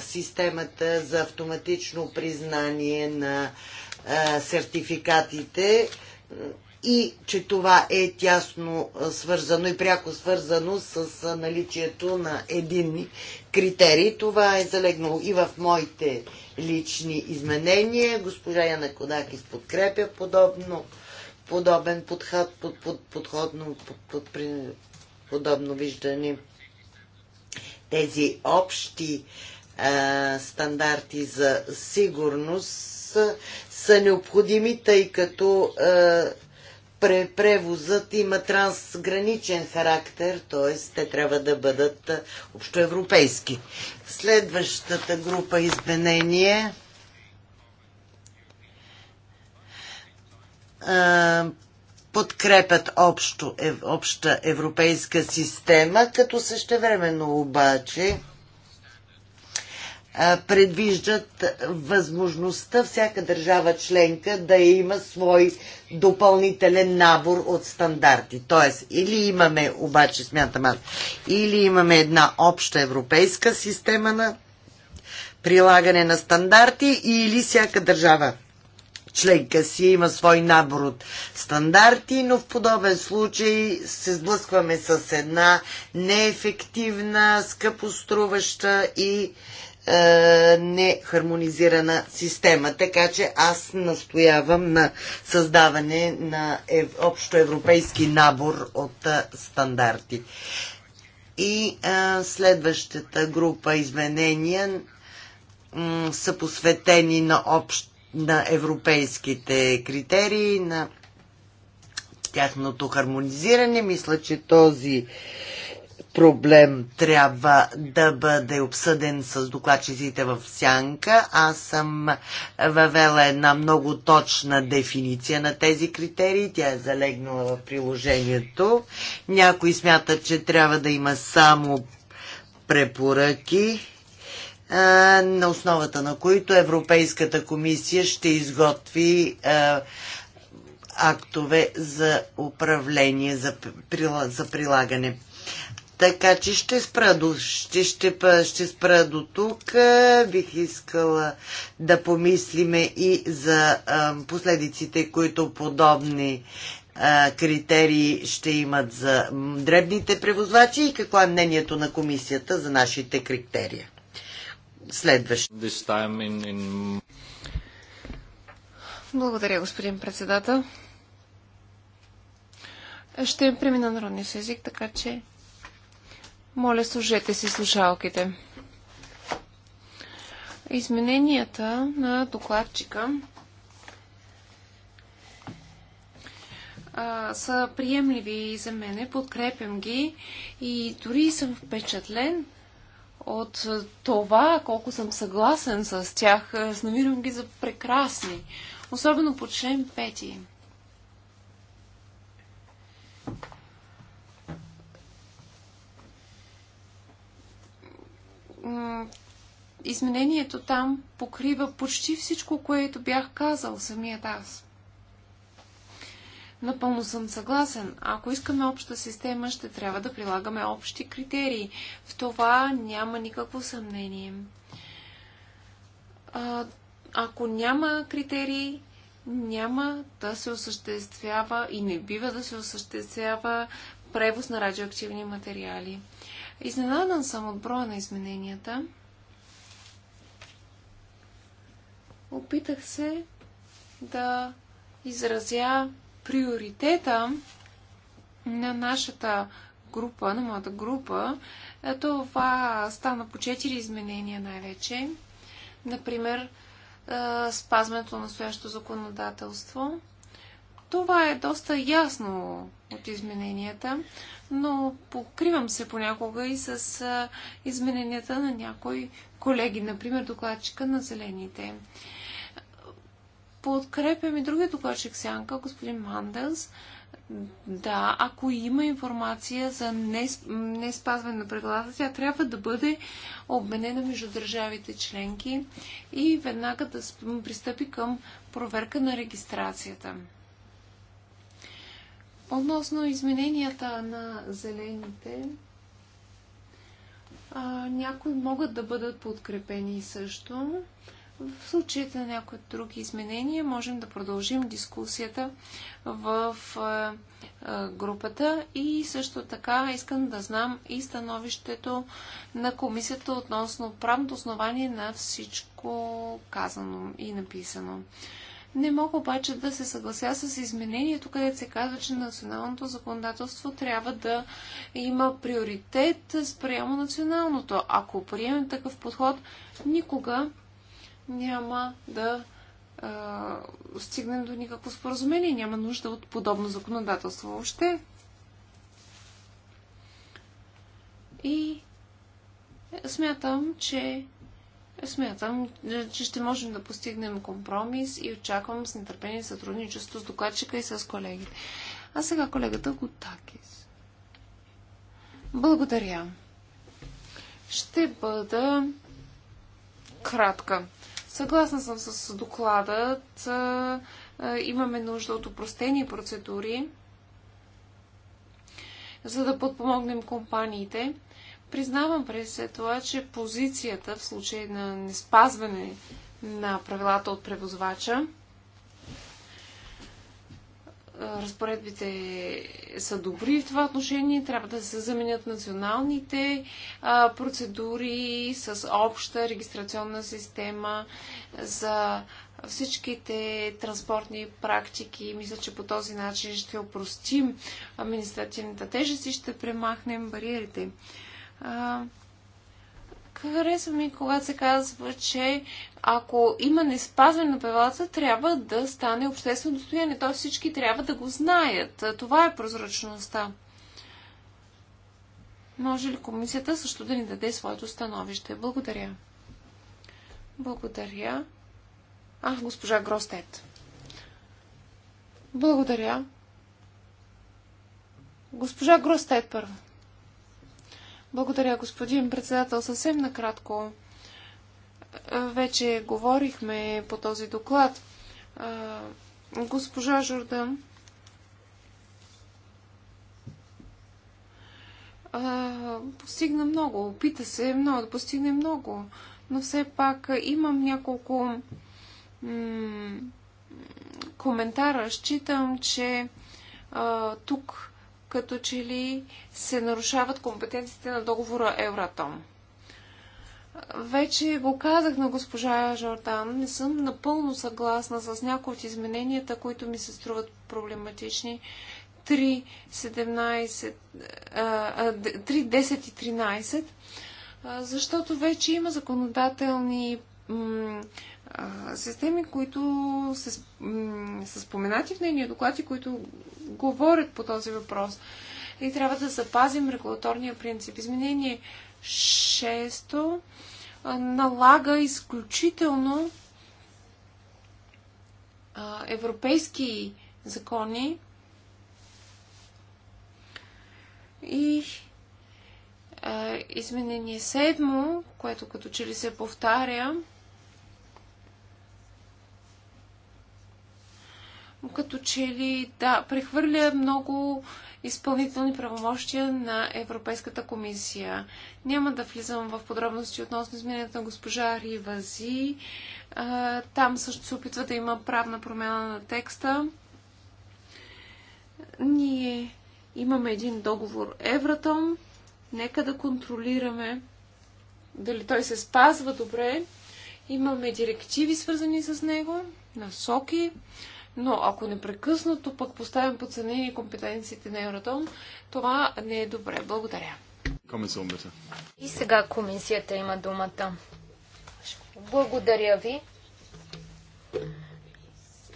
системата за автоматично признание на сертификатите и че това е тясно свързано и пряко свързано с наличието на единни критерии. Това е залегнало и в моите лични изменения. Госпожа Яна Кодакис подкрепя подобно, подобен подход, под, под, подходно, под, под, подобно виждане тези общи а, стандарти за сигурност са, са необходими, тъй като а, превозът има трансграничен характер, т.е. те трябва да бъдат общоевропейски. Следващата група изменения подкрепят общо, ев, обща европейска система, като същевременно обаче предвиждат възможността всяка държава членка да има свой допълнителен набор от стандарти. Тоест, или имаме, обаче смятам аз, или имаме една обща европейска система на прилагане на стандарти, или всяка държава членка си има свой набор от стандарти, но в подобен случай се сблъскваме с една неефективна, скъпоструваща и е, нехармонизирана система. Така че аз настоявам на създаване на ев, общоевропейски набор от е, стандарти. И е, следващата група изменения са посветени на общ на европейските критерии, на тяхното хармонизиране. Мисля, че този проблем трябва да бъде обсъден с докладчиците в сянка. Аз съм въвела една много точна дефиниция на тези критерии. Тя е залегнала в приложението. Някои смятат, че трябва да има само препоръки на основата на които Европейската комисия ще изготви актове за управление, за, прилагане. Така че ще спра до, ще, ще, ще спра до тук. Бих искала да помислиме и за а, последиците, които подобни а, критерии ще имат за дребните превозвачи и какво е мнението на комисията за нашите критерия следващ. In, in... Благодаря, господин председател. Ще премина народния си език, така че моля, служете си слушалките. Измененията на докладчика са приемливи за мене, подкрепям ги и дори съм впечатлен от това колко съм съгласен с тях. Е, Намирам ги за прекрасни. Особено по член 5. Изменението там покрива почти всичко, което бях казал самият аз. Напълно съм съгласен. Ако искаме обща система, ще трябва да прилагаме общи критерии. В това няма никакво съмнение. Ако няма критерии, няма да се осъществява и не бива да се осъществява превоз на радиоактивни материали. Изненадан съм от броя на измененията. Опитах се да изразя приоритета на нашата група, на моята група, е, това стана по четири изменения най-вече. Например, е, спазването на настоящото законодателство. Това е доста ясно от измененията, но покривам се понякога и с е, измененията на някои колеги, например докладчика на зелените. Подкрепям и другия докладчик Сянка, господин Манделс. Да, ако има информация за не спазване на правилата, тя трябва да бъде обменена между държавите членки и веднага да пристъпи към проверка на регистрацията. Относно измененията на зелените, някои могат да бъдат подкрепени също. В случаите на някои други изменения можем да продължим дискусията в е, е, групата и също така искам да знам и становището на комисията относно правното основание на всичко казано и написано. Не мога обаче да се съглася с изменението, където се казва, че националното законодателство трябва да има приоритет спрямо националното. Ако приемем такъв подход, никога няма да а, стигнем до никакво споразумение. Няма нужда от подобно законодателство въобще. И смятам, че смятам, че ще можем да постигнем компромис и очаквам с нетърпение сътрудничество с докладчика и с колегите. А сега колегата Готакис. Благодаря. Ще бъда кратка. Съгласна съм с докладът. Имаме нужда от упростени процедури, за да подпомогнем компаниите. Признавам през това, че позицията в случай на неспазване на правилата от превозвача разпоредбите са добри в това отношение. Трябва да се заменят националните процедури с обща регистрационна система за всичките транспортни практики. Мисля, че по този начин ще опростим административната тежест и ще премахнем бариерите. Харесва ми, когато се казва, че ако има неспазване на правилата, трябва да стане обществено достояние. Т.е. всички трябва да го знаят. Това е прозрачността. Може ли комисията също да ни даде своето становище? Благодаря. Благодаря. А, госпожа Гростет. Благодаря. Госпожа Гростет първо. Благодаря, господин председател. Съвсем накратко. Вече говорихме по този доклад. Госпожа Жордан постигна много, опита се много, да постигне много, но все пак имам няколко коментара. Считам, че а, тук като че ли се нарушават компетенциите на договора Евратом. Вече го казах на госпожа Жордан, не съм напълно съгласна с някои от измененията, които ми се струват проблематични. 3, 17, 3, 10 и 13, защото вече има законодателни системи, които са, са споменати в нейния доклад и които говорят по този въпрос. И трябва да запазим регулаторния принцип. Изменение Шесто, налага изключително европейски закони и изменение седмо, което като че ли се повтаря, като че ли да прехвърля много изпълнителни правомощия на Европейската комисия. Няма да влизам в подробности относно изменението на госпожа Ривази. Там също се опитва да има правна промяна на текста. Ние имаме един договор Евратом. Нека да контролираме дали той се спазва добре. Имаме директиви, свързани с него, насоки. Но ако непрекъснато пък поставим под съмнение компетенциите на Евротон, това не е добре. Благодаря. И сега комисията има думата. Благодаря ви.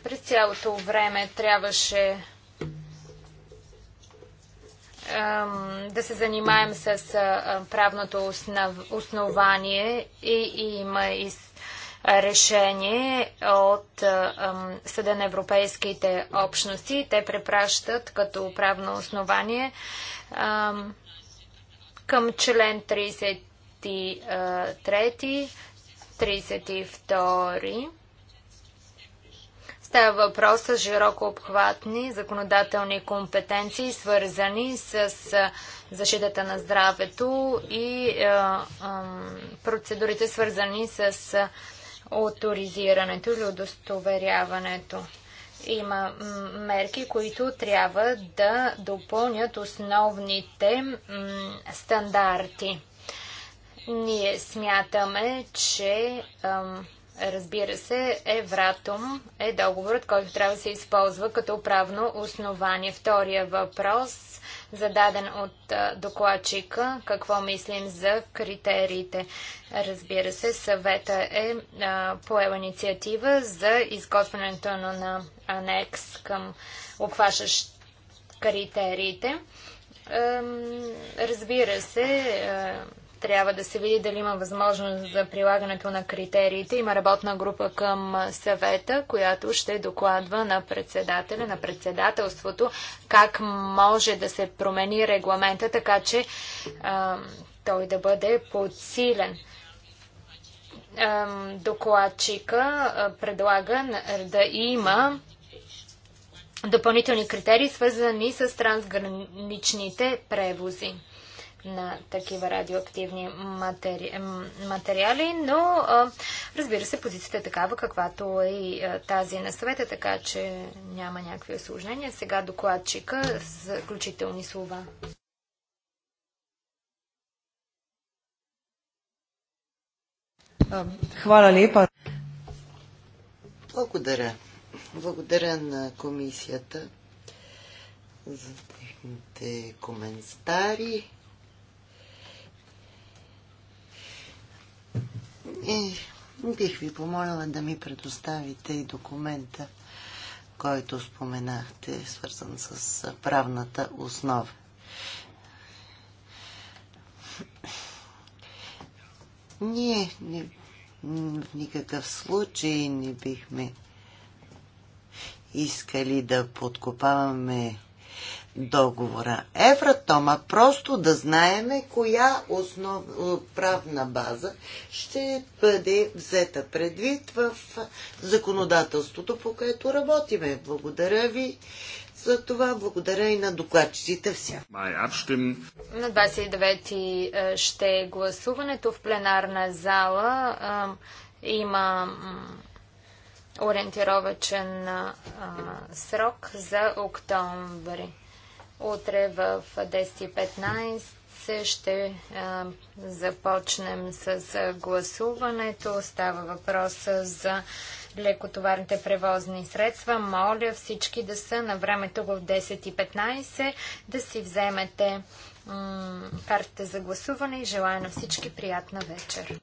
През цялото време трябваше да се занимаем с правното основание и има и решение от Съда на европейските общности. Те препращат като правно основание към член 33, 32. Става въпрос за широко обхватни законодателни компетенции, свързани с защитата на здравето и процедурите, свързани с авторизирането или удостоверяването. Има мерки, които трябва да допълнят основните стандарти. Ние смятаме, че разбира се, евратум е договорът, който трябва да се използва като правно основание. Втория въпрос зададен от докладчика. Какво мислим за критериите? Разбира се, съвета е поела инициатива за изготвянето на анекс към обхващащ критериите. Разбира се, трябва да се види дали има възможност за прилагането на критериите. Има работна група към съвета, която ще докладва на председателя, на председателството, как може да се промени регламента, така че а, той да бъде подсилен докладчика предлага да има допълнителни критерии, свързани с трансграничните превози на такива радиоактивни матери... материали, но разбира се, позицията е такава, каквато е и тази на съвета, така че няма някакви осложнения. Сега докладчика с заключителни слова. Хвала лепа. Благодаря. Благодаря на комисията за техните коментари. И бих ви помолила да ми предоставите и документа, който споменахте, свързан с правната основа. Ние не, в никакъв случай не бихме искали да подкопаваме договора Евратома, просто да знаеме коя основ, правна база ще бъде взета предвид в законодателството, по което работиме. Благодаря ви за това. Благодаря и на докладчиците вся. На 29 е, ще е гласуването в пленарна зала. Е, има ориентировачен а, е, срок за октомври. Утре в 10.15 ще а, започнем с гласуването. Става въпрос за лекотоварните превозни средства. Моля всички да са на времето в 10.15, да си вземете картата за гласуване и желая на всички приятна вечер.